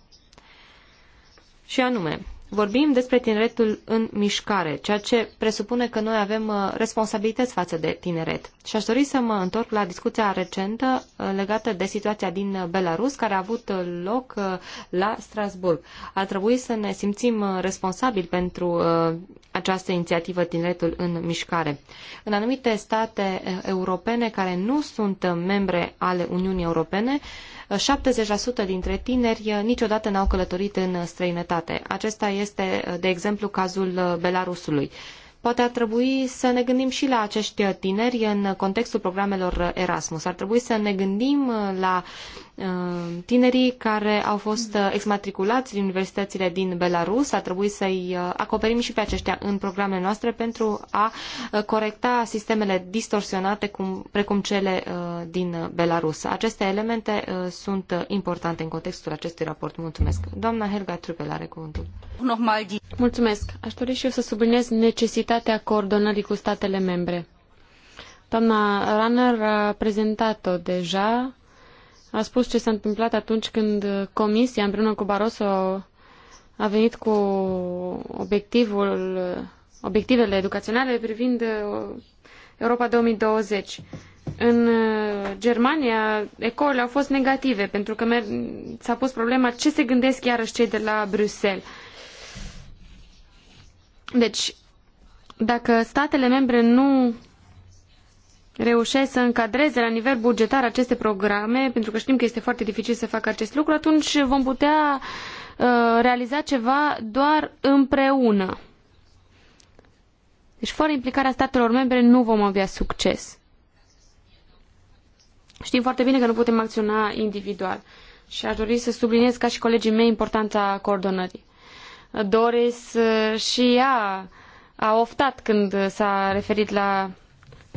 și anume, Vorbim despre tineretul în mișcare, ceea ce presupune că noi avem uh, responsabilități față de tineret. Și aș dori să mă întorc la discuția recentă uh, legată de situația din uh, Belarus, care a avut loc la Strasburg. Ar trebui să ne simțim responsabili pentru această inițiativă Tineretul în Mișcare. În anumite state europene care nu sunt membre ale Uniunii Europene, 70% dintre tineri eh, niciodată n-au călătorit în eh, străinătate. Acesta este, eh, de exemplu, cazul Belarusului. Poate ar trebui să ne gândim și la acești tineri în contextul programelor Erasmus. Ar trebui să ne gândim la Uh, tinerii care au fost uh, exmatriculați din universitățile din Belarus. A trebuit să-i uh, acoperim și pe aceștia în programele noastre pentru a corecta sistemele distorsionate precum cele din Belarus. Aceste elemente sunt importante în contextul acestui raport. Mulțumesc. Doamna Helga Trupel are cuvântul. Mulțumesc. Aș dori și eu să subliniez necesitatea coordonării cu statele membre. Doamna Runner a prezentat-o deja a spus ce s-a întâmplat atunci când Comisia, împreună cu Barroso, a venit cu obiectivul, obiectivele educaționale privind uh, Europa 2020. În uh, Germania, ecoile au fost negative, pentru că s-a pus problema ce se gândesc iarăși cei de la Bruxelles. Deci, dacă statele membre nu reușesc să încadreze la nivel bugetar aceste programe, pentru că știm că este foarte dificil să facă acest lucru, atunci vom putea uh, realiza ceva doar împreună. Deci fără implicarea statelor membre nu vom avea succes. Știm foarte bine că nu putem acționa individual și aș dori să subliniez ca și colegii mei importanța coordonării. Doris uh, și ea a oftat când s-a referit la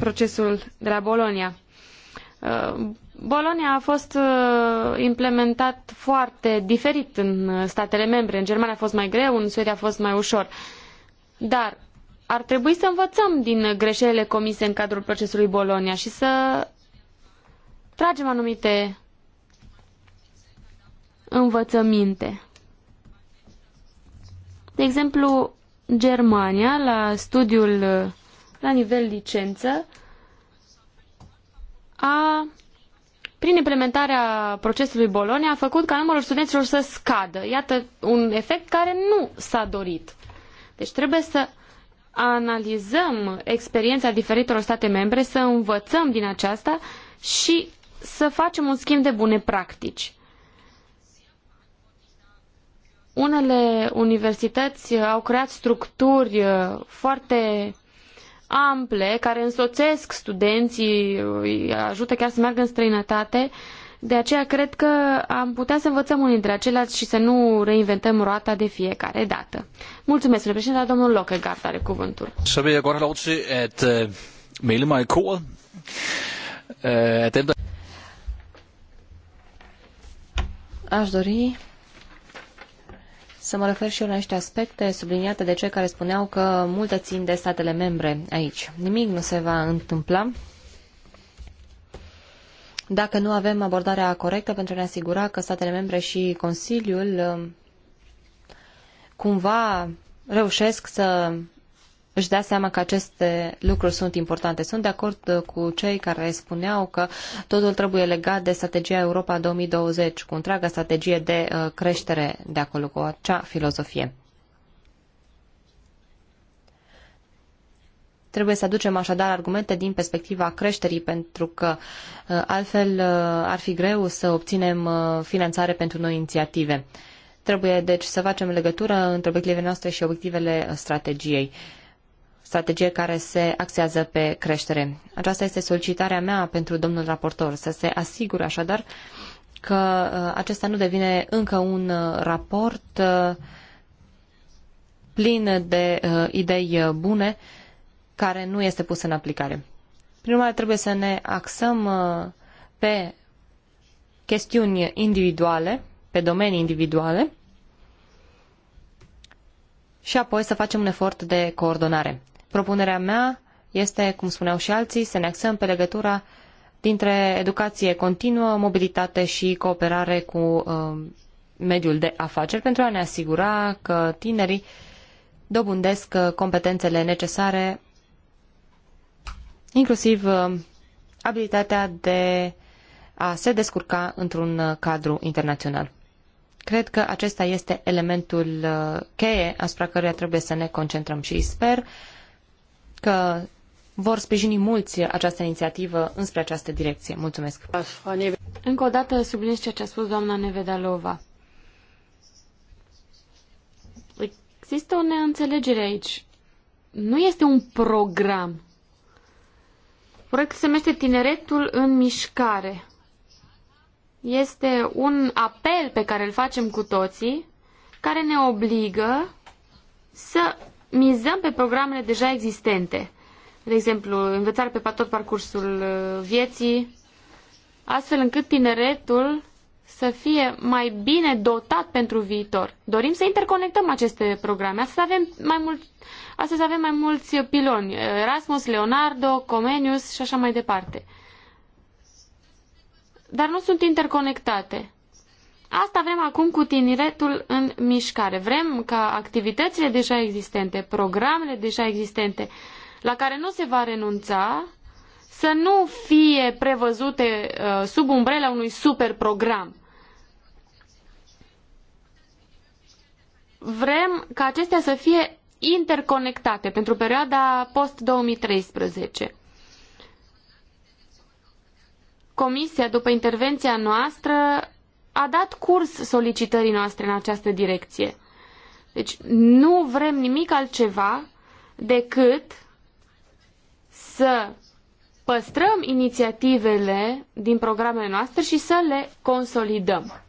procesul de la Bologna. Uh, Bologna a fost uh, implementat foarte diferit în uh, statele membre. În Germania a fost mai greu, în Suedia a fost mai ușor. Dar ar trebui să învățăm din greșelile comise în cadrul procesului Bologna și să tragem anumite învățăminte. De exemplu, Germania, la studiul la nivel licență, a, prin implementarea procesului Bologna a făcut ca numărul studenților să scadă. Iată un efect care nu s-a dorit. Deci trebuie să analizăm experiența diferitelor state membre, să învățăm din aceasta și să facem un schimb de bune practici. Unele universități au creat structuri uh, foarte ample care însoțesc studenții, îi ajută chiar să meargă în străinătate. De aceea cred că am putea să învățăm unii dintre același și să nu reinventăm roata de fiecare dată. Mulțumesc, domnule președinte, dar domnul Lockegaard are cuvântul. Să vă jeg godt have lov til at øh, øh, Aș dori să mă refer și eu la niște aspecte subliniate de cei care spuneau că multe țin de statele membre aici. Nimic nu se va întâmpla dacă nu avem abordarea corectă pentru a ne asigura că statele membre și Consiliul um, cumva reușesc să își dea seama că aceste lucruri sunt importante. Sunt de acord uh, cu cei care spuneau că totul trebuie legat de strategia Europa 2020, cu întreaga strategie de uh, creștere de acolo, cu acea filozofie. Trebuie să aducem așadar argumente din perspectiva creșterii, pentru că uh, altfel ar fi greu să obținem finanțare pentru noi inițiative. Trebuie deci să facem legătură între obiectivele noastre și obiectivele strategiei. Uh, strategie care se axează pe creștere. Aceasta este solicitarea mea pentru domnul raportor, să se asigure așadar că uh, acesta nu devine încă un uh, raport uh, plin de idei bune care nu este pus în aplicare. Prin urmare, trebuie să ne axăm pe chestiuni individuale, pe domenii individuale și apoi să facem un efort de coordonare. Propunerea mea este, cum spuneau și alții, să ne axăm pe legătura dintre educație continuă, mobilitate și cooperare cu uh, mediul de afaceri pentru a ne asigura că tinerii dobândesc uh, competențele necesare, inclusiv uh, abilitatea de a se descurca într-un uh, cadru internațional. Cred că acesta este elementul uh, cheie asupra căruia trebuie să ne concentrăm și sper că vor sprijini mulți această inițiativă înspre această direcție. Mulțumesc! Încă o dată subliniez ceea ce a spus doamna Nevedalova. Există o neînțelegere aici. Nu este un program. Proiectul se numește Tineretul în Mișcare. Este un apel pe care îl facem cu toții, care ne obligă să mizăm pe programele deja existente. De exemplu, învățare pe tot parcursul uh, vieții, astfel încât tineretul să fie mai bine dotat pentru viitor. Dorim să interconectăm aceste programe. Astăzi avem mai, mult, astăzi avem mai mulți piloni. Erasmus, Leonardo, Comenius și așa mai departe. Dar nu sunt interconectate. Asta vrem acum cu tineretul în mișcare. Vrem ca activitățile deja existente, programele deja existente, la care nu se va renunța, să nu fie prevăzute uh, sub umbrela unui super program. Vrem ca acestea să fie interconectate pentru perioada post-2013. Comisia, după intervenția noastră, a dat curs solicitării noastre în această direcție. Deci nu vrem nimic altceva decât să păstrăm inițiativele din programele noastre și să le consolidăm.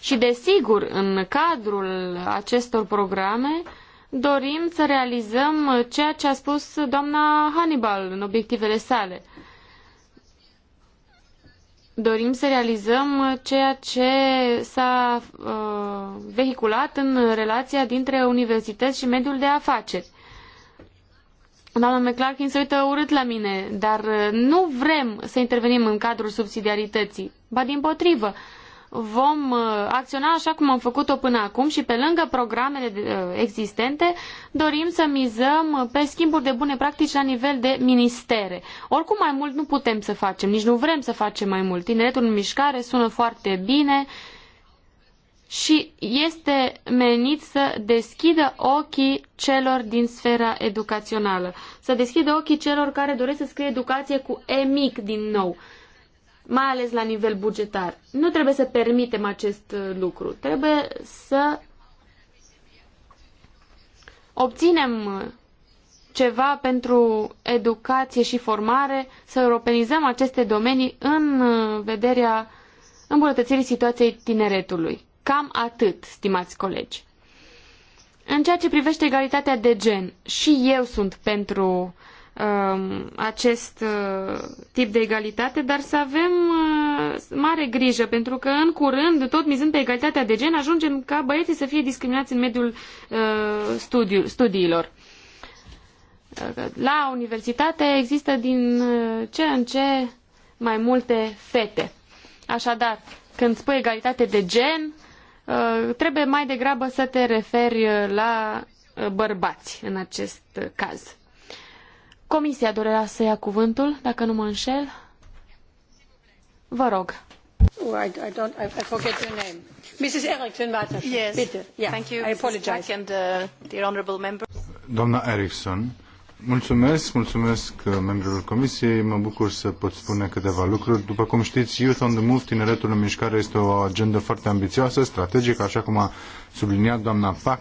Și desigur, în cadrul acestor programe, dorim să realizăm ceea ce a spus doamna Hannibal în obiectivele sale – dorim să realizăm ceea ce s-a uh, vehiculat în relația dintre universități și mediul de afaceri. Doamna McClarkin se uită urât la mine, dar uh, nu vrem să intervenim în cadrul subsidiarității. Ba din potrivă, uh, vom uh, acționa așa cum am făcut-o până acum și pe lângă programele uh, existente dorim să mizăm uh, pe schimburi de bune practici la nivel de ministere. Oricum mai mult nu putem să facem, nici nu vrem să facem mai mult. Tineretul în mișcare sună foarte bine și este menit să deschidă ochii celor din sfera educațională, să deschidă ochii celor care doresc să scrie educație cu E mic din nou mai ales la nivel bugetar. Nu trebuie să permitem acest uh, lucru. Trebuie să obținem uh, ceva pentru educație și formare, să europenizăm aceste domenii în uh, vederea îmbunătățirii situației tineretului. Cam atât, stimați colegi. În ceea ce privește egalitatea de gen, și eu sunt pentru uh, Um, acest uh, tip de egalitate, dar să avem uh, mare grijă, pentru că în curând, tot mizând pe egalitatea de gen, ajungem ca băieții să fie discriminați în mediul uh, studiilor. La universitate există din ce în ce mai multe fete. Așadar, când spui egalitate de gen, trebuie mai degrabă să te referi la bărbați în acest caz. Comisia dorea să ia cuvântul, dacă nu mă înșel. Vă rog. Oh, I, don't, I, I forget your name. Mrs. Erickson, yes. Bitte. Yeah, Thank you, I apologize. And, uh, dear honorable members. Doamna Erickson, Mulțumesc, mulțumesc uh, membrilor comisiei. Mă bucur să pot spune câteva lucruri. După cum știți, Youth on the Move, Tineretul în Mișcare, este o agendă foarte ambițioasă, strategică, așa cum a subliniat doamna Pac.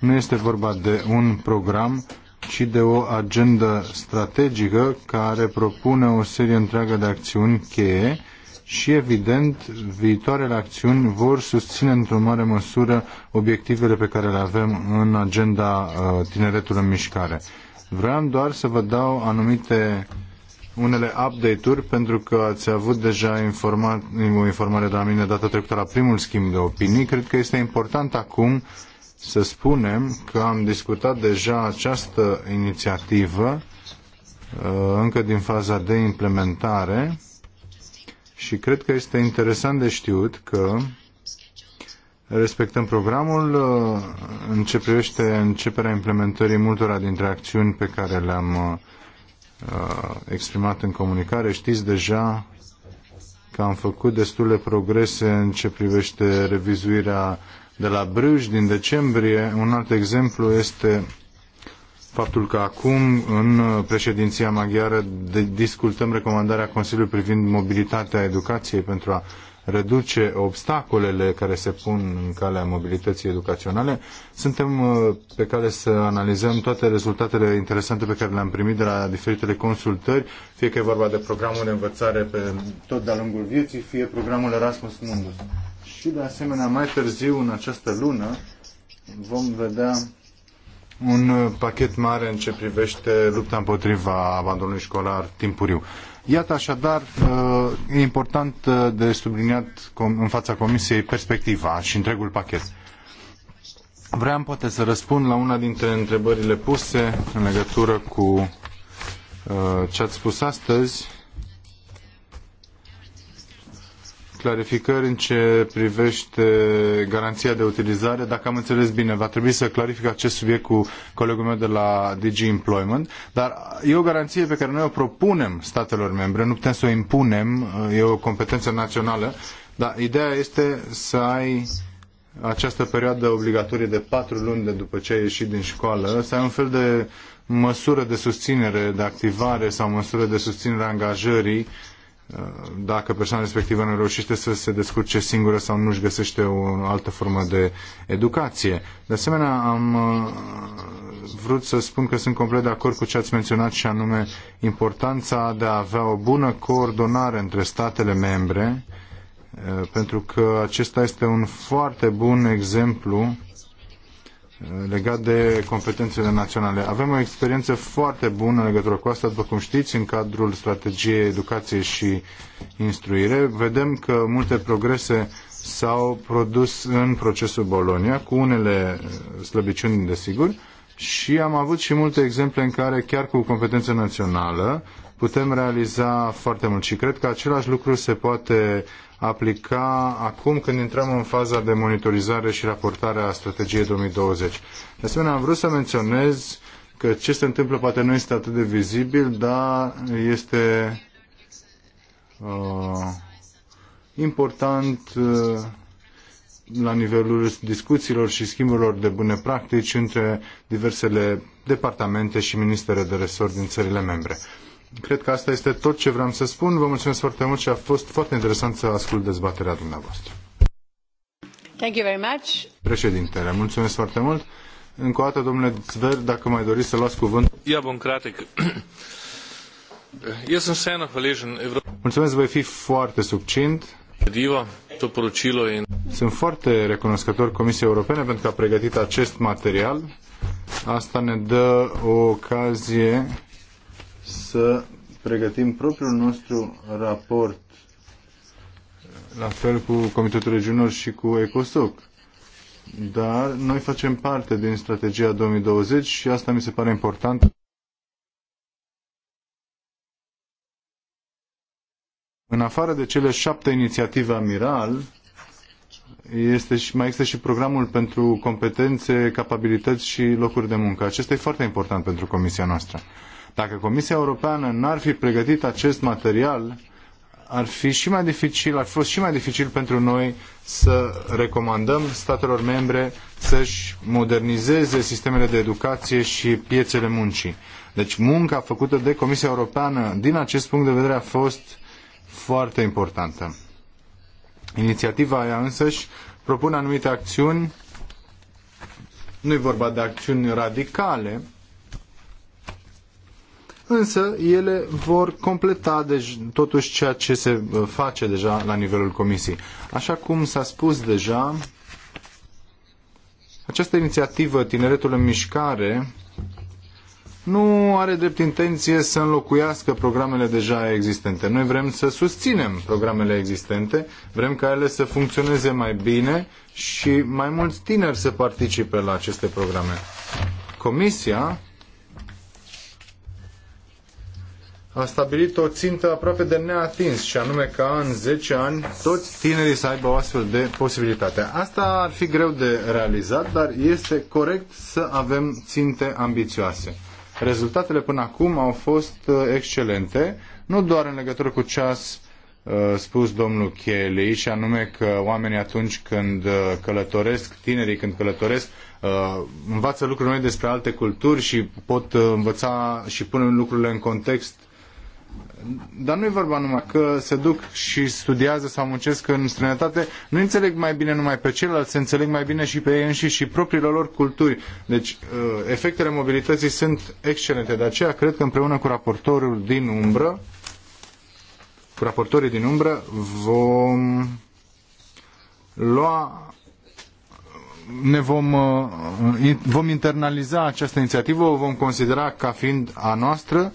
Nu este vorba de un program, ci de o agendă strategică care propune o serie întreagă de acțiuni cheie și, evident, viitoarele acțiuni vor susține într-o mare măsură obiectivele pe care le avem în agenda uh, tineretului în Mișcare. Vreau doar să vă dau anumite unele update-uri pentru că ați avut deja informat, o informare de la mine data trecută la primul schimb de opinii. Cred că este important acum uh, să spunem că am discutat deja această inițiativă uh, încă din faza de implementare și cred că este interesant de știut că respectăm programul uh, în ce privește începerea implementării multora dintre acțiuni pe care le-am uh, exprimat în comunicare. Știți deja că am făcut destule progrese în ce privește revizuirea de la Bruges din decembrie. Un alt exemplu este faptul că acum, în președinția maghiară, discutăm recomandarea Consiliului privind mobilitatea educației pentru a reduce obstacolele care se pun în calea mobilității educaționale. Suntem uh, pe cale să analizăm toate rezultatele interesante pe care le-am primit de la diferitele consultări, fie că e vorba de programul de învățare pe tot de-a lungul vieții, fie programul Erasmus Mundus. Și de asemenea, mai târziu în această lună vom vedea un pachet mare în ce privește lupta împotriva abandonului școlar timpuriu. Iată așadar, e important de subliniat în fața Comisiei perspectiva și întregul pachet. Vreau poate să răspund la una dintre întrebările puse în legătură cu uh, ce ați spus astăzi. clarificări în ce privește garanția de utilizare. Dacă am înțeles bine, va trebui să clarific acest subiect cu colegul meu de la DG Employment, dar e o garanție pe care noi o propunem statelor membre, nu putem să o impunem, e o competență națională, dar ideea este să ai această perioadă obligatorie de patru luni de după ce ai ieșit din școală, să ai un fel de măsură de susținere, de activare sau măsură de susținere a angajării dacă persoana respectivă nu reușește să se descurce singură sau nu-și găsește o altă formă de educație. De asemenea, am uh, vrut să spun că sunt complet de acord cu ce ați menționat și anume importanța de a avea o bună coordonare între statele membre, uh, pentru că acesta este un foarte bun exemplu legat de competențele naționale. Avem o experiență foarte bună în legătură cu asta, după cum știți, în cadrul strategiei educație și instruire. Vedem că multe progrese s-au produs în procesul Bologna, cu unele slăbiciuni, desigur, și am avut și multe exemple în care, chiar cu competență națională, putem realiza foarte mult. Și cred că același lucru se poate aplica acum când intrăm în faza de monitorizare și raportare a strategiei 2020. De asemenea, am vrut să menționez că ce se întâmplă poate nu este atât de vizibil, dar este uh, important uh, la nivelul discuțiilor și schimburilor de bune practici între diversele departamente și ministere de resort din țările membre. Cred că asta este tot ce vreau să spun. Vă mulțumesc foarte mult și a fost foarte interesant să ascult dezbaterea dumneavoastră. Thank you very much. Președintele, mulțumesc foarte mult. Încă o dată, domnule Zver, dacă mai doriți să luați cuvânt. Ia bun, cratic. Eu sunt Sena Falejan. Mulțumesc, voi fi foarte succint. Diva, Sunt foarte recunoscător Comisiei Europene pentru că a pregătit acest material. Asta ne dă o ocazie să pregătim propriul nostru raport, la fel cu Comitetul Regiunilor și cu ECOSOC. Dar noi facem parte din strategia 2020 și asta mi se pare important. În afară de cele șapte inițiative amiral, este și, mai există și programul pentru competențe, capabilități și locuri de muncă. Acesta e foarte important pentru comisia noastră. Dacă Comisia Europeană n-ar fi pregătit acest material, ar fi și mai dificil, ar fi fost și mai dificil pentru noi să recomandăm statelor membre să-și modernizeze sistemele de educație și piețele muncii. Deci munca făcută de Comisia Europeană din acest punct de vedere a fost foarte importantă. Inițiativa aia însăși propune anumite acțiuni, nu e vorba de acțiuni radicale, însă ele vor completa deci, totuși ceea ce se uh, face deja la nivelul Comisiei. Așa cum s-a spus deja, această inițiativă Tineretul în Mișcare nu are drept intenție să înlocuiască programele deja existente. Noi vrem să susținem programele existente, vrem ca ele să funcționeze mai bine și mai mulți tineri să participe la aceste programe. Comisia a stabilit o țintă aproape de neatins și anume ca în 10 ani toți tinerii să aibă o astfel de posibilitate. Asta ar fi greu de realizat, dar este corect să avem ținte ambițioase. Rezultatele până acum au fost uh, excelente, nu doar în legătură cu ce a uh, spus domnul Kelly, și anume că oamenii atunci când uh, călătoresc, tinerii când călătoresc, învață lucruri noi despre alte culturi și pot învăța și pune lucrurile în context dar nu e vorba numai că se duc și studiază sau muncesc în străinătate. Nu înțeleg mai bine numai pe ceilalți, se înțeleg mai bine și pe ei înșiși și propriile lor culturi. Deci uh, efectele mobilității sunt excelente. De aceea cred că împreună cu raportorul din umbră, cu raportorii din umbră, vom lua ne vom, uh, vom internaliza această inițiativă, o vom considera ca fiind a noastră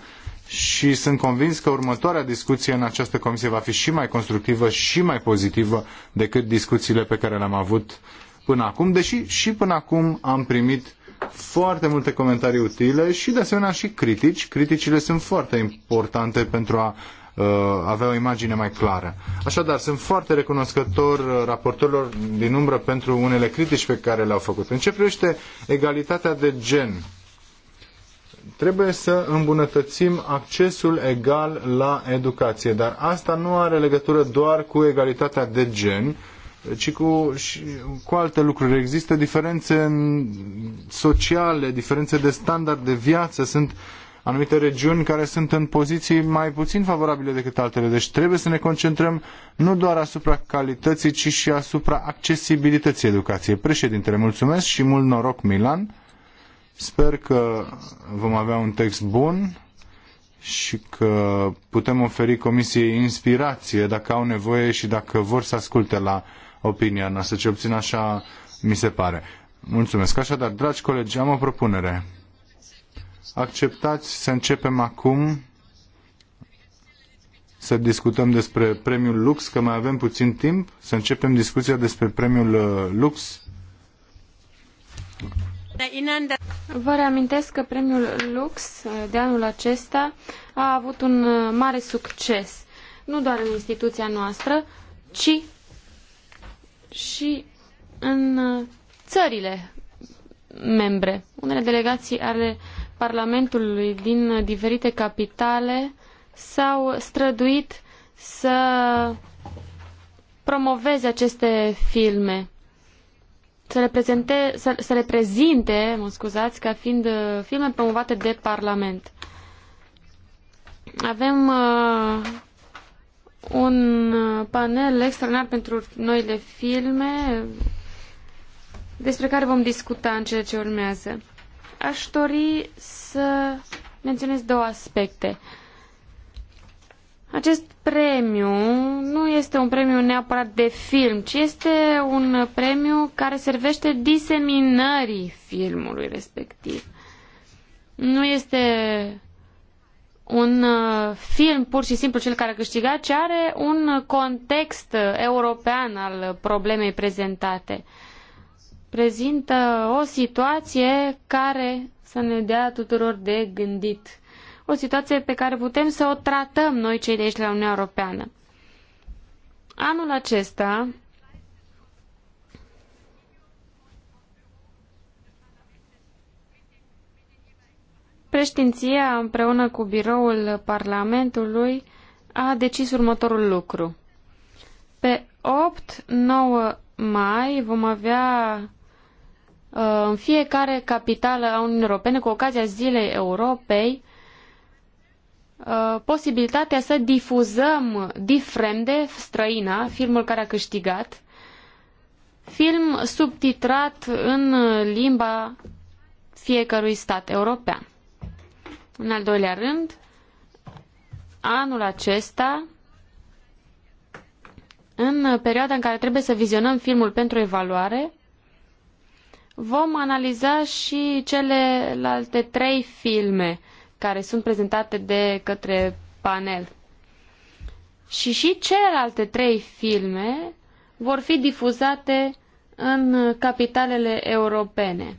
și sunt convins că următoarea discuție în această comisie va fi și mai constructivă și mai pozitivă decât discuțiile pe care le-am avut până acum, deși și până acum am primit foarte multe comentarii utile și de asemenea și critici. Criticile sunt foarte importante pentru a uh, avea o imagine mai clară. Așadar, sunt foarte recunoscător uh, raportorilor din umbră pentru unele critici pe care le-au făcut. În ce privește egalitatea de gen, Trebuie să îmbunătățim accesul egal la educație, dar asta nu are legătură doar cu egalitatea de gen, ci cu, și, cu alte lucruri. Există diferențe sociale, diferențe de standard de viață, sunt anumite regiuni care sunt în poziții mai puțin favorabile decât altele. Deci trebuie să ne concentrăm nu doar asupra calității, ci și asupra accesibilității educației. Președintele, mulțumesc și mult noroc, Milan. Sper că vom avea un text bun și că putem oferi Comisiei inspirație dacă au nevoie și dacă vor să asculte la opinia noastră. ce obțin așa mi se pare. Mulțumesc. Așadar, dragi colegi, am o propunere. Acceptați să începem acum să discutăm despre premiul Lux, că mai avem puțin timp, să începem discuția despre premiul uh, Lux Vă reamintesc că premiul Lux de anul acesta a avut un uh, mare succes, nu doar în instituția noastră, ci și în uh, țările membre. Unele delegații ale Parlamentului din diferite capitale s-au străduit să promoveze aceste filme să reprezinte, să, să prezinte, mă scuzați, ca fiind uh, filme promovate de Parlament. Avem uh, un uh, panel extraordinar pentru noile filme despre care vom discuta în cele ce urmează. Aș dori să menționez două aspecte. Uh, acest premiu nu este un premiu neapărat de film, ci este un premiu care servește diseminării filmului respectiv. Nu este un uh, film pur și simplu cel care a câștigat, ci are un context european al problemei prezentate. Prezintă o situație care să ne dea tuturor de gândit o situație pe care putem să o tratăm noi cei de aici la Uniunea Europeană. Anul acesta, Preștinția, împreună cu biroul Parlamentului, a decis următorul lucru. Pe 8-9 mai vom avea uh, în fiecare capitală a Uniunii Europene, cu ocazia Zilei Europei, Uh, posibilitatea să difuzăm Difremde, străina, filmul care a câștigat, film subtitrat în limba fiecărui stat european. În al doilea rând, anul acesta, în perioada în care trebuie să vizionăm filmul pentru evaluare, vom analiza și celelalte trei filme care sunt prezentate de către panel. Și și celelalte trei filme vor fi difuzate în capitalele europene.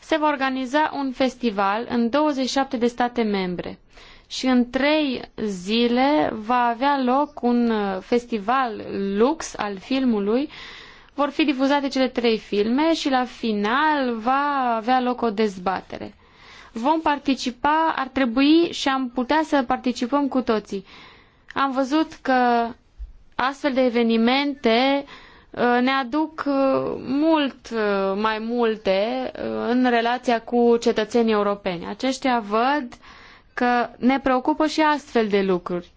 Se va organiza un festival în 27 de state membre și în trei zile va avea loc un uh, festival lux al filmului uh, vor fi difuzate cele trei filme și la final va avea loc o dezbatere. Vom participa, ar trebui și am putea să participăm cu toții. Am văzut că astfel de evenimente uh, ne aduc uh, mult uh, mai multe în relația cu cetățenii europeni. Aceștia văd că ne preocupă și astfel de lucruri.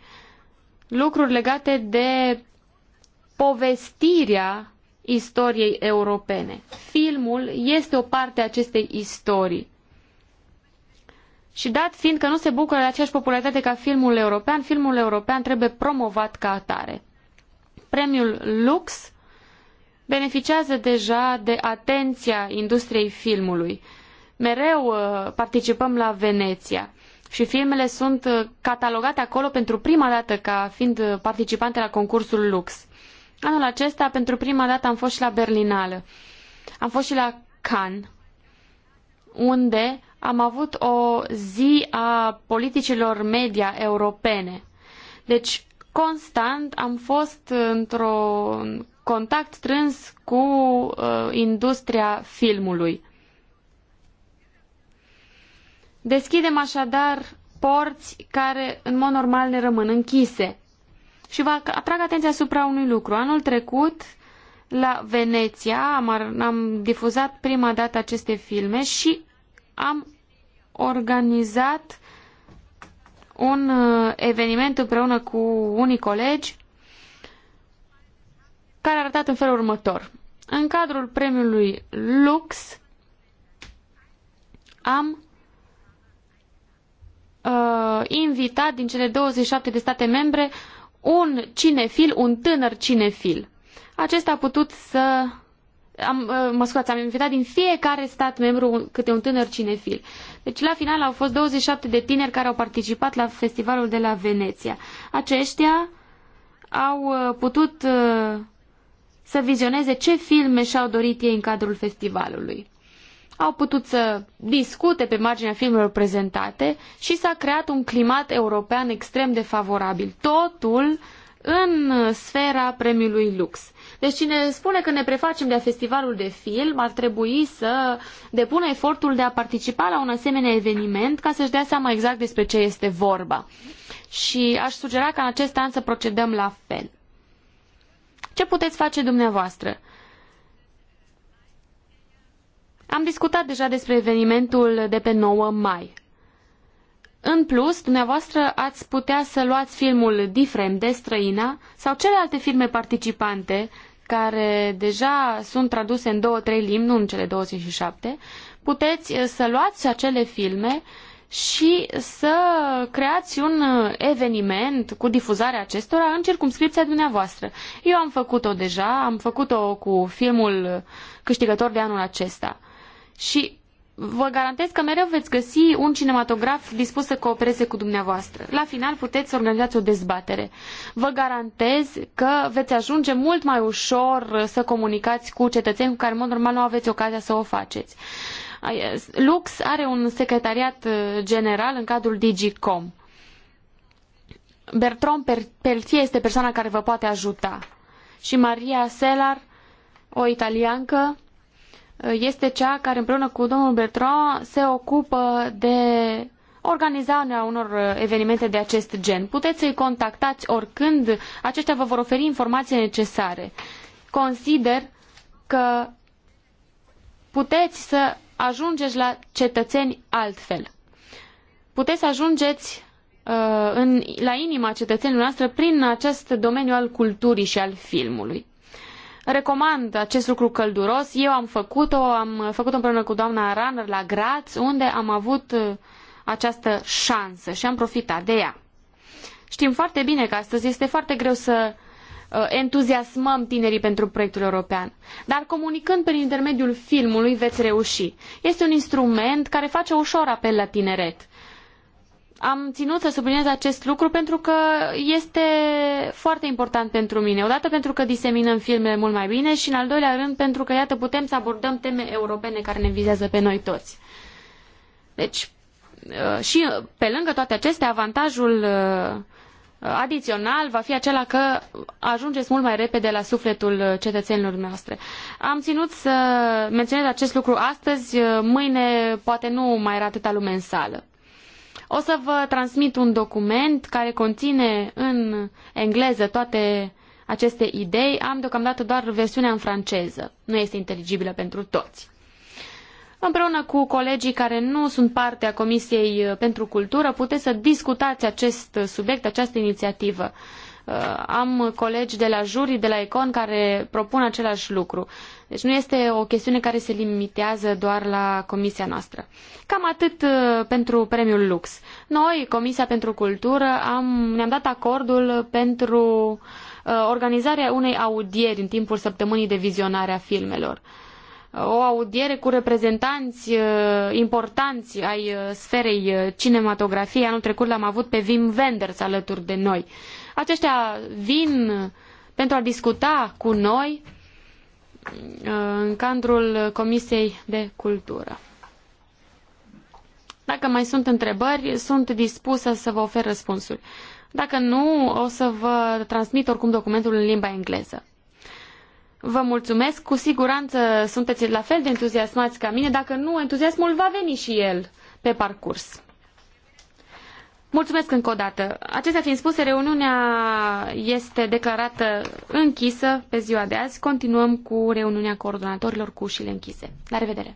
Lucruri legate de povestirea istoriei europene. Filmul este o parte a acestei istorii. Și dat fiind că nu se bucură de aceeași popularitate ca filmul european, filmul european trebuie promovat ca atare. Premiul Lux beneficiază deja de atenția industriei filmului. Mereu uh, participăm la Veneția și filmele sunt uh, catalogate acolo pentru prima dată ca fiind uh, participante la concursul Lux. Anul acesta, pentru prima dată, am fost și la Berlinală. Am fost și la Cannes, unde am avut o zi a politicilor media europene. Deci, constant am fost într-un contact strâns cu uh, industria filmului. Deschidem așadar porți care în mod normal ne rămân închise. Și vă atrag atenția asupra unui lucru. Anul trecut, la Veneția, am, am difuzat prima dată aceste filme și am organizat un uh, eveniment împreună cu unii colegi care a arătat în felul următor. În cadrul premiului Lux am uh, invitat din cele 27 de state membre un cinefil, un tânăr cinefil. Acesta a putut să... Am, uh, mă scuzați, am invitat din fiecare stat membru câte un tânăr cinefil. Deci la final au fost 27 de tineri care au participat la festivalul de la Veneția. Aceștia au uh, putut uh, să vizioneze ce filme și-au dorit ei în cadrul festivalului au putut să discute pe marginea filmelor prezentate și s-a creat un climat european extrem de favorabil. Totul în sfera premiului Lux. Deci cine spune că ne prefacem de festivalul de film ar trebui să depună efortul de a participa la un asemenea eveniment ca să-și dea seama exact despre ce este vorba. Și aș sugera ca în acest an să procedăm la fel. Ce puteți face dumneavoastră? Am discutat deja despre evenimentul de pe 9 mai. În plus, dumneavoastră ați putea să luați filmul Difrem de Străina sau celelalte filme participante care deja sunt traduse în două, trei limbi, nu în cele 27, puteți uh, să luați acele filme și să creați un uh, eveniment cu difuzarea acestora în circumscripția dumneavoastră. Eu am făcut-o deja, am făcut-o cu filmul uh, câștigător de anul acesta și vă garantez că mereu veți găsi un cinematograf dispus să coopereze cu dumneavoastră. La final puteți să organizați o dezbatere. Vă garantez că veți ajunge mult mai ușor să comunicați cu cetățeni cu care în mod normal nu aveți ocazia să o faceți. Lux are un secretariat general în cadrul DigiCom. Bertrand Peltier este persoana care vă poate ajuta. Și Maria Selar, o italiancă, este cea care împreună cu domnul Bertrand se ocupă de organizarea unor evenimente de acest gen. Puteți să-i contactați oricând, aceștia vă vor oferi informații necesare. Consider că puteți să ajungeți la cetățeni altfel. Puteți să ajungeți uh, în, la inima cetățenilor noastre prin acest domeniu al culturii și al filmului. Recomand acest lucru călduros. Eu am făcut-o, am făcut-o împreună cu doamna Runner la Graz, unde am avut uh, această șansă și am profitat de ea. Știm foarte bine că astăzi este foarte greu să uh, entuziasmăm tinerii pentru proiectul european. Dar comunicând prin intermediul filmului veți reuși. Este un instrument care face ușor apel la tineret am ținut să subliniez acest lucru pentru că este foarte important pentru mine. Odată pentru că diseminăm filmele mult mai bine și în al doilea rând pentru că, iată, putem să abordăm teme europene care ne vizează pe noi toți. Deci, uh, și uh, pe lângă toate acestea, avantajul uh, adițional va fi acela că ajungeți mult mai repede la sufletul cetățenilor noastre. Am ținut să menționez acest lucru astăzi, mâine poate nu mai era atâta lume în sală. O să vă transmit un document care conține în engleză toate aceste idei. Am deocamdată doar versiunea în franceză. Nu este inteligibilă pentru toți. Împreună cu colegii care nu sunt parte a Comisiei pentru Cultură, puteți să discutați acest subiect, această inițiativă. Uh, am colegi de la juri, de la Econ, care propun același lucru. Deci nu este o chestiune care se limitează doar la comisia noastră. Cam atât uh, pentru premiul Lux. Noi, Comisia pentru Cultură, am, ne-am dat acordul pentru uh, organizarea unei audieri în timpul săptămânii de vizionare a filmelor o audiere cu reprezentanți uh, importanți ai sferei cinematografiei. Anul trecut l-am avut pe Wim Wenders alături de noi. Aceștia vin pentru a discuta cu noi în cadrul Comisiei de Cultură. Dacă mai sunt întrebări, sunt dispusă să vă ofer răspunsuri. Dacă nu, o să vă transmit oricum documentul în limba engleză. Vă mulțumesc, cu siguranță sunteți la fel de entuziasmați ca mine, dacă nu, entuziasmul va veni și el pe parcurs. Mulțumesc încă o dată. Acestea fiind spuse, reuniunea este declarată închisă pe ziua de azi. Continuăm cu reuniunea coordonatorilor cu ușile închise. La revedere!